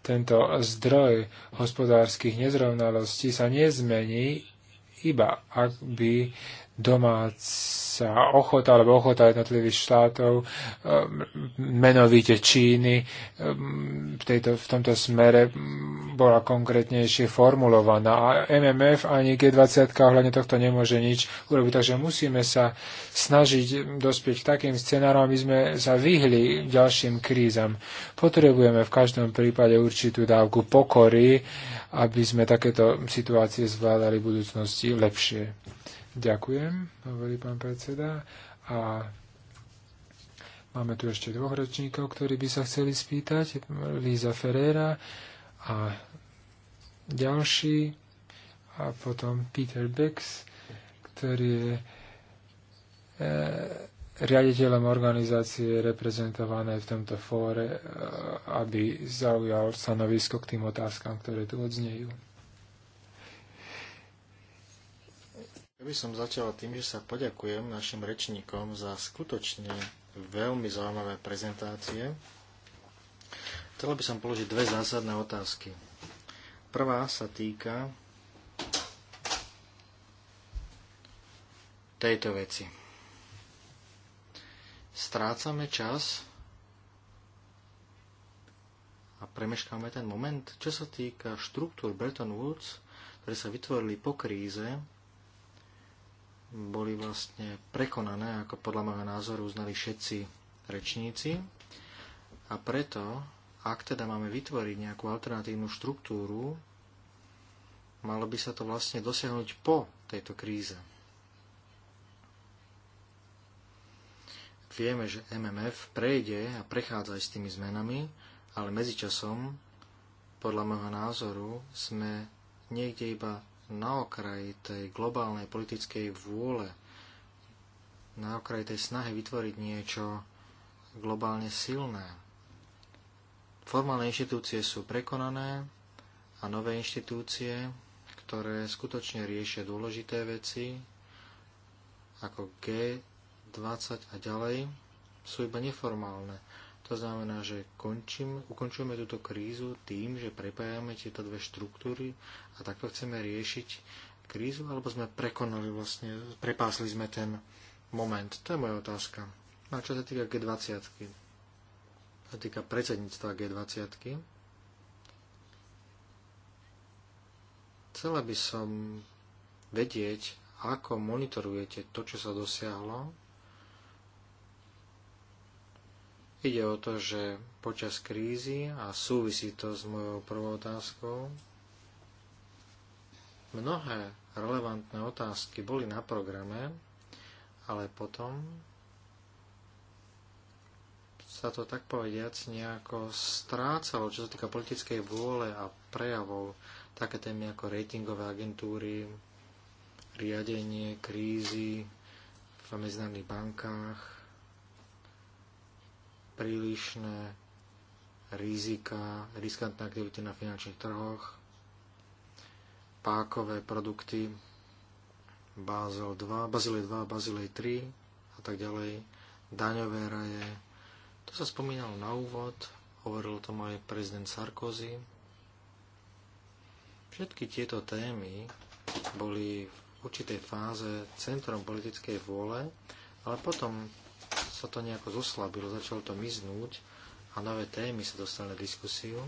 tento zdroj hospodárskych nezrovnalostí sa nezmení, iba ak by domáca ochota alebo ochota jednotlivých štátov, ehm, menovite Číny, ehm, v, tejto, v tomto smere ehm, bola konkrétnejšie formulovaná. A MMF ani G20 ohľadne tohto nemôže nič urobiť, takže musíme sa snažiť dospieť k takým scenárom, aby sme sa vyhli ďalším krízam. Potrebujeme v každom prípade určitú dávku pokory, aby sme takéto situácie zvládali v budúcnosti lepšie. Ďakujem, hovorí pán predseda. A máme tu ešte dvoch ročníkov, ktorí by sa chceli spýtať. Líza Ferreira a ďalší. A potom Peter Bex, ktorý je e, riaditeľom organizácie reprezentované v tomto fóre, e, aby zaujal stanovisko k tým otázkam, ktoré tu odznejú. Ja by som začal tým, že sa poďakujem našim rečníkom za skutočne veľmi zaujímavé prezentácie. Chcel by som položiť dve zásadné otázky. Prvá sa týka tejto veci. Strácame čas a premeškáme ten moment, čo sa týka štruktúr Bretton Woods, ktoré sa vytvorili po kríze, boli vlastne prekonané, ako podľa môjho názoru uznali všetci rečníci. A preto, ak teda máme vytvoriť nejakú alternatívnu štruktúru, malo by sa to vlastne dosiahnuť po tejto kríze. Vieme, že MMF prejde a prechádza aj s tými zmenami, ale medzičasom, podľa môjho názoru, sme niekde iba na okraji tej globálnej politickej vôle, na okraji tej snahy vytvoriť niečo globálne silné. Formálne inštitúcie sú prekonané a nové inštitúcie, ktoré skutočne riešia dôležité veci, ako G20 a ďalej, sú iba neformálne. To znamená, že končím, ukončujeme túto krízu tým, že prepájame tieto dve štruktúry a takto chceme riešiť krízu, alebo sme prekonali vlastne, prepásli sme ten moment. To je moja otázka. No a čo sa týka G20, Čo sa týka predsedníctva G20, chcela by som vedieť, ako monitorujete to, čo sa dosiahlo Ide o to, že počas krízy, a súvisí to s mojou prvou otázkou, mnohé relevantné otázky boli na programe, ale potom sa to tak povediac nejako strácalo, čo sa týka politickej vôle a prejavov, také témy ako ratingové agentúry, riadenie krízy v medzinárodných bankách, prílišné rizika, riskantné aktivity na finančných trhoch, pákové produkty, Basel 2, Bazilej 2, Bazilej 3 a tak ďalej, daňové raje. To sa spomínalo na úvod, hovoril o aj prezident Sarkozy. Všetky tieto témy boli v určitej fáze centrom politickej vôle, ale potom sa to nejako zoslabilo, začalo to miznúť a nové témy sa dostali na diskusiu.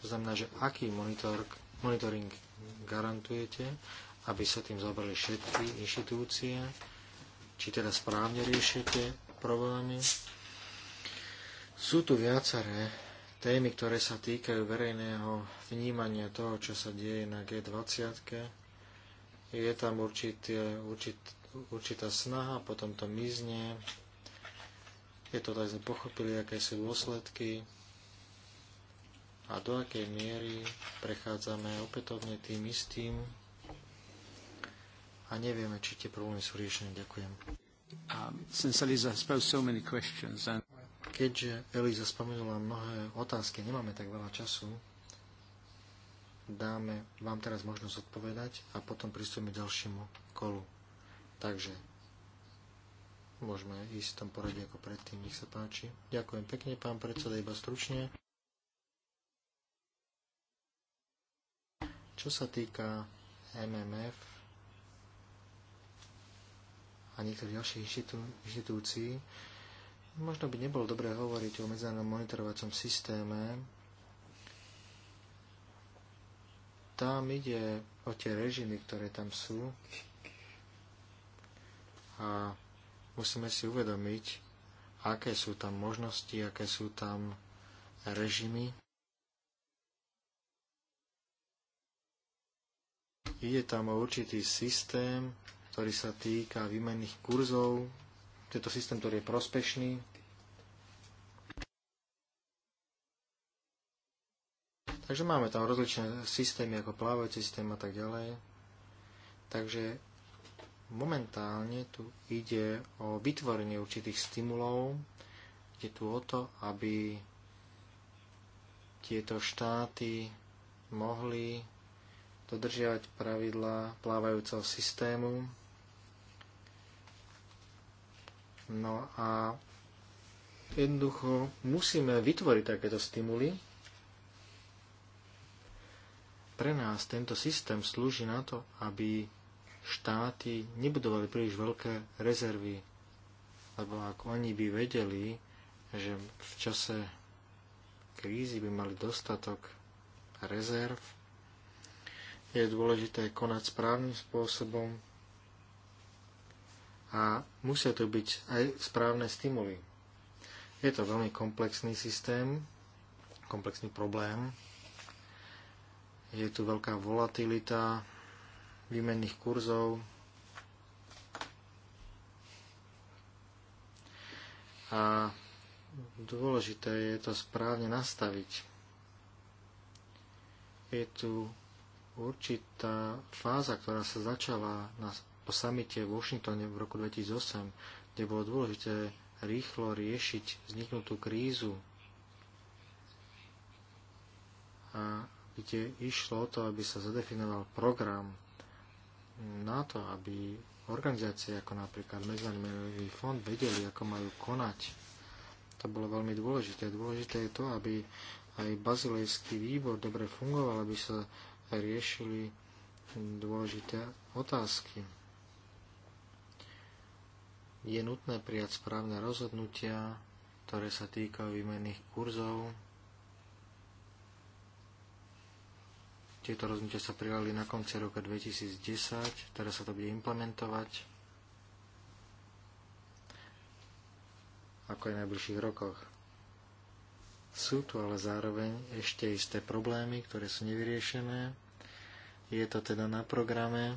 To znamená, že aký monitor, monitoring garantujete, aby sa tým zabrali všetky inštitúcie, či teda správne riešite problémy. Sú tu viaceré témy, ktoré sa týkajú verejného vnímania toho, čo sa deje na G20. Je tam určité, určit, určitá snaha, potom to mizne, je to tak, sme pochopili, aké sú dôsledky a do akej miery prechádzame opätovne tým istým a nevieme, či tie problémy sú riešené. Ďakujem. Um, Keďže Eliza spomenula mnohé otázky, nemáme tak veľa času, dáme vám teraz možnosť odpovedať a potom pristúpime k ďalšiemu kolu. Takže Môžeme ísť v tom poradí ako predtým, nech sa páči. Ďakujem pekne, pán predseda, iba stručne. Čo sa týka MMF a niektorých ďalších inštitú- inštitúcií, možno by nebolo dobré hovoriť o medzinárodnom monitorovacom systéme. Tam ide o tie režimy, ktoré tam sú. A musíme si uvedomiť, aké sú tam možnosti, aké sú tam režimy. Ide tam o určitý systém, ktorý sa týka výmenných kurzov. Tento systém, ktorý je prospešný. Takže máme tam rozličné systémy ako plávajúci systém a tak ďalej. Takže Momentálne tu ide o vytvorenie určitých stimulov, je tu o to, aby tieto štáty mohli dodržiavať pravidla plávajúceho systému. No a jednoducho musíme vytvoriť takéto stimuly. Pre nás tento systém slúži na to, aby štáty nebudovali príliš veľké rezervy, lebo ak oni by vedeli, že v čase krízy by mali dostatok rezerv, je dôležité konať správnym spôsobom a musia to byť aj správne stimuly. Je to veľmi komplexný systém, komplexný problém. Je tu veľká volatilita, výmenných kurzov. A dôležité je to správne nastaviť. Je tu určitá fáza, ktorá sa začala na, po samite v Washingtone v roku 2008, kde bolo dôležité rýchlo riešiť vzniknutú krízu a kde išlo o to, aby sa zadefinoval program na to, aby organizácie ako napríklad Medzinárodný fond vedeli, ako majú konať. To bolo veľmi dôležité. Dôležité je to, aby aj bazilejský výbor dobre fungoval, aby sa riešili dôležité otázky. Je nutné prijať správne rozhodnutia, ktoré sa týkajú výmenných kurzov, Tieto rozhodnutia sa prijali na konci roka 2010, teraz sa to bude implementovať ako aj v najbližších rokoch. Sú tu ale zároveň ešte isté problémy, ktoré sú nevyriešené. Je to teda na programe.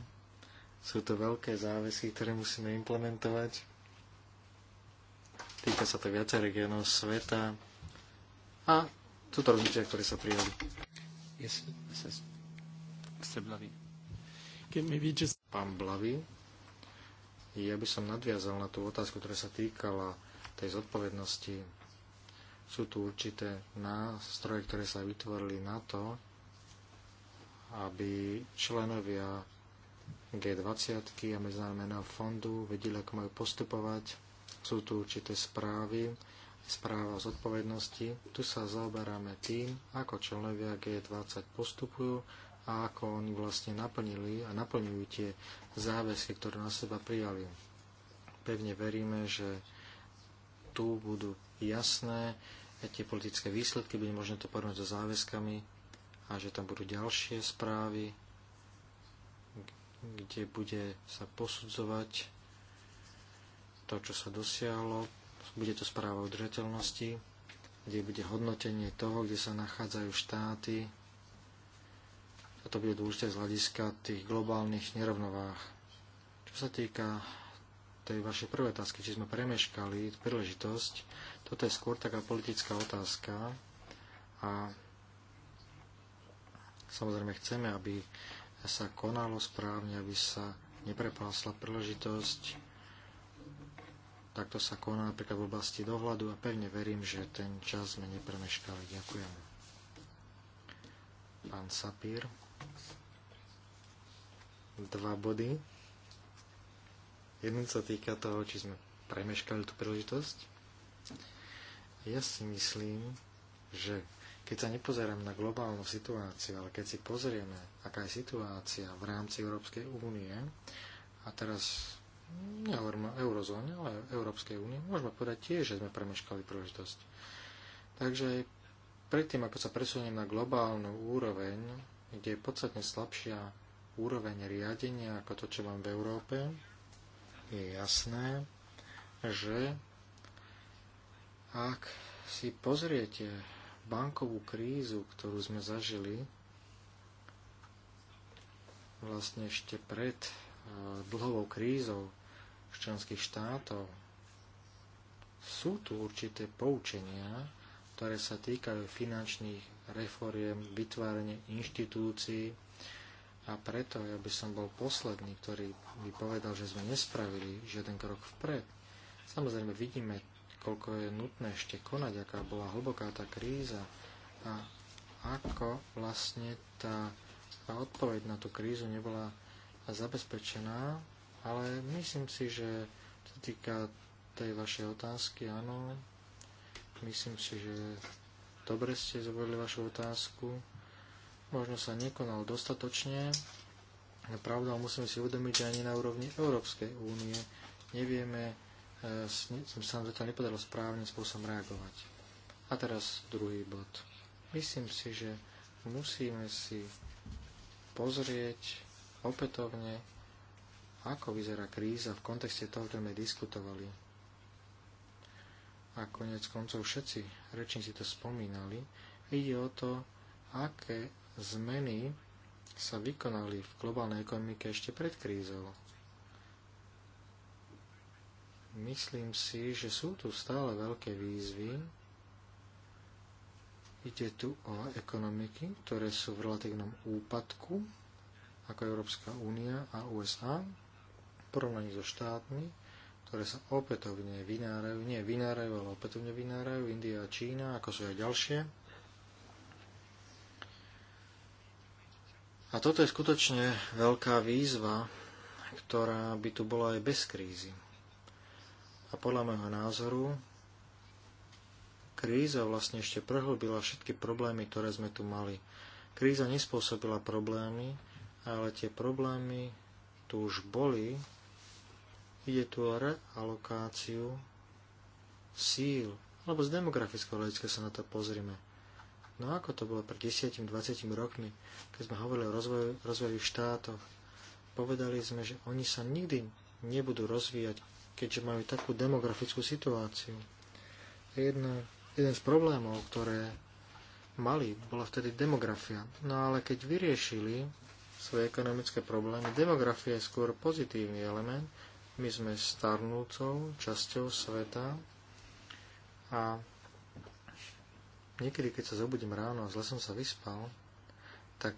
Sú to veľké záväzky, ktoré musíme implementovať. Týka sa to viacej regionov sveta. A sú to rozhodnutia, ktoré sa prijali. Yes, Mr. Blavy. Pán Blavy, ja by som nadviazal na tú otázku, ktorá sa týkala tej zodpovednosti. Sú tu určité nástroje, ktoré sa vytvorili na to, aby členovia G20 a Medzinárodného fondu vedeli, ako majú postupovať. Sú tu určité správy, správa zodpovednosti. Tu sa zaoberáme tým, ako členovia G20 postupujú a ako oni vlastne naplnili a naplňujú tie záväzky, ktoré na seba prijali. Pevne veríme, že tu budú jasné tie politické výsledky, bude možné to porovnať so záväzkami a že tam budú ďalšie správy, kde bude sa posudzovať to, čo sa dosiahlo. Bude to správa o držateľnosti, kde bude hodnotenie toho, kde sa nachádzajú štáty a to bude dôležité z hľadiska tých globálnych nerovnovách. Čo sa týka tej vašej prvej otázky, či sme premeškali príležitosť, toto je skôr taká politická otázka a samozrejme chceme, aby sa konalo správne, aby sa neprepásla príležitosť. Takto sa koná napríklad v oblasti dohľadu a pevne verím, že ten čas sme nepremeškali. Ďakujem. Pán Sapír dva body. Jeden sa týka toho, či sme premeškali tú príležitosť. Ja si myslím, že keď sa nepozerám na globálnu situáciu, ale keď si pozrieme, aká je situácia v rámci Európskej únie, a teraz nehovorím o eurozóne, ale o Európskej únie, môžeme povedať tiež, že sme premeškali príležitosť. Takže predtým, ako sa presuniem na globálnu úroveň, kde je podstatne slabšia úroveň riadenia ako to, čo mám v Európe, je jasné, že ak si pozriete bankovú krízu, ktorú sme zažili vlastne ešte pred e, dlhovou krízou členských štátov, sú tu určité poučenia, ktoré sa týkajú finančných reforiem, vytváranie inštitúcií a preto ja by som bol posledný, ktorý by povedal, že sme nespravili žiaden krok vpred. Samozrejme vidíme, koľko je nutné ešte konať, aká bola hlboká tá kríza a ako vlastne tá, tá odpoveď na tú krízu nebola zabezpečená, ale myslím si, že to týka tej vašej otázky, áno, myslím si, že Dobre ste zvolili vašu otázku. Možno sa nekonal dostatočne. Je no, pravda, musíme si uvedomiť, že ani na úrovni Európskej únie nevieme, e, som sa nám zatiaľ nepodarilo správnym spôsobom reagovať. A teraz druhý bod. Myslím si, že musíme si pozrieť opätovne, ako vyzerá kríza v kontexte toho, ktoré sme diskutovali a konec koncov všetci rečníci to spomínali, ide o to, aké zmeny sa vykonali v globálnej ekonomike ešte pred krízou. Myslím si, že sú tu stále veľké výzvy. Ide tu o ekonomiky, ktoré sú v relatívnom úpadku, ako Európska únia a USA, v porovnaní so štátmi, ktoré sa opätovne vynárajú, nie vynárajú, ale opätovne vynárajú, India a Čína, ako sú aj ďalšie. A toto je skutočne veľká výzva, ktorá by tu bola aj bez krízy. A podľa môjho názoru kríza vlastne ešte prehlbila všetky problémy, ktoré sme tu mali. Kríza nespôsobila problémy, ale tie problémy tu už boli Ide tu o realokáciu síl, alebo z demografického hľadiska sa na to pozrieme. No ako to bolo pred 10-20 rokmi, keď sme hovorili o rozvoju, rozvoju štátoch, povedali sme, že oni sa nikdy nebudú rozvíjať, keďže majú takú demografickú situáciu. Jedna, jeden z problémov, ktoré mali, bola vtedy demografia. No ale keď vyriešili svoje ekonomické problémy, demografia je skôr pozitívny element, my sme starnúcou časťou sveta a niekedy, keď sa zobudím ráno a zle som sa vyspal, tak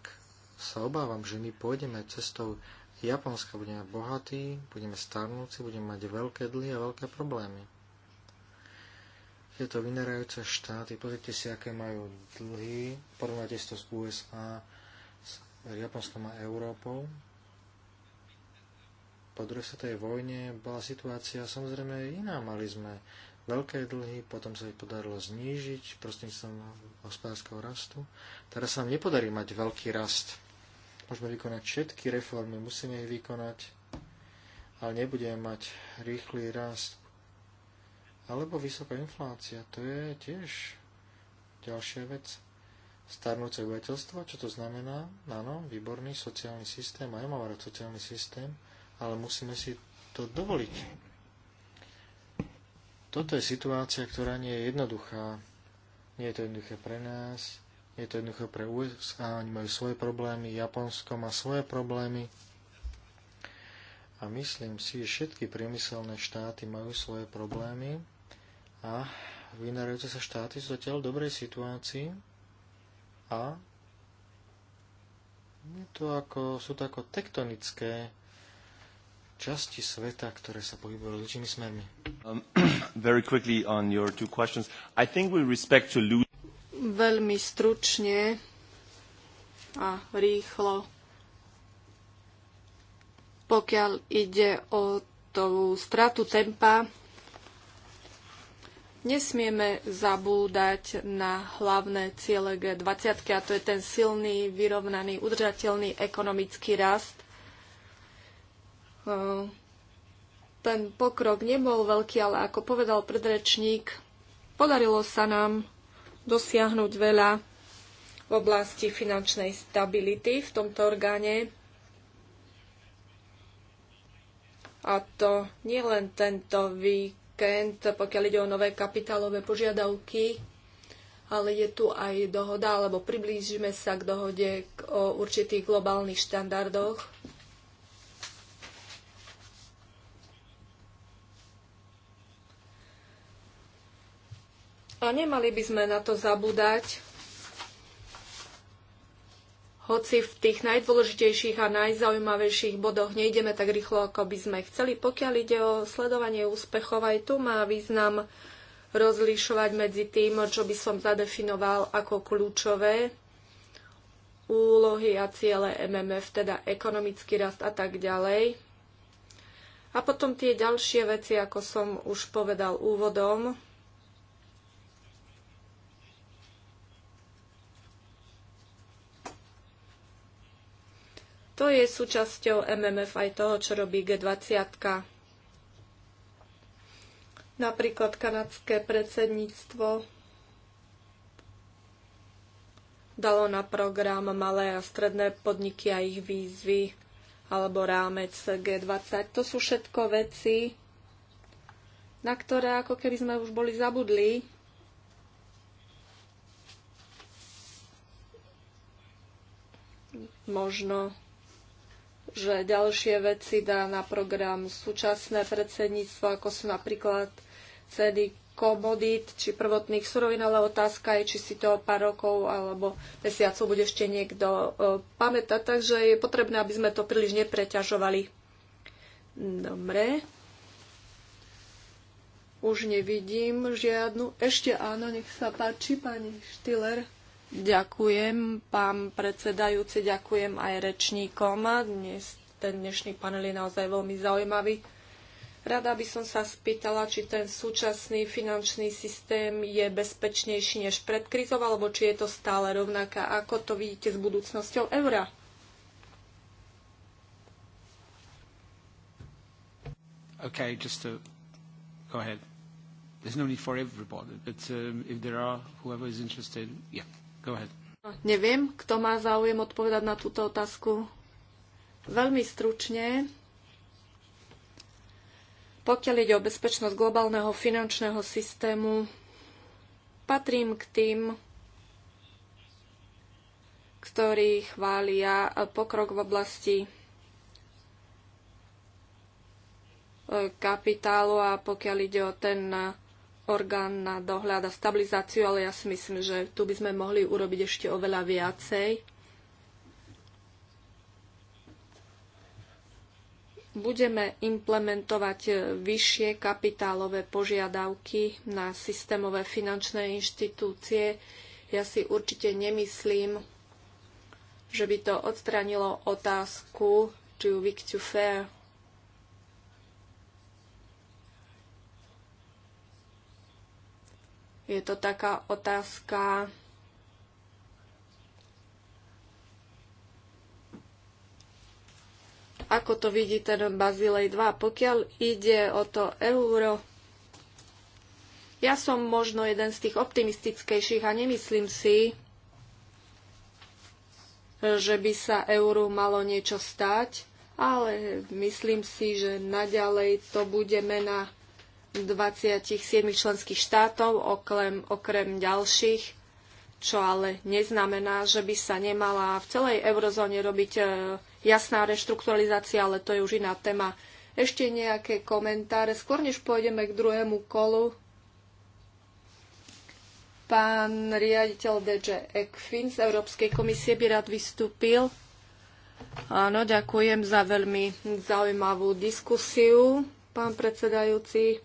sa obávam, že my pôjdeme cestou Japonska, budeme bohatí, budeme starnúci, budeme mať veľké dly a veľké problémy. Tieto vynerajúce štáty, pozrite si, aké majú dlhy, porovnáte si to s USA, Japonska má Európou, po druhej svetovej vojne bola situácia samozrejme iná. Mali sme veľké dlhy, potom sa ich podarilo znížiť prostredníctvom hospodárskeho rastu. Teraz sa nám nepodarí mať veľký rast. Môžeme vykonať všetky reformy, musíme ich vykonať, ale nebudeme mať rýchly rast. Alebo vysoká inflácia, to je tiež ďalšia vec. Starnúce obyvateľstvo, čo to znamená? Áno, výborný sociálny systém, aj mám rád sociálny systém, ale musíme si to dovoliť. Toto je situácia, ktorá nie je jednoduchá. Nie je to jednoduché pre nás, nie je to jednoduché pre USA, oni majú svoje problémy, Japonsko má svoje problémy. A myslím si, že všetky priemyselné štáty majú svoje problémy a vynárajúce sa štáty sú zatiaľ v dobrej situácii a je to ako, sú to ako tektonické časti sveta, ktoré sa pohybujú rozličnými smermi. Um, very quickly on your two questions. I think we respect to lose... Veľmi stručne a rýchlo. Pokiaľ ide o tú stratu tempa, nesmieme zabúdať na hlavné ciele G20, a to je ten silný, vyrovnaný, udržateľný ekonomický rast Eh, ten pokrok nebol veľký, ale ako povedal predrečník, podarilo sa nám dosiahnuť veľa v oblasti finančnej stability v tomto orgáne. A to nielen tento víkend, pokiaľ ide o nové kapitálové požiadavky, ale je tu aj dohoda, alebo priblížime sa k dohode o určitých globálnych štandardoch A nemali by sme na to zabúdať, hoci v tých najdôležitejších a najzaujímavejších bodoch nejdeme tak rýchlo, ako by sme chceli. Pokiaľ ide o sledovanie úspechov, aj tu má význam rozlišovať medzi tým, čo by som zadefinoval ako kľúčové úlohy a ciele MMF, teda ekonomický rast a tak ďalej. A potom tie ďalšie veci, ako som už povedal úvodom, To je súčasťou MMF aj toho, čo robí G20. Napríklad kanadské predsedníctvo dalo na program malé a stredné podniky a ich výzvy alebo rámec G20. To sú všetko veci, na ktoré ako keby sme už boli zabudli, možno že ďalšie veci dá na program súčasné predsedníctvo, ako sú napríklad ceny komodít či prvotných surovín, ale otázka je, či si to pár rokov alebo mesiacov bude ešte niekto e, pamätať, takže je potrebné, aby sme to príliš nepreťažovali. Dobre. Už nevidím žiadnu. Ešte áno, nech sa páči, pani Štiller. Ďakujem, pán predsedajúci, ďakujem aj rečníkom. Dnes, ten dnešný panel je naozaj veľmi zaujímavý. Rada by som sa spýtala, či ten súčasný finančný systém je bezpečnejší než pred krizou, alebo či je to stále rovnaká. Ako to vidíte s budúcnosťou eura? OK, just to go ahead. There's no need for everybody, but um, if there are, whoever is interested, yeah. Go ahead. No, neviem, kto má záujem odpovedať na túto otázku. Veľmi stručne. Pokiaľ ide o bezpečnosť globálneho finančného systému, patrím k tým, ktorí chvália pokrok v oblasti e, kapitálu a pokiaľ ide o ten orgán na dohľad a stabilizáciu, ale ja si myslím, že tu by sme mohli urobiť ešte oveľa viacej. Budeme implementovať vyššie kapitálové požiadavky na systémové finančné inštitúcie. Ja si určite nemyslím, že by to odstranilo otázku, či ju wish to fair Je to taká otázka ako to vidí ten Bazilej 2. Pokiaľ ide o to euro, ja som možno jeden z tých optimistickejších a nemyslím si, že by sa euru malo niečo stať, ale myslím si, že naďalej to bude mena 27 členských štátov, okrem, okrem ďalších, čo ale neznamená, že by sa nemala v celej eurozóne robiť e, jasná reštrukturalizácia, ale to je už iná téma. Ešte nejaké komentáre, skôr než pôjdeme k druhému kolu. Pán riaditeľ DJ Ekfin z Európskej komisie by rád vystúpil. Áno, ďakujem za veľmi zaujímavú diskusiu, pán predsedajúci.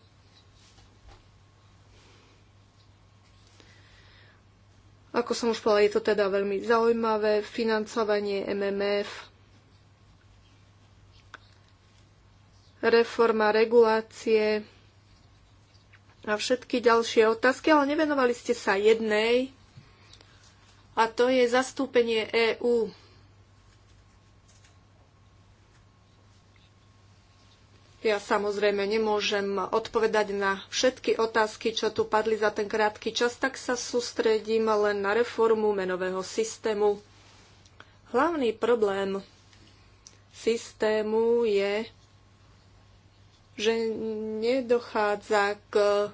Ako som už povedala, je to teda veľmi zaujímavé. Financovanie MMF, reforma regulácie a všetky ďalšie otázky, ale nevenovali ste sa jednej, a to je zastúpenie EÚ. Ja samozrejme nemôžem odpovedať na všetky otázky, čo tu padli za ten krátky čas, tak sa sústredím len na reformu menového systému. Hlavný problém systému je, že nedochádza k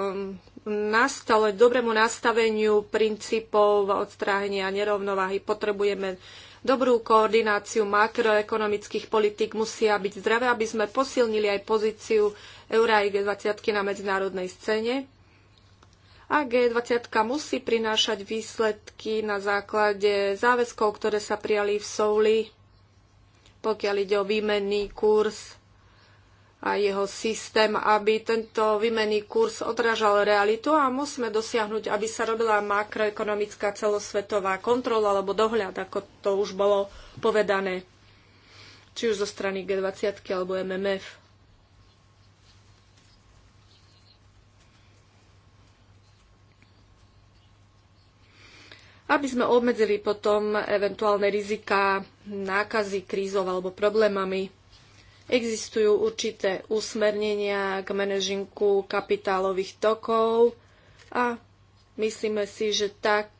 um, nastale, dobrému nastaveniu princípov odstráhenia nerovnováhy. Potrebujeme dobrú koordináciu makroekonomických politik musia byť zdravé, aby sme posilnili aj pozíciu Eura i G20 na medzinárodnej scéne. A G20 musí prinášať výsledky na základe záväzkov, ktoré sa prijali v Souli, pokiaľ ide o výmenný kurz a jeho systém, aby tento výmenný kurz odrážal realitu a musíme dosiahnuť, aby sa robila makroekonomická celosvetová kontrola alebo dohľad, ako to už bolo povedané, či už zo strany G20 alebo MMF. aby sme obmedzili potom eventuálne rizika nákazy krízov alebo problémami Existujú určité usmernenia k manažinku kapitálových tokov a myslíme si, že tak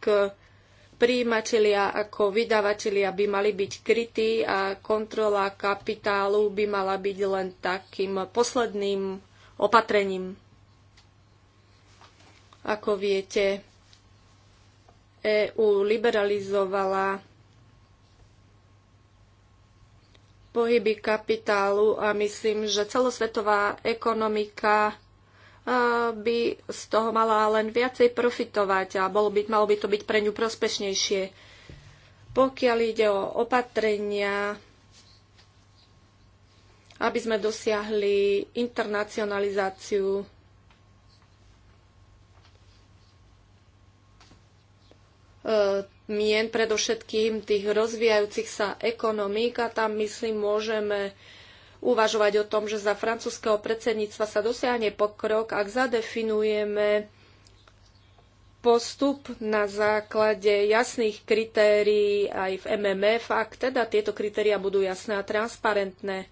príjimatelia ako vydavatelia by mali byť krytí a kontrola kapitálu by mala byť len takým posledným opatrením. Ako viete, EU liberalizovala pohyby kapitálu a myslím, že celosvetová ekonomika e, by z toho mala len viacej profitovať a bolo by, malo by to byť pre ňu prospešnejšie. Pokiaľ ide o opatrenia, aby sme dosiahli internacionalizáciu e, mien, predovšetkým tých rozvíjajúcich sa ekonomík a tam, myslím, môžeme uvažovať o tom, že za francúzského predsedníctva sa dosiahne pokrok, ak zadefinujeme postup na základe jasných kritérií aj v MMF, ak teda tieto kritéria budú jasné a transparentné.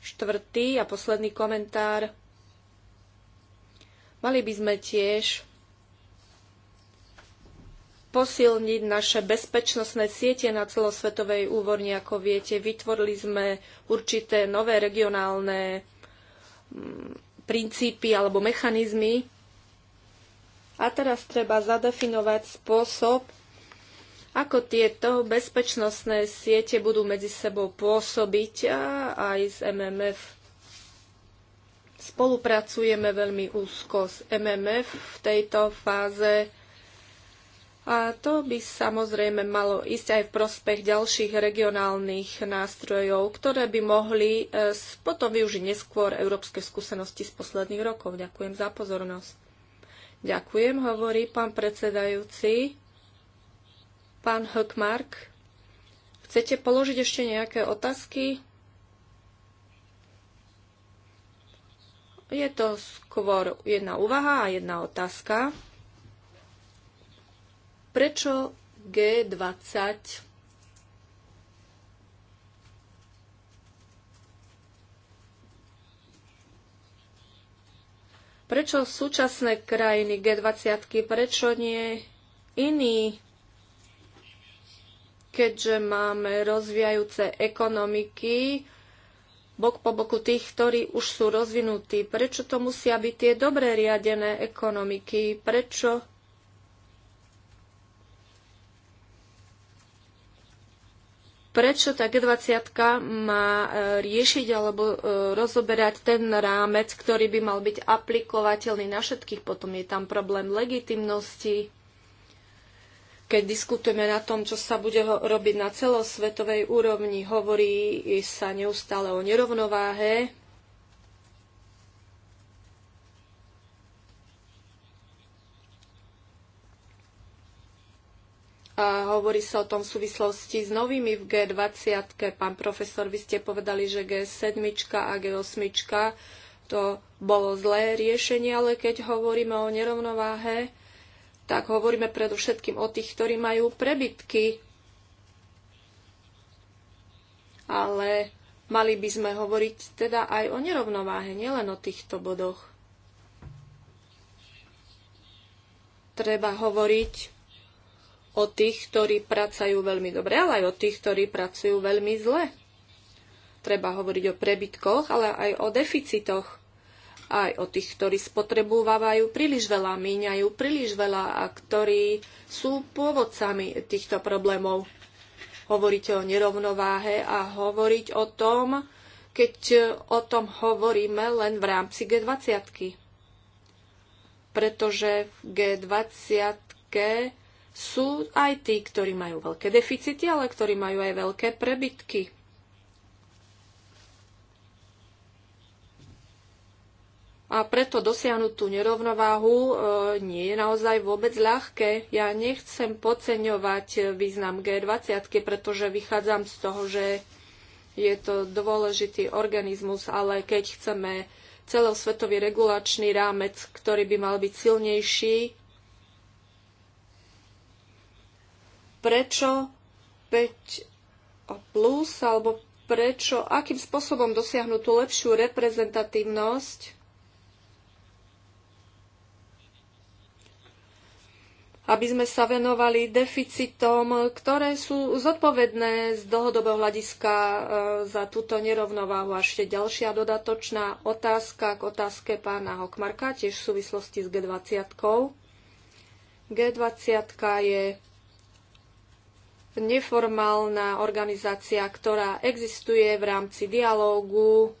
Štvrtý a posledný komentár. Mali by sme tiež posilniť naše bezpečnostné siete na celosvetovej úvorni. Ako viete, vytvorili sme určité nové regionálne mm, princípy alebo mechanizmy. A teraz treba zadefinovať spôsob, ako tieto bezpečnostné siete budú medzi sebou pôsobiť a aj z MMF. Spolupracujeme veľmi úzko s MMF v tejto fáze a to by samozrejme malo ísť aj v prospech ďalších regionálnych nástrojov, ktoré by mohli e, potom využiť neskôr európske skúsenosti z posledných rokov. Ďakujem za pozornosť. Ďakujem, hovorí pán predsedajúci. Pán Hökmark, chcete položiť ešte nejaké otázky? Je to skôr jedna úvaha a jedna otázka. Prečo G20 Prečo súčasné krajiny G20, prečo nie iní? Keďže máme rozvíjajúce ekonomiky, bok po boku tých, ktorí už sú rozvinutí. Prečo to musia byť tie dobre riadené ekonomiky? Prečo prečo tá G20 má e, riešiť alebo e, rozoberať ten rámec, ktorý by mal byť aplikovateľný na všetkých. Potom je tam problém legitimnosti, keď diskutujeme na tom, čo sa bude robiť na celosvetovej úrovni, hovorí sa neustále o nerovnováhe hovorí sa o tom v súvislosti s novými v G20. -ke. Pán profesor, vy ste povedali, že G7 a G8 to bolo zlé riešenie, ale keď hovoríme o nerovnováhe, tak hovoríme predovšetkým o tých, ktorí majú prebytky. Ale mali by sme hovoriť teda aj o nerovnováhe, nielen o týchto bodoch. Treba hovoriť o tých, ktorí pracajú veľmi dobre, ale aj o tých, ktorí pracujú veľmi zle. Treba hovoriť o prebytkoch, ale aj o deficitoch. Aj o tých, ktorí spotrebúvajú príliš veľa, míňajú príliš veľa a ktorí sú pôvodcami týchto problémov. Hovoriť o nerovnováhe a hovoriť o tom, keď o tom hovoríme len v rámci G20. Pretože v G20 sú aj tí, ktorí majú veľké deficity, ale ktorí majú aj veľké prebytky. A preto dosiahnuť tú nerovnováhu e, nie je naozaj vôbec ľahké. Ja nechcem podceňovať význam G20, pretože vychádzam z toho, že je to dôležitý organizmus, ale keď chceme celosvetový regulačný rámec, ktorý by mal byť silnejší, prečo 5 plus alebo prečo, akým spôsobom dosiahnu tú lepšiu reprezentatívnosť, aby sme sa venovali deficitom, ktoré sú zodpovedné z dlhodobého hľadiska e, za túto nerovnováhu. A ešte ďalšia dodatočná otázka k otázke pána Hokmarka, tiež v súvislosti s G20. G20 je neformálna organizácia, ktorá existuje v rámci dialógu,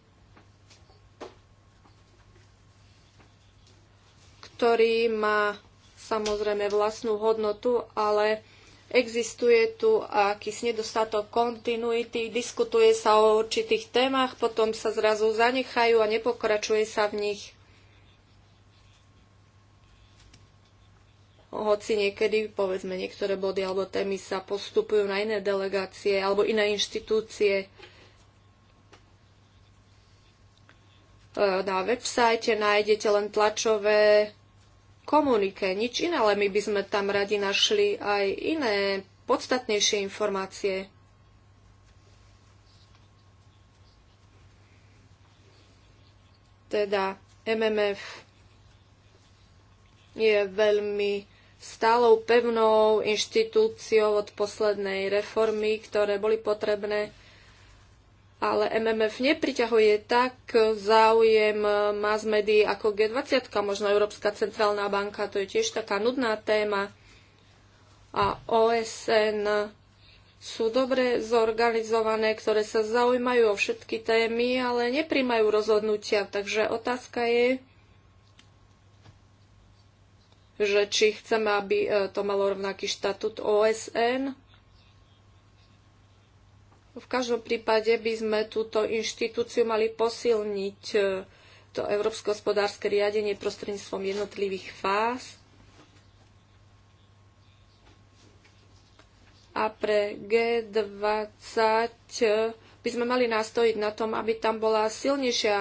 ktorý má samozrejme vlastnú hodnotu, ale existuje tu akýsi nedostatok kontinuity, diskutuje sa o určitých témach, potom sa zrazu zanechajú a nepokračuje sa v nich. hoci niekedy, povedzme, niektoré body alebo témy sa postupujú na iné delegácie alebo iné inštitúcie. E, na website nájdete len tlačové komunike, nič iné, ale my by sme tam radi našli aj iné podstatnejšie informácie. teda MMF je veľmi stálou pevnou inštitúciou od poslednej reformy, ktoré boli potrebné, ale MMF nepriťahuje tak záujem mass médií ako G20, možno Európska centrálna banka, to je tiež taká nudná téma. A OSN sú dobre zorganizované, ktoré sa zaujímajú o všetky témy, ale nepríjmajú rozhodnutia. Takže otázka je, že či chceme, aby e, to malo rovnaký štatút OSN. V každom prípade by sme túto inštitúciu mali posilniť e, to európsko hospodárske riadenie prostredníctvom jednotlivých fáz a pre G20 e, by sme mali nastojiť na tom, aby tam bola silnejšia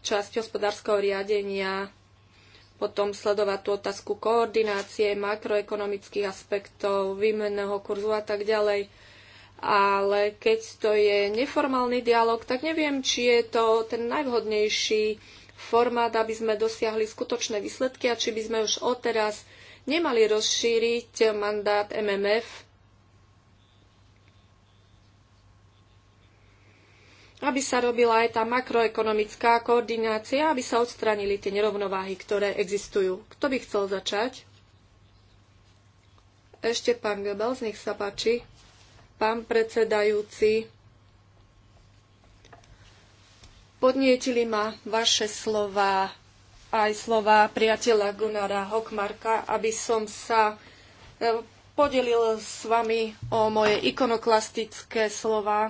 časť hospodárskeho riadenia potom sledovať tú otázku koordinácie makroekonomických aspektov, výmenného kurzu a tak ďalej. Ale keď to je neformálny dialog, tak neviem, či je to ten najvhodnejší formát, aby sme dosiahli skutočné výsledky a či by sme už odteraz nemali rozšíriť mandát MMF aby sa robila aj tá makroekonomická koordinácia, aby sa odstranili tie nerovnováhy, ktoré existujú. Kto by chcel začať? Ešte pán Goebbels, nech sa páči. Pán predsedajúci, podnietili ma vaše slova, aj slova priateľa Gunara Hokmarka, aby som sa eh, podelil s vami o moje ikonoklastické slova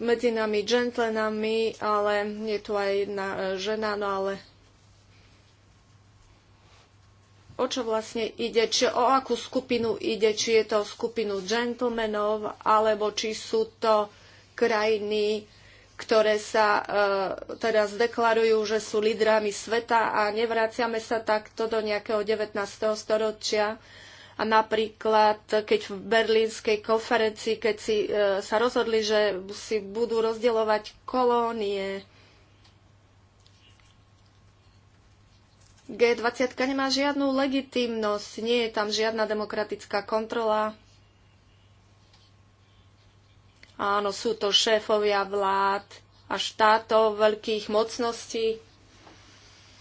medzi nami džentlenami, ale je tu aj jedna e, žena, no ale o čo vlastne ide, či o akú skupinu ide, či je to skupinu džentlmenov, alebo či sú to krajiny, ktoré sa e, teraz deklarujú, že sú lídrami sveta a nevraciame sa takto do nejakého 19. storočia a napríklad, keď v berlínskej konferencii, keď si, e, sa rozhodli, že si budú rozdielovať kolónie, G20 nemá žiadnu legitimnosť, nie je tam žiadna demokratická kontrola. Áno, sú to šéfovia vlád a štátov veľkých mocností,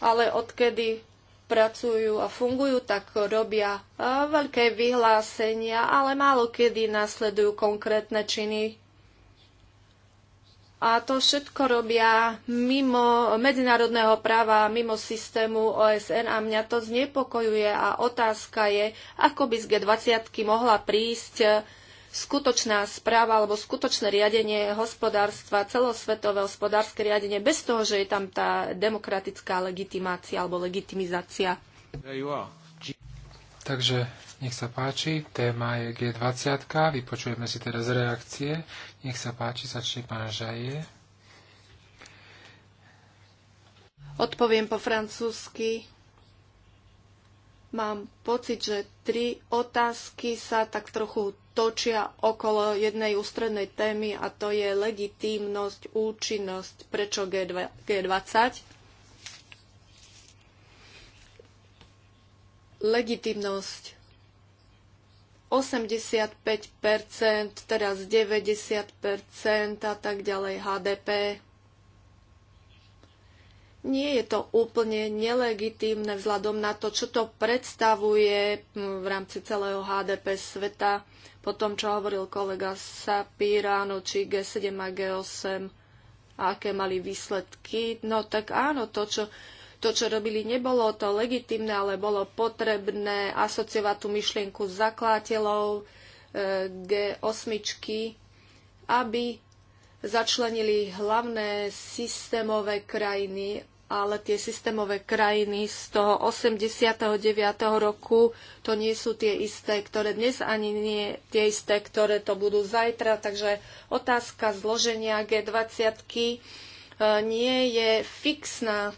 ale odkedy pracujú a fungujú, tak robia veľké vyhlásenia, ale málo kedy nasledujú konkrétne činy. A to všetko robia mimo medzinárodného práva, mimo systému OSN a mňa to znepokojuje a otázka je, ako by z G20 mohla prísť skutočná správa alebo skutočné riadenie hospodárstva, celosvetové hospodárske riadenie, bez toho, že je tam tá demokratická legitimácia alebo legitimizácia. Takže nech sa páči, téma je G20, vypočujeme si teraz reakcie. Nech sa páči, začne pán Žaje. Odpoviem po francúzsky. Mám pocit, že tri otázky sa tak trochu točia okolo jednej ústrednej témy a to je legitímnosť, účinnosť, prečo G20. Legitímnosť 85%, teraz 90% a tak ďalej HDP nie je to úplne nelegitímne vzhľadom na to, čo to predstavuje hm, v rámci celého HDP sveta, po tom, čo hovoril kolega Sapirano, či G7 a G8, a aké mali výsledky. No tak áno, to, čo, to, čo robili, nebolo to legitimné, ale bolo potrebné asociovať tú myšlienku zakladateľov e, eh, G8, aby začlenili hlavné systémové krajiny, ale tie systémové krajiny z toho 89. roku to nie sú tie isté, ktoré dnes ani nie tie isté, ktoré to budú zajtra. Takže otázka zloženia G20 e, nie je fixná.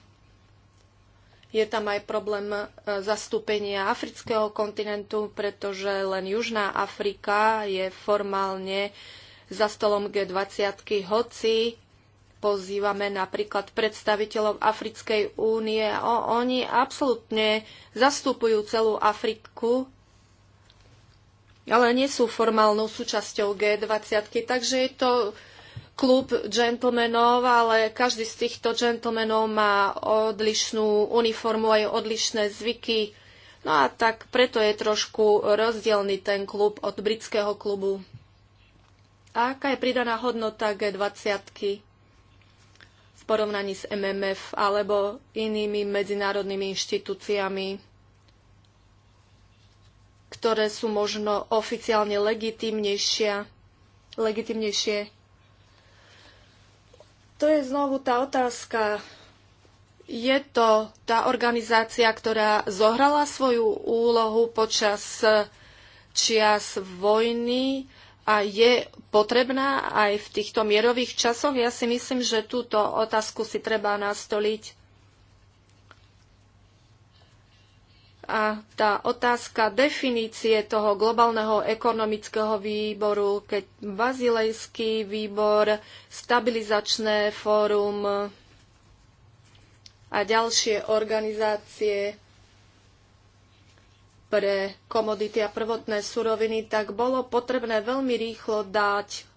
Je tam aj problém e, zastúpenia afrického kontinentu, pretože len Južná Afrika je formálne za stolom G20, hoci pozývame napríklad predstaviteľov Africkej únie. O, oni absolútne zastupujú celú Afriku, ale nie sú formálnou súčasťou G20, takže je to klub džentlmenov, ale každý z týchto džentlmenov má odlišnú uniformu aj odlišné zvyky. No a tak preto je trošku rozdielny ten klub od britského klubu. A aká je pridaná hodnota G20 v porovnaní s MMF alebo inými medzinárodnými inštitúciami, ktoré sú možno oficiálne legitimnejšia, legitimnejšie? To je znovu tá otázka, je to tá organizácia, ktorá zohrala svoju úlohu počas čias vojny a je potrebná aj v týchto mierových časoch? Ja si myslím, že túto otázku si treba nastoliť. A tá otázka definície toho globálneho ekonomického výboru, keď Bazilejský výbor, stabilizačné fórum a ďalšie organizácie pre komodity a prvotné suroviny, tak bolo potrebné veľmi rýchlo dať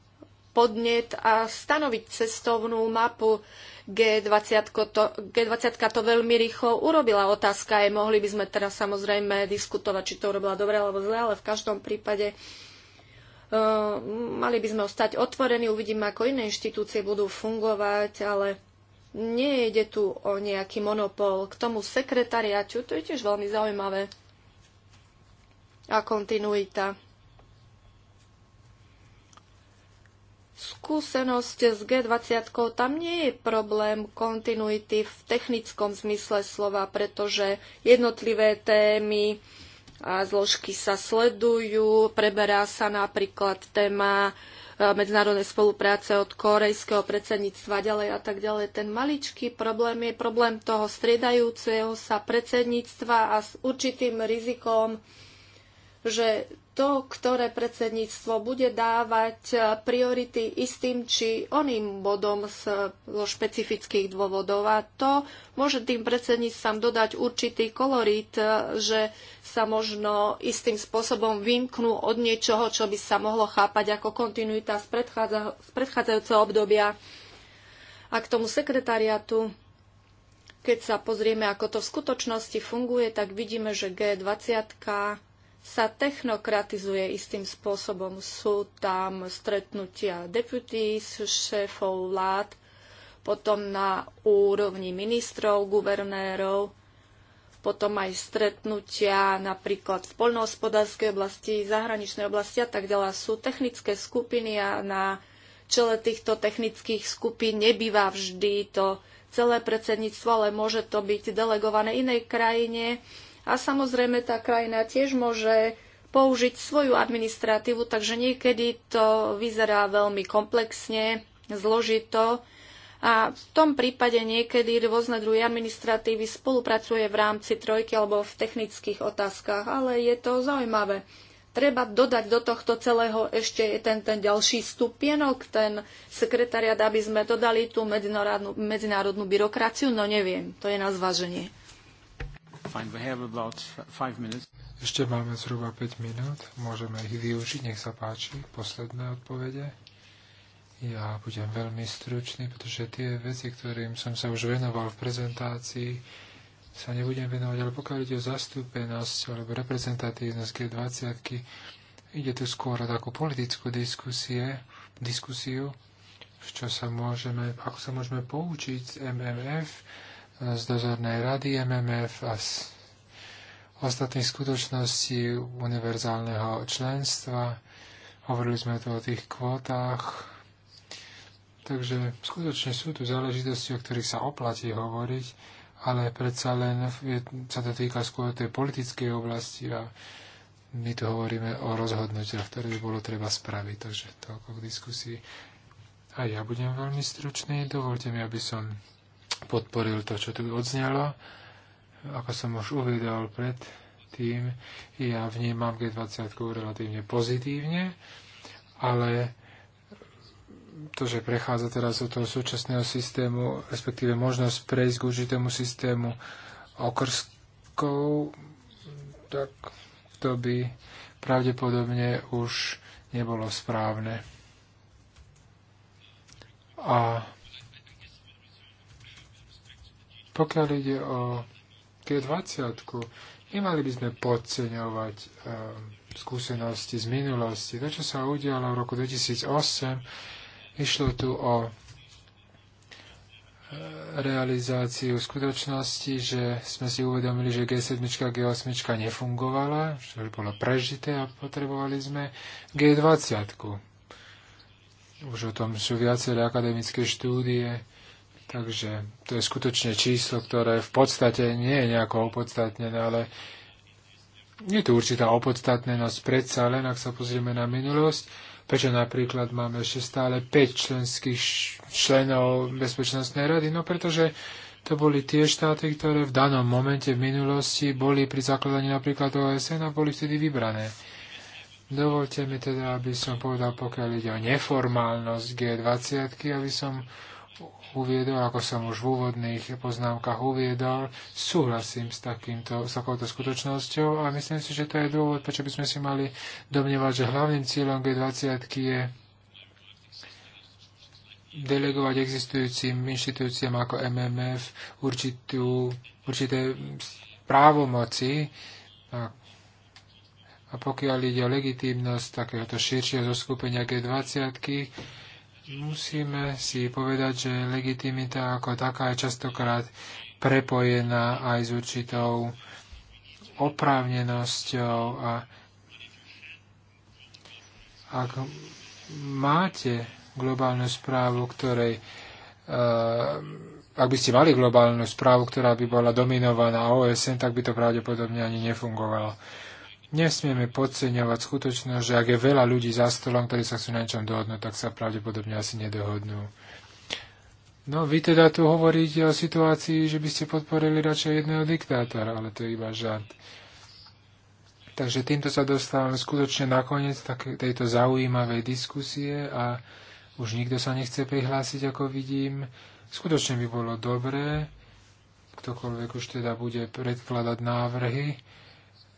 podnet a stanoviť cestovnú mapu. G20 to, G20 to veľmi rýchlo urobila. Otázka je, mohli by sme teraz samozrejme diskutovať, či to urobila dobre alebo zle, ale v každom prípade uh, mali by sme ostať otvorení, uvidíme, ako iné inštitúcie budú fungovať, ale ide tu o nejaký monopol. K tomu sekretariaťu, to je tiež veľmi zaujímavé a kontinuita. Skúsenosť s G20 tam nie je problém kontinuity v technickom zmysle slova, pretože jednotlivé témy a zložky sa sledujú, preberá sa napríklad téma e, medzinárodnej spolupráce od korejského predsedníctva ďalej a tak ďalej. Ten maličký problém je problém toho striedajúceho sa predsedníctva a s určitým rizikom že to, ktoré predsedníctvo bude dávať eh, priority istým či oným bodom z, zo špecifických dôvodov. A to môže tým predsedníctvam dodať určitý kolorít, eh, že sa možno istým spôsobom vymknú od niečoho, čo by sa mohlo chápať ako kontinuita z, predchádza, z predchádzajúceho obdobia. A k tomu sekretariatu keď sa pozrieme, ako to v skutočnosti funguje, tak vidíme, že G20 sa technokratizuje istým spôsobom. Sú tam stretnutia deputí, šéfov vlád, potom na úrovni ministrov, guvernérov, potom aj stretnutia napríklad v poľnohospodárskej oblasti, zahraničnej oblasti a tak ďalej. Sú technické skupiny a na čele týchto technických skupín nebýva vždy to celé predsedníctvo, ale môže to byť delegované inej krajine a samozrejme tá krajina tiež môže použiť svoju administratívu, takže niekedy to vyzerá veľmi komplexne, zložito a v tom prípade niekedy rôzne druhy administratívy spolupracuje v rámci trojky alebo v technických otázkach, ale je to zaujímavé treba dodať do tohto celého ešte ten, ten ďalší stupienok, ten sekretariat, aby sme dodali tú medzinárodnú, medzinárodnú byrokraciu, no neviem, to je na zváženie fine. We have about five minutes. Ešte máme zhruba 5 minút. Môžeme ich využiť. Nech sa páči. Posledné odpovede. Ja budem veľmi stručný, pretože tie veci, ktorým som sa už venoval v prezentácii, sa nebudem venovať, ale pokiaľ ide o zastúpenosť alebo reprezentatívnosť G20, ide tu skôr o takú politickú diskusie, diskusiu, čo sa môžeme, ako sa môžeme poučiť z MMF, z dozornej rady MMF a z ostatných skutočností univerzálneho členstva. Hovorili sme tu o tých kvótach. Takže skutočne sú tu záležitosti, o ktorých sa oplatí hovoriť, ale predsa len je, sa to týka skôr tej politickej oblasti a my tu hovoríme o rozhodnutiach, ktoré by bolo treba spraviť. Takže toľko k diskusii. A ja budem veľmi stručný. Dovolte mi, aby som podporil to, čo tu odznelo. Ako som už uvedal pred tým, ja vnímam G20 relatívne pozitívne, ale to, že prechádza teraz do toho súčasného systému, respektíve možnosť prejsť k určitému systému okrskou, tak to by pravdepodobne už nebolo správne. A pokiaľ ide o G20, nemali by sme podceňovať uh, skúsenosti z minulosti. To, čo sa udialo v roku 2008, išlo tu o eh, realizáciu skutočnosti, že sme si uvedomili, že G7 a G8 nefungovala, že bolo prežité a potrebovali sme G20. Už o tom sú viaceré akademické štúdie, Takže to je skutočne číslo, ktoré v podstate nie je nejako opodstatnené, ale je tu určitá opodstatnenosť predsa len, ak sa pozrieme na minulosť, prečo napríklad máme ešte stále 5 členských členov Bezpečnostnej rady? No pretože to boli tie štáty, ktoré v danom momente v minulosti boli pri zakladaní napríklad OSN a boli vtedy vybrané. Dovolte mi teda, aby som povedal, pokiaľ ide o neformálnosť G20, aby som uviedol, ako som už v úvodných poznámkach uviedol, súhlasím s, takýmto, s takouto skutočnosťou a myslím si, že to je dôvod, prečo by sme si mali domnievať, že hlavným cieľom G20 je delegovať existujúcim inštitúciám ako MMF určitú, určité právomoci a a pokiaľ ide o legitímnosť takéhoto širšieho zoskupenia G20, Musíme si povedať, že legitimita ako taká je častokrát prepojená aj s určitou oprávnenosťou a ak máte globálnu správu, ktorej eh, ak by ste mali globálnu správu, ktorá by bola dominovaná OSN, tak by to pravdepodobne ani nefungovalo nesmieme podceňovať skutočnosť, že ak je veľa ľudí za stolom, ktorí sa chcú na niečom dohodnúť, tak sa pravdepodobne asi nedohodnú. No, vy teda tu hovoríte o situácii, že by ste podporili radšej jedného diktátora, ale to je iba žart. Takže týmto sa dostávame skutočne na koniec tejto zaujímavej diskusie a už nikto sa nechce prihlásiť, ako vidím. Skutočne by bolo dobré, ktokoľvek už teda bude predkladať návrhy,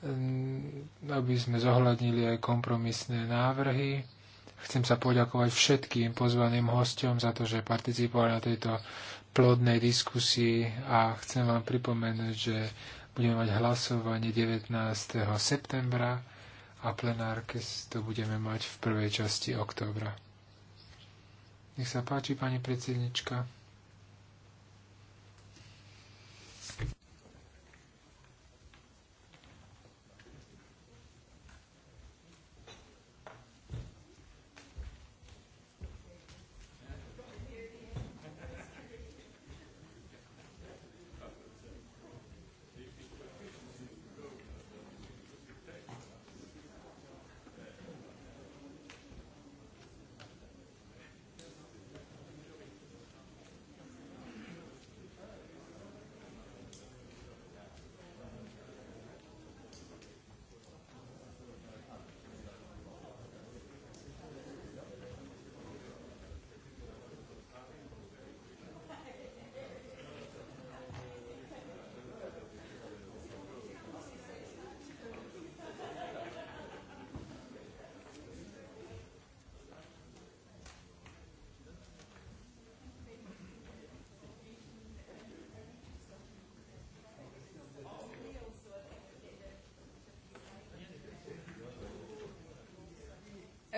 Ehm, aby sme zohľadnili aj kompromisné návrhy. Chcem sa poďakovať všetkým pozvaným hostom za to, že participovali na tejto plodnej diskusii a chcem vám pripomenúť, že budeme mať hlasovanie 19. septembra a plenárke to budeme mať v prvej časti októbra. Nech sa páči, pani predsednička.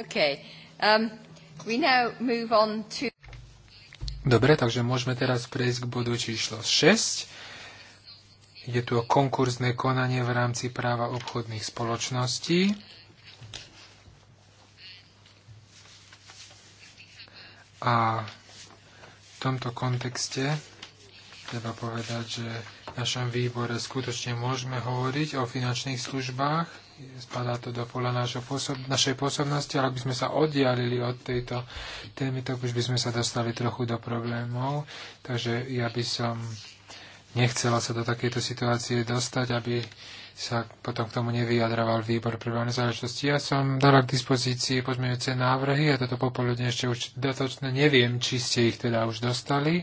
Okay. Um, we now move on to... Dobre, takže môžeme teraz prejsť k bodu číslo 6. Je tu o konkurzné konanie v rámci práva obchodných spoločností. A v tomto kontexte treba povedať, že našom výbore skutočne môžeme hovoriť o finančných službách. Spadá to do pola posob- našej pôsobnosti, ale by sme sa oddialili od tejto témy, tak už by sme sa dostali trochu do problémov. Takže ja by som nechcela sa do takejto situácie dostať, aby sa potom k tomu nevyjadroval výbor pre záležitosti. Ja som dala k dispozícii pozmeňujúce návrhy a toto popoludne ešte už dodatočne neviem, či ste ich teda už dostali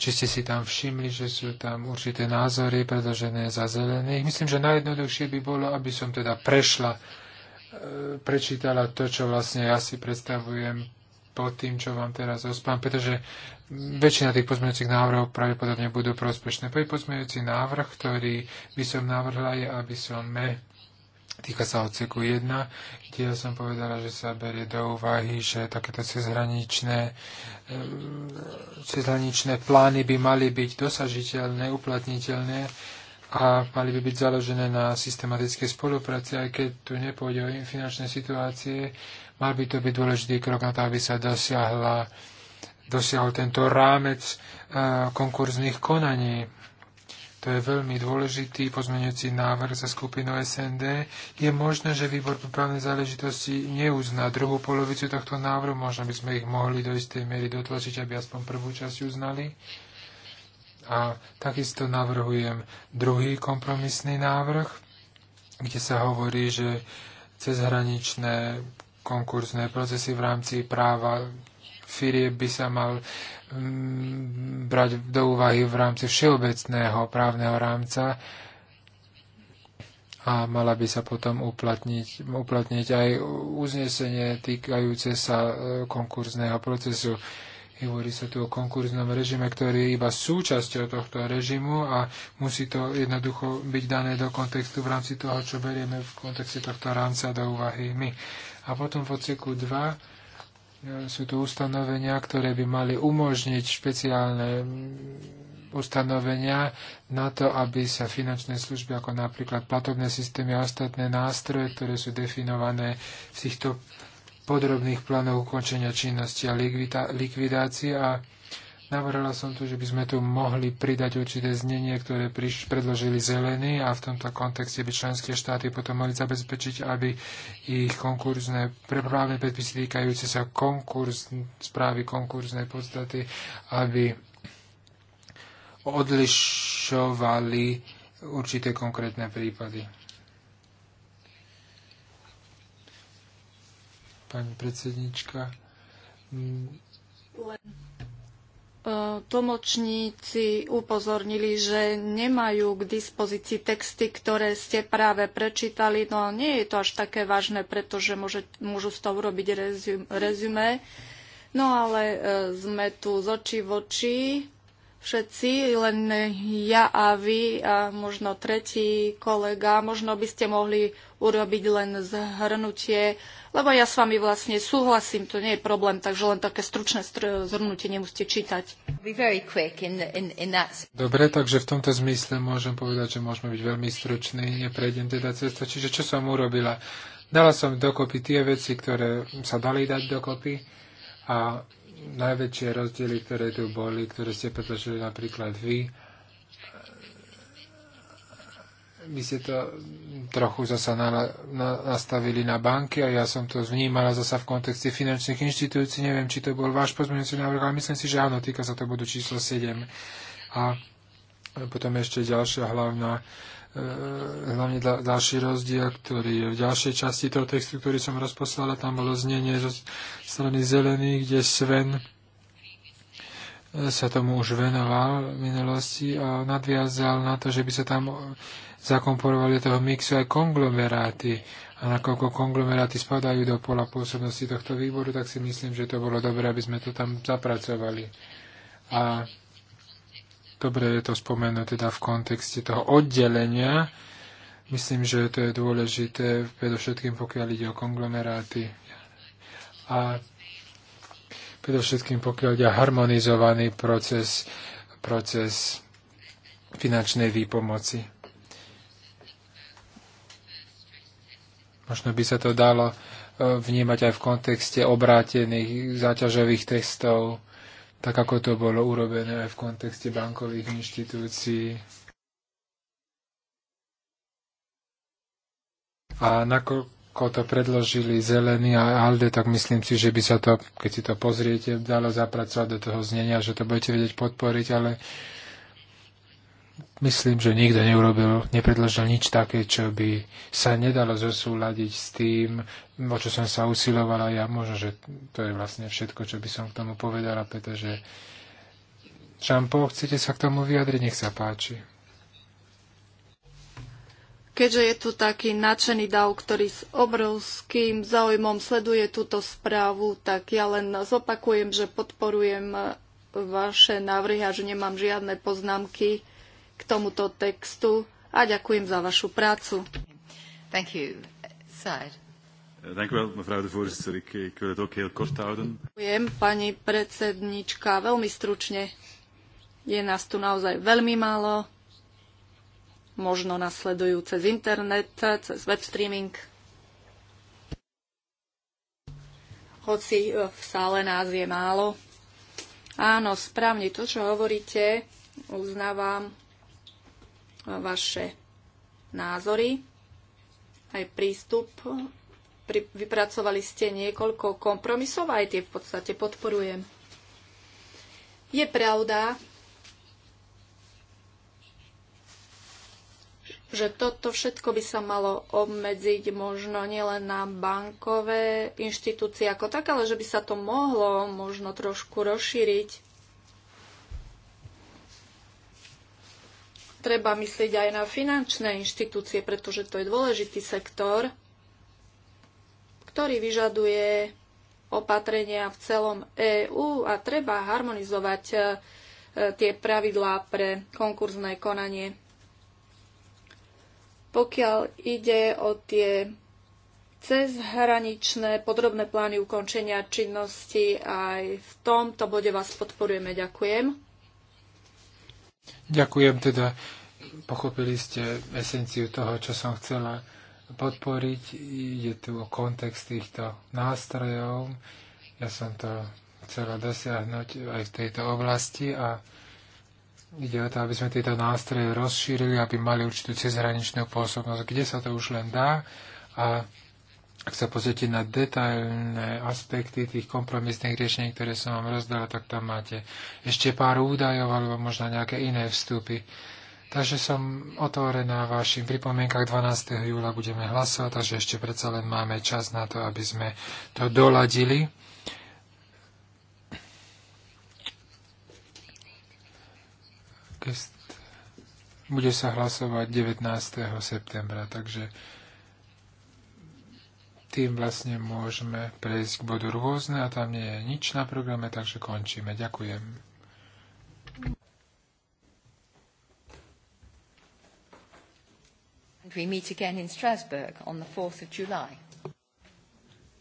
či ste si tam všimli, že sú tam určité názory predložené za zelených. Myslím, že najjednoduchšie by bolo, aby som teda prešla, e, prečítala to, čo vlastne ja si predstavujem pod tým, čo vám teraz ospám, pretože väčšina tých pozmeňujúcich návrhov pravdepodobne budú prospešné. Prvý pozmeňujúci návrh, ktorý by som navrhla, je, aby sme Týka sa odseku 1, kde ja som povedala, že sa berie do úvahy, že takéto cezhraničné, cezhraničné plány by mali byť dosažiteľné, uplatniteľné a mali by byť založené na systematické spolupráci, aj keď tu nepôjde o finančné situácie, mal by to byť dôležitý krok na to, aby sa dosiahla, dosiahol tento rámec eh, konkurzných konaní to je veľmi dôležitý pozmeňujúci návrh za skupinu SND. Je možné, že výbor pre právne záležitosti neuzná druhú polovicu tohto návrhu. Možno by sme ich mohli do istej miery dotlačiť, aby aspoň prvú časť uznali. A takisto navrhujem druhý kompromisný návrh, kde sa hovorí, že cezhraničné konkurzné procesy v rámci práva firie by sa mal Mm, brať do úvahy v rámci všeobecného právneho rámca a mala by sa potom uplatniť, uplatniť aj uznesenie týkajúce sa e, konkurzného procesu. Hovorí sa tu o konkurznom režime, ktorý je iba súčasťou tohto režimu a musí to jednoducho byť dané do kontextu v rámci toho, čo berieme v kontexte tohto rámca do úvahy my. A potom v odseku 2 sú to ustanovenia, ktoré by mali umožniť špeciálne ustanovenia na to, aby sa finančné služby, ako napríklad platobné systémy a ostatné nástroje, ktoré sú definované v týchto podrobných plánoch ukončenia činnosti a likvidácie a Navrhla som tu, že by sme tu mohli pridať určité znenie, ktoré priš- predložili zelení a v tomto kontexte by členské štáty potom mohli zabezpečiť, aby ich konkurzné právne predpisy týkajúce sa konkurs, správy konkurznej podstaty, aby odlišovali určité konkrétne prípady. Pani predsednička. Mm. E, tlmočníci upozornili, že nemajú k dispozícii texty, ktoré ste práve prečítali. No nie je to až také vážne, pretože môže, môžu z toho urobiť rezume. No ale e, sme tu z očí v oči všetci, len ja a vy a možno tretí kolega, možno by ste mohli urobiť len zhrnutie, lebo ja s vami vlastne súhlasím, to nie je problém, takže len také stručné zhrnutie nemusíte čítať. Dobre, takže v tomto zmysle môžem povedať, že môžeme byť veľmi stručný, neprejdem teda cesta. Čiže čo som urobila? Dala som dokopy tie veci, ktoré sa dali dať dokopy a najväčšie rozdiely, ktoré tu boli, ktoré ste predložili napríklad vy, vy ste to trochu zasa na, na, nastavili na banky a ja som to vnímala zasa v kontexte finančných inštitúcií. Neviem, či to bol váš pozmeňujúci návrh, ale myslím si, že áno, týka sa to budú číslo 7. A potom ešte ďalšia hlavná E, hlavne da, ďalší rozdiel, ktorý je v ďalšej časti toho textu, ktorý som rozposlala, tam bolo znenie zo strany zelených, kde Sven e, sa tomu už venoval v minulosti a nadviazal na to, že by sa tam zakomporovali toho mixu aj konglomeráty. A nakoľko konglomeráty spadajú do pola pôsobnosti tohto výboru, tak si myslím, že to bolo dobré, aby sme to tam zapracovali. A Dobre je to spomenúť teda v kontexte toho oddelenia. Myslím, že to je dôležité, predovšetkým pokiaľ ide o konglomeráty. A predovšetkým pokiaľ ide o harmonizovaný proces, proces finančnej výpomoci. Možno by sa to dalo eh, vnímať aj v kontexte obrátených záťažových testov, tak ako to bolo urobené aj v kontexte bankových inštitúcií. A nakoľko to predložili Zelený a ALDE, tak myslím si, že by sa to, keď si to pozriete, dalo zapracovať do toho znenia, že to budete vedieť podporiť, ale uh, myslím, že nikto neurobil, nepredložil nič také, čo by sa nedalo zosúľadiť s tým, o čo som sa usilovala ja. Možno, že to je vlastne všetko, čo by som k tomu povedala, pretože Šampo, chcete sa k tomu vyjadriť? Nech sa páči. Keďže je tu taký nadšený dav, ktorý s obrovským záujmom sleduje túto správu, tak ja len zopakujem, že podporujem vaše návrhy a že nemám žiadne poznámky k tomuto textu a ďakujem za vašu prácu. Thank you. Side. Eh, dank u wel, mevrouw de voorzitter. Ik, eh, ik wil het ook heel kort houden. Ďakujem, pani predsednička, veľmi stručne. Je nás tu naozaj veľmi málo. Možno nasledujú cez internet, cez web streaming. Hoci eh, v sále nás je málo. Áno, správne to, čo hovoríte, uznávam, vaše názory, aj prístup. vypracovali ste niekoľko kompromisov aj tie v podstate podporujem. Je pravda, že toto všetko by sa malo obmedziť možno nielen na bankové inštitúcie ako tak, ale že by sa to mohlo možno trošku rozšíriť Treba myslieť aj na finančné inštitúcie, pretože to je dôležitý sektor, ktorý vyžaduje opatrenia v celom EÚ a treba harmonizovať e, tie pravidlá pre konkurzné konanie. Pokiaľ ide o tie cezhraničné podrobné plány ukončenia činnosti, aj v tomto bode vás podporujeme. Ďakujem. Ďakujem teda. Pochopili ste esenciu toho, čo som chcela podporiť. Ide tu o kontext týchto nástrojov. Ja som to chcela dosiahnuť aj v tejto oblasti a ide o to, aby sme tieto nástroje rozšírili, aby mali určitú cezhraničnú pôsobnosť, kde sa to už len dá a ak sa pozrite na detailné aspekty tých kompromisných riešení, ktoré som vám rozdala, tak tam máte ešte pár údajov alebo možno nejaké iné vstupy. Takže som otvorená vašim pripomienkach 12. júla budeme hlasovať, takže ešte predsa len máme čas na to, aby sme to doladili. Bude sa hlasovať 19. septembra, takže tým vlastne môžeme prejsť k bodu rôzne a tam nie je nič na programe, takže končíme. Ďakujem. We meet again in Strasbourg on the 4th of July.